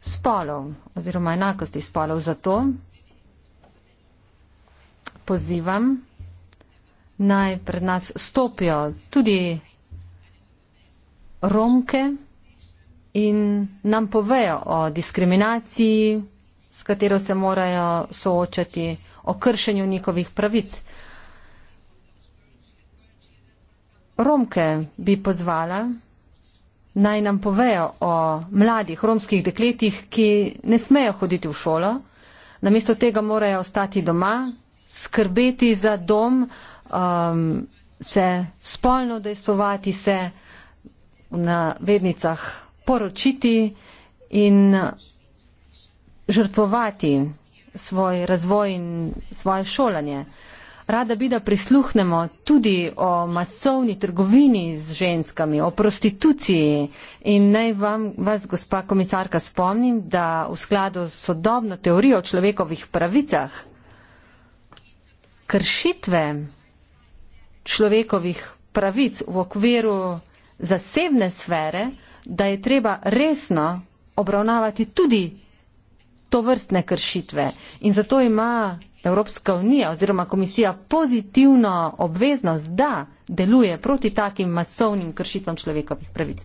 spolov oziroma enakosti spolov. Zato pozivam, naj pred nas stopijo tudi romke, in nam povejo o diskriminaciji, s katero se morajo soočati, o kršenju njihovih pravic. Romke bi pozvala, naj nam povejo o mladih romskih dekletih, ki ne smejo hoditi v šolo, namesto tega morajo ostati doma, skrbeti za dom, um, se spolno dejstvovati, se na vednicah poročiti in žrtvovati svoj razvoj in svoje šolanje. Rada bi, da prisluhnemo tudi o masovni trgovini z ženskami, o prostituciji in naj vam, vas, gospa komisarka, spomnim, da v skladu s sodobno teorijo o človekovih pravicah kršitve človekovih pravic v okviru zasebne sfere da je treba resno obravnavati tudi to vrstne kršitve. In zato ima Evropska unija oziroma komisija pozitivno obveznost, da deluje proti takim masovnim kršitvam človekovih pravic.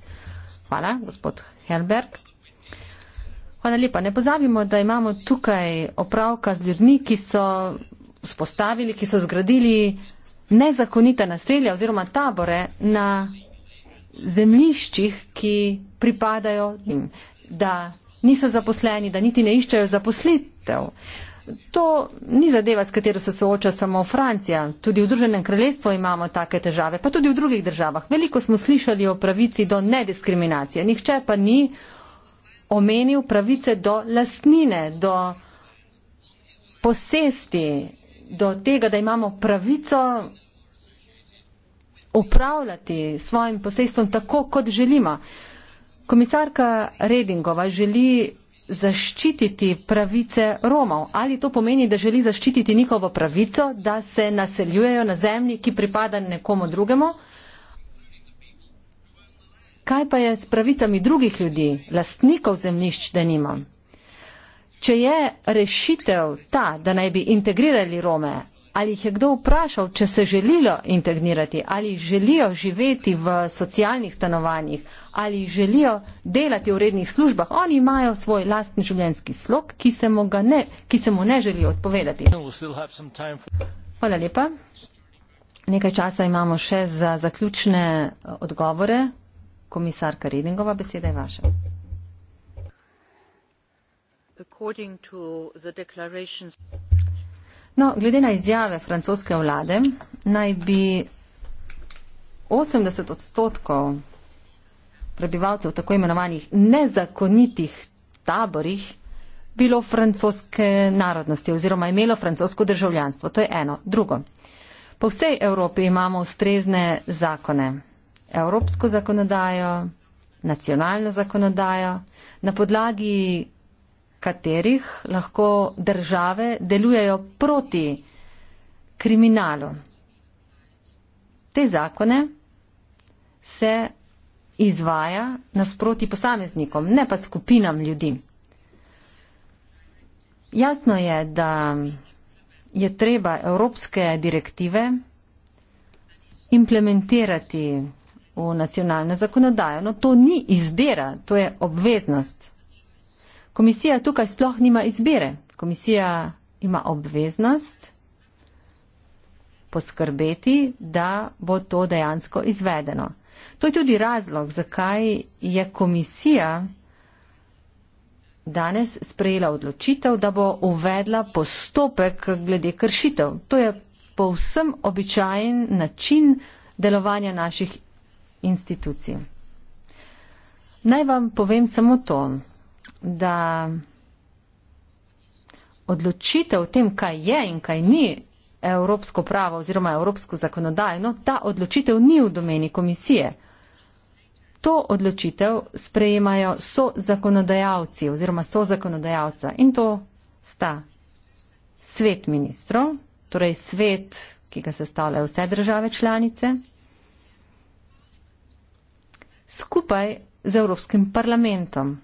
Hvala, gospod Helberg. Hvala lepa. Ne pozabimo, da imamo tukaj opravka z ljudmi, ki so spostavili, ki so zgradili nezakonita naselja oziroma tabore na zemljiščih, ki pripadajo njim, da niso zaposleni, da niti ne iščejo zaposlitev. To ni zadeva, s katero se sooča samo Francija. Tudi v Združenem kraljestvu imamo take težave, pa tudi v drugih državah. Veliko smo slišali o pravici do nediskriminacije. Nihče pa ni omenil pravice do lastnine, do posesti, do tega, da imamo pravico upravljati svojim posejstvom tako, kot želimo. Komisarka Redingova želi zaščititi pravice Romov. Ali to pomeni, da želi zaščititi njihovo pravico, da se naseljujejo na zemlji, ki pripada nekomu drugemu? Kaj pa je s pravicami drugih ljudi, lastnikov zemljišč, da nimam? Če je rešitev ta, da naj bi integrirali Rome, Ali jih je kdo vprašal, če se želijo integrirati, ali želijo živeti v socialnih stanovanjih, ali želijo delati v rednih službah? Oni imajo svoj lastni življenjski slog, ki se mu, ne, ki se mu ne želijo odpovedati. No, Hvala lepa. Nekaj časa imamo še za zaključne eh, odgovore. Komisarka Redingova, beseda je vaša. According to the declarations. No, glede na izjave francoske vlade, naj bi 80 odstotkov prebivalcev v tako imenovanih nezakonitih taborih bilo francoske narodnosti oziroma imelo francosko državljanstvo. To je eno. Drugo. Po vsej Evropi imamo ustrezne zakone. Evropsko zakonodajo, nacionalno zakonodajo, na podlagi katerih lahko države delujejo proti kriminalu. Te zakone se izvaja nasproti posameznikom, ne pa skupinam ljudi. Jasno je, da je treba evropske direktive implementirati v nacionalno zakonodajo. No, to ni izbira, to je obveznost. Komisija tukaj sploh nima izbire. Komisija ima obveznost poskrbeti, da bo to dejansko izvedeno. To je tudi razlog, zakaj je komisija danes sprejela odločitev, da bo uvedla postopek glede kršitev. To je povsem običajen način delovanja naših institucij. Naj vam povem samo to da odločitev o tem, kaj je in kaj ni evropsko pravo oziroma evropsko zakonodajno, ta odločitev ni v domeni komisije. To odločitev sprejemajo so zakonodajalci oziroma so zakonodajalca in to sta svet ministrov, torej svet, ki ga sestavljajo vse države članice, skupaj z Evropskim parlamentom.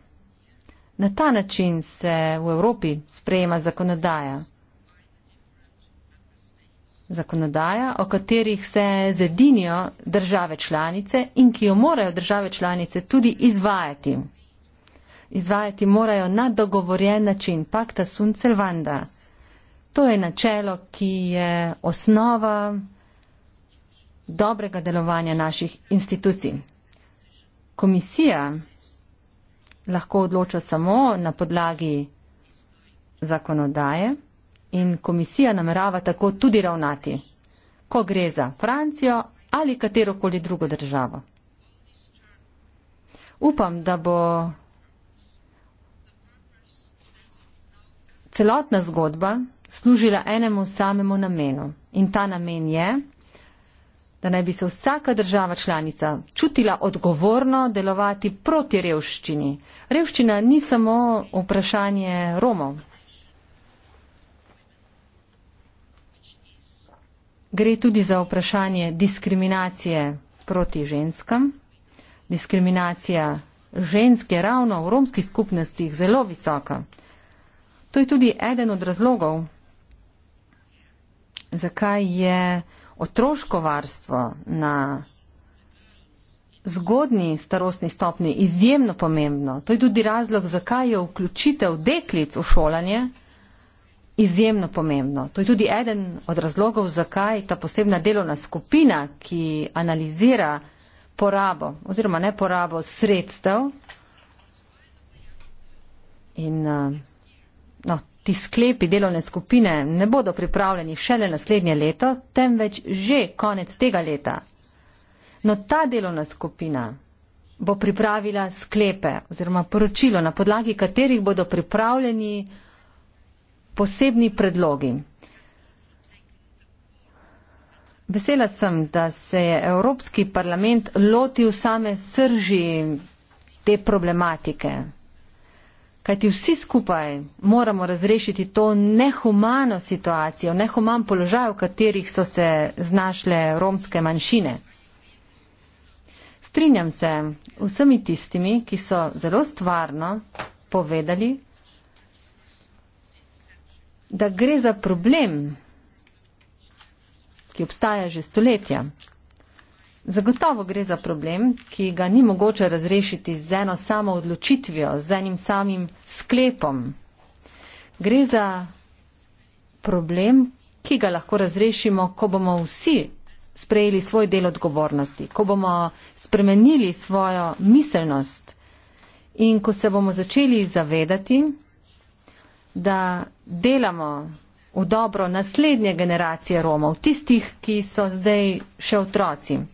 Na ta način se v Evropi sprejema zakonodaja. Zakonodaja, o katerih se zedinijo države članice in ki jo morajo države članice tudi izvajati. Izvajati morajo na dogovorjen način, pakta sun selvanda. To je načelo, ki je osnova dobrega delovanja naših institucij. Komisija lahko odloča samo na podlagi zakonodaje in komisija namerava tako tudi ravnati, ko gre za Francijo ali katerokoli drugo državo. Upam, da bo celotna zgodba služila enemu samemu namenu. In ta namen je, da naj bi se vsaka država članica čutila odgovorno delovati proti revščini. Revščina ni samo vprašanje Romov. Gre tudi za vprašanje diskriminacije proti ženskam. Diskriminacija ženske ravno v romskih skupnostih zelo visoka. To je tudi eden od razlogov, zakaj je otroško varstvo na zgodni starostni stopni izjemno pomembno. To je tudi razlog, zakaj je vključitev deklic v šolanje izjemno pomembno. To je tudi eden od razlogov, zakaj ta posebna delovna skupina, ki analizira porabo oziroma ne porabo sredstev in eh, no, Ti sklepi delovne skupine ne bodo pripravljeni šele naslednje leto, temveč že konec tega leta. No ta delovna skupina bo pripravila sklepe oziroma poročilo, na podlagi katerih bodo pripravljeni posebni predlogi. Vesela sem, da se je Evropski parlament lotil same srži te problematike. Kajti vsi skupaj moramo razrešiti to nehumano situacijo, nehuman položaj, v katerih so se znašle romske manjšine. Strinjam se vsemi tistimi, ki so zelo stvarno povedali, da gre za problem, ki obstaja že stoletja. Zagotovo gre za problem, ki ga ni mogoče razrešiti z eno samo odločitvijo, z enim samim sklepom. Gre za problem, ki ga lahko razrešimo, ko bomo vsi sprejeli svoj del odgovornosti, ko bomo spremenili svojo miselnost in ko se bomo začeli zavedati, da delamo v dobro naslednje generacije Romov, tistih, ki so zdaj še otroci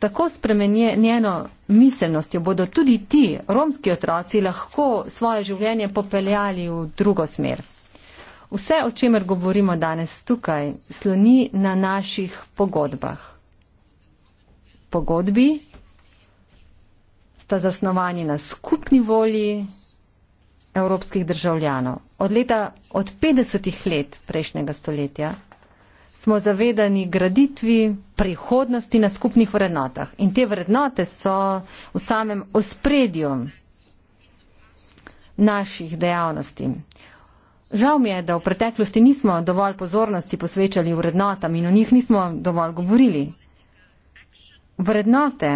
tako spremenjeno miselnostjo bodo tudi ti romski otroci lahko svoje življenje popeljali v drugo smer. Vse, o čemer govorimo danes tukaj, sloni na naših pogodbah. Pogodbi sta zasnovani na skupni volji evropskih državljanov. Od leta od 50-ih let prejšnjega stoletja smo zavedani graditvi prihodnosti na skupnih vrednotah. In te vrednote so v samem ospredju naših dejavnosti. Žal mi je, da v preteklosti nismo dovolj pozornosti posvečali vrednotam in o njih nismo dovolj govorili. Vrednote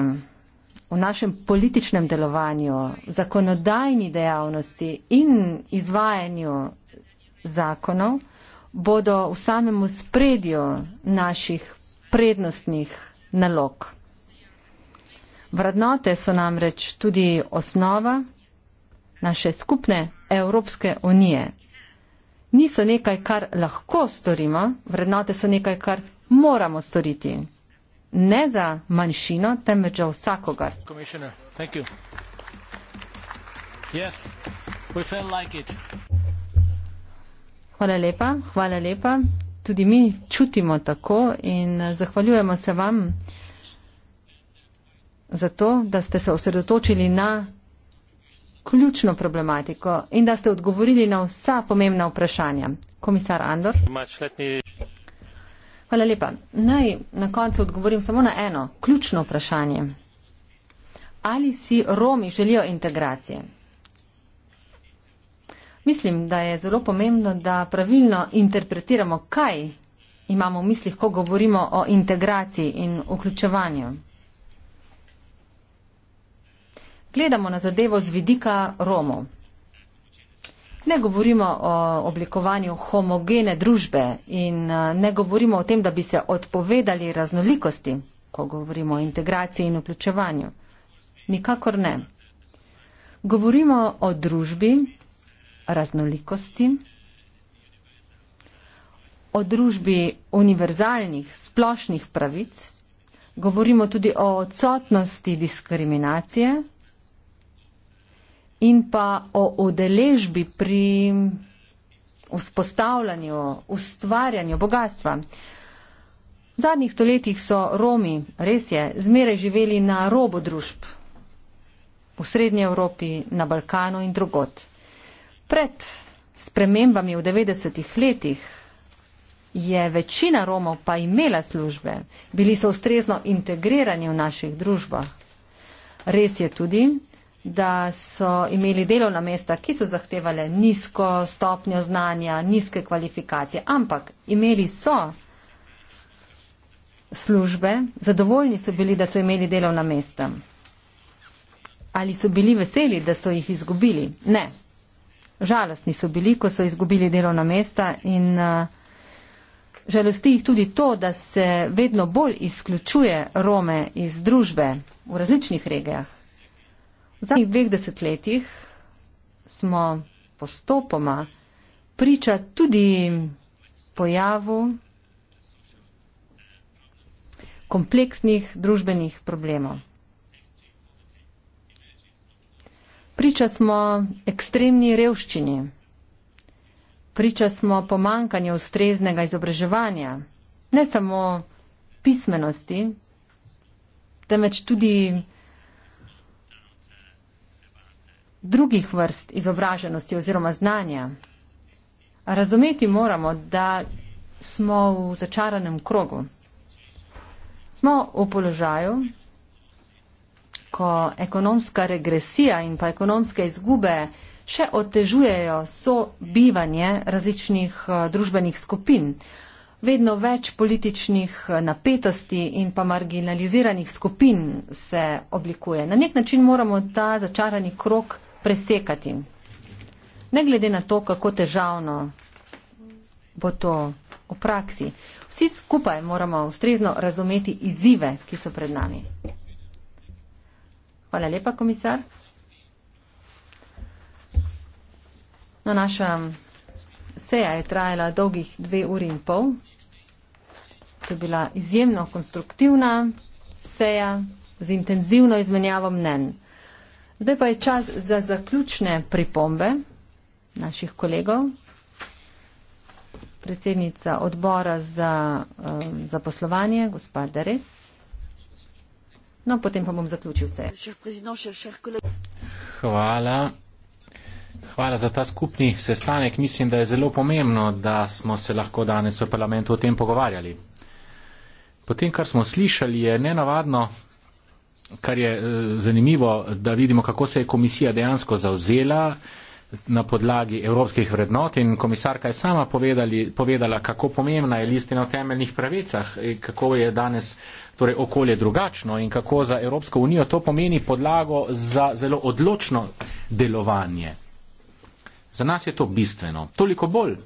v našem političnem delovanju, zakonodajni dejavnosti in izvajanju zakonov bodo v samem spredju naših prednostnih nalog. Vrednote so namreč tudi osnova naše skupne Evropske unije. Niso nekaj, kar lahko storimo, vrednote so nekaj, kar moramo storiti. Ne za manjšino, temveč za vsakogar. Yes, we felt like it. Hvala lepa, hvala lepa. Tudi mi čutimo tako in eh, zahvaljujemo se vam za to, da ste se osredotočili na ključno problematiko in da ste odgovorili na vsa pomembna vprašanja. Komisar Andor. Hvala lepa. Naj na koncu odgovorim samo na eno ključno vprašanje. Ali si Romi želijo integracije? Mislim, da je zelo pomembno, da pravilno interpretiramo, kaj imamo v mislih, ko govorimo o integraciji in vključevanju. Gledamo na zadevo z vidika Romov. Ne govorimo o oblikovanju homogene družbe in eh, ne govorimo o tem, da bi se odpovedali raznolikosti, ko govorimo o integraciji in vključevanju. Nikakor ne. Govorimo o družbi, raznolikosti, o družbi univerzalnih splošnih pravic, govorimo tudi o odsotnosti diskriminacije in pa o udeležbi pri vzpostavljanju, ustvarjanju bogatstva. V zadnjih stoletjih so Romi, res je, zmeraj živeli na robu družb v Srednji Evropi, na Balkanu in drugot. Pred spremembami v 90-ih letih je večina Romov pa imela službe, bili so ustrezno integrirani v naših družbah. Res je tudi, da so imeli delovna mesta, ki so zahtevale nizko stopnjo znanja, nizke kvalifikacije, ampak imeli so službe, zadovoljni so bili, da so imeli delovna mesta. Ali so bili veseli, da so jih izgubili? Ne žalostni so bili, ko so izgubili delovna mesta in uh, žalosti jih tudi to, da se vedno bolj izključuje Rome iz družbe v različnih regijah. V zadnjih dveh desetletjih smo postopoma priča tudi pojavu kompleksnih družbenih problemov. Priča smo ekstremni revščini, priča smo pomankanju ustreznega izobraževanja, ne samo pismenosti, temveč tudi drugih vrst izobraženosti oziroma znanja. Razumeti moramo, da smo v začaranem krogu. Smo v položaju, ko ekonomska regresija in pa ekonomske izgube še otežujejo sobivanje različnih eh, družbenih skupin. Vedno več političnih eh, napetosti in pa marginaliziranih skupin se oblikuje. Na nek način moramo ta začarani krok presekati. Ne glede na to, kako težavno bo to v praksi. Vsi skupaj moramo ustrezno razumeti izzive, ki so pred nami. Hvala lepa, komisar. No, naša seja je trajala dolgih dve uri in pol. To je bila izjemno konstruktivna seja z intenzivno izmenjavo mnen. Zdaj pa je čas za zaključne pripombe naših kolegov. Predsednica odbora za, eh, za poslovanje, gospa Deres. No, potem pa bom zaključil vse. Hvala. Hvala za ta skupni sestanek. Mislim, da je zelo pomembno, da smo se lahko danes v parlamentu o tem pogovarjali. Potem, kar smo slišali, je nenavadno, kar je eh, zanimivo, da vidimo, kako se je komisija dejansko zauzela na podlagi evropskih vrednot in komisarka je sama povedali, povedala, kako pomembna je listina o temeljnih pravicah, kako je danes torej, okolje drugačno in kako za Evropsko unijo to pomeni podlago za zelo odločno delovanje. Za nas je to bistveno. Toliko bolj,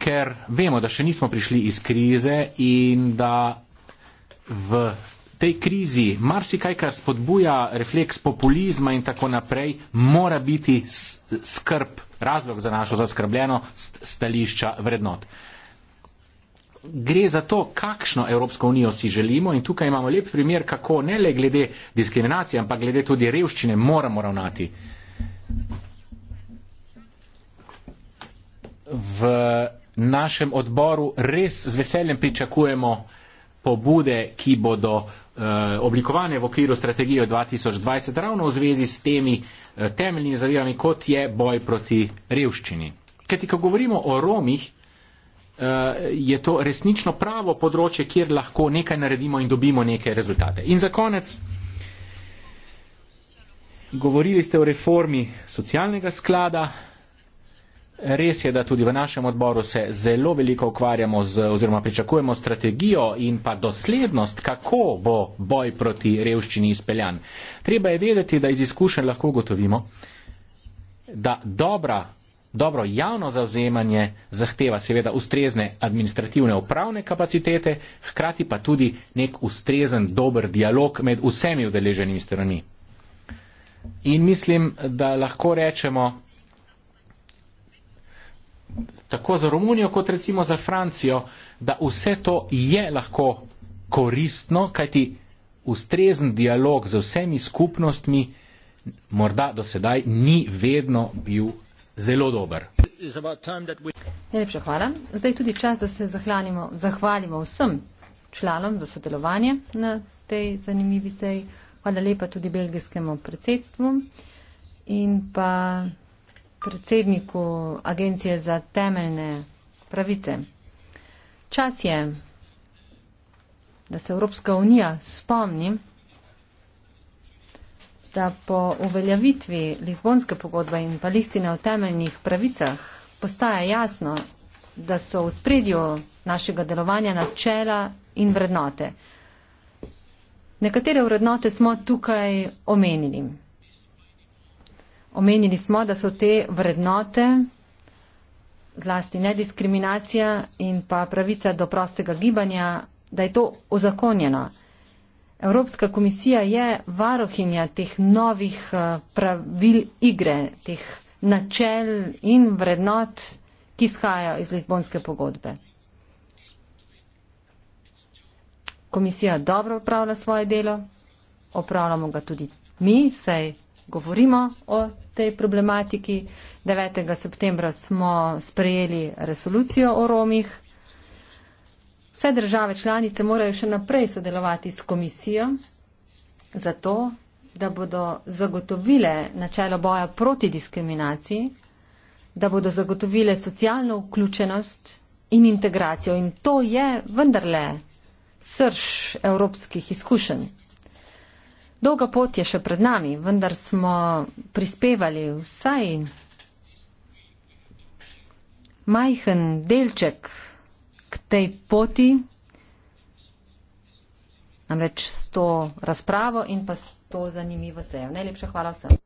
ker vemo, da še nismo prišli iz krize in da v tej krizi marsikaj, kar spodbuja refleks populizma in tako naprej, mora biti skrb, razlog za našo zaskrbljenost stališča vrednot. Gre za to, kakšno Evropsko unijo si želimo in tukaj imamo lep primer, kako ne le glede diskriminacije, ampak glede tudi revščine moramo ravnati. V našem odboru res z veseljem pričakujemo pobude, ki bodo uh, Eh, oblikovane v okviru strategije 2020 ravno v zvezi s temi eh, temeljnimi zadevami, kot je boj proti revščini. Ker ti, ko govorimo o Romih, eh, je to resnično pravo področje, kjer lahko nekaj naredimo in dobimo neke rezultate. In za konec, govorili ste o reformi socialnega sklada, Res je, da tudi v našem odboru se zelo veliko ukvarjamo z oziroma pričakujemo strategijo in pa doslednost, kako bo boj proti revščini izpeljan. Treba je vedeti, da iz izkušenj lahko ugotovimo, da dobra, dobro javno zauzemanje zahteva seveda ustrezne administrativne upravne kapacitete, hkrati pa tudi nek ustrezen dober dialog med vsemi udeleženimi strani. In mislim, da lahko rečemo, tako za Romunijo, kot recimo za Francijo, da vse to je lahko koristno, kajti ustrezen dialog z vsemi skupnostmi morda do sedaj ni vedno bil zelo dober. Najlepša hvala. Zdaj je tudi čas, da se zahvalimo vsem članom za sodelovanje na tej zanimivi seji. Hvala lepa tudi belgijskemu predsedstvu in pa predsedniku Agencije za temeljne pravice. Čas je, da se Evropska unija spomni, da po uveljavitvi Lizbonske pogodbe in pa listine o temeljnih pravicah postaja jasno, da so v spredju našega delovanja načela in vrednote. Nekatere vrednote smo tukaj omenili. Omenili smo, da so te vrednote, zlasti nediskriminacija in pa pravica do prostega gibanja, da je to ozakonjeno. Evropska komisija je varohinja teh novih eh, pravil igre, teh načel in vrednot, ki izhajajo iz Lizbonske pogodbe. Komisija dobro upravlja svoje delo, upravljamo ga tudi mi, saj govorimo o tej problematiki. 9. septembra smo sprejeli resolucijo o Romih. Vse države članice morajo še naprej sodelovati s komisijo, zato da bodo zagotovile načelo boja proti diskriminaciji, da bodo zagotovile socialno vključenost in integracijo. In to je vendarle srž evropskih izkušenj. Dolga pot je še pred nami, vendar smo prispevali vsaj majhen delček k tej poti, namreč s to razpravo in pa s to zanimivo sejo. Najlepša hvala vsem.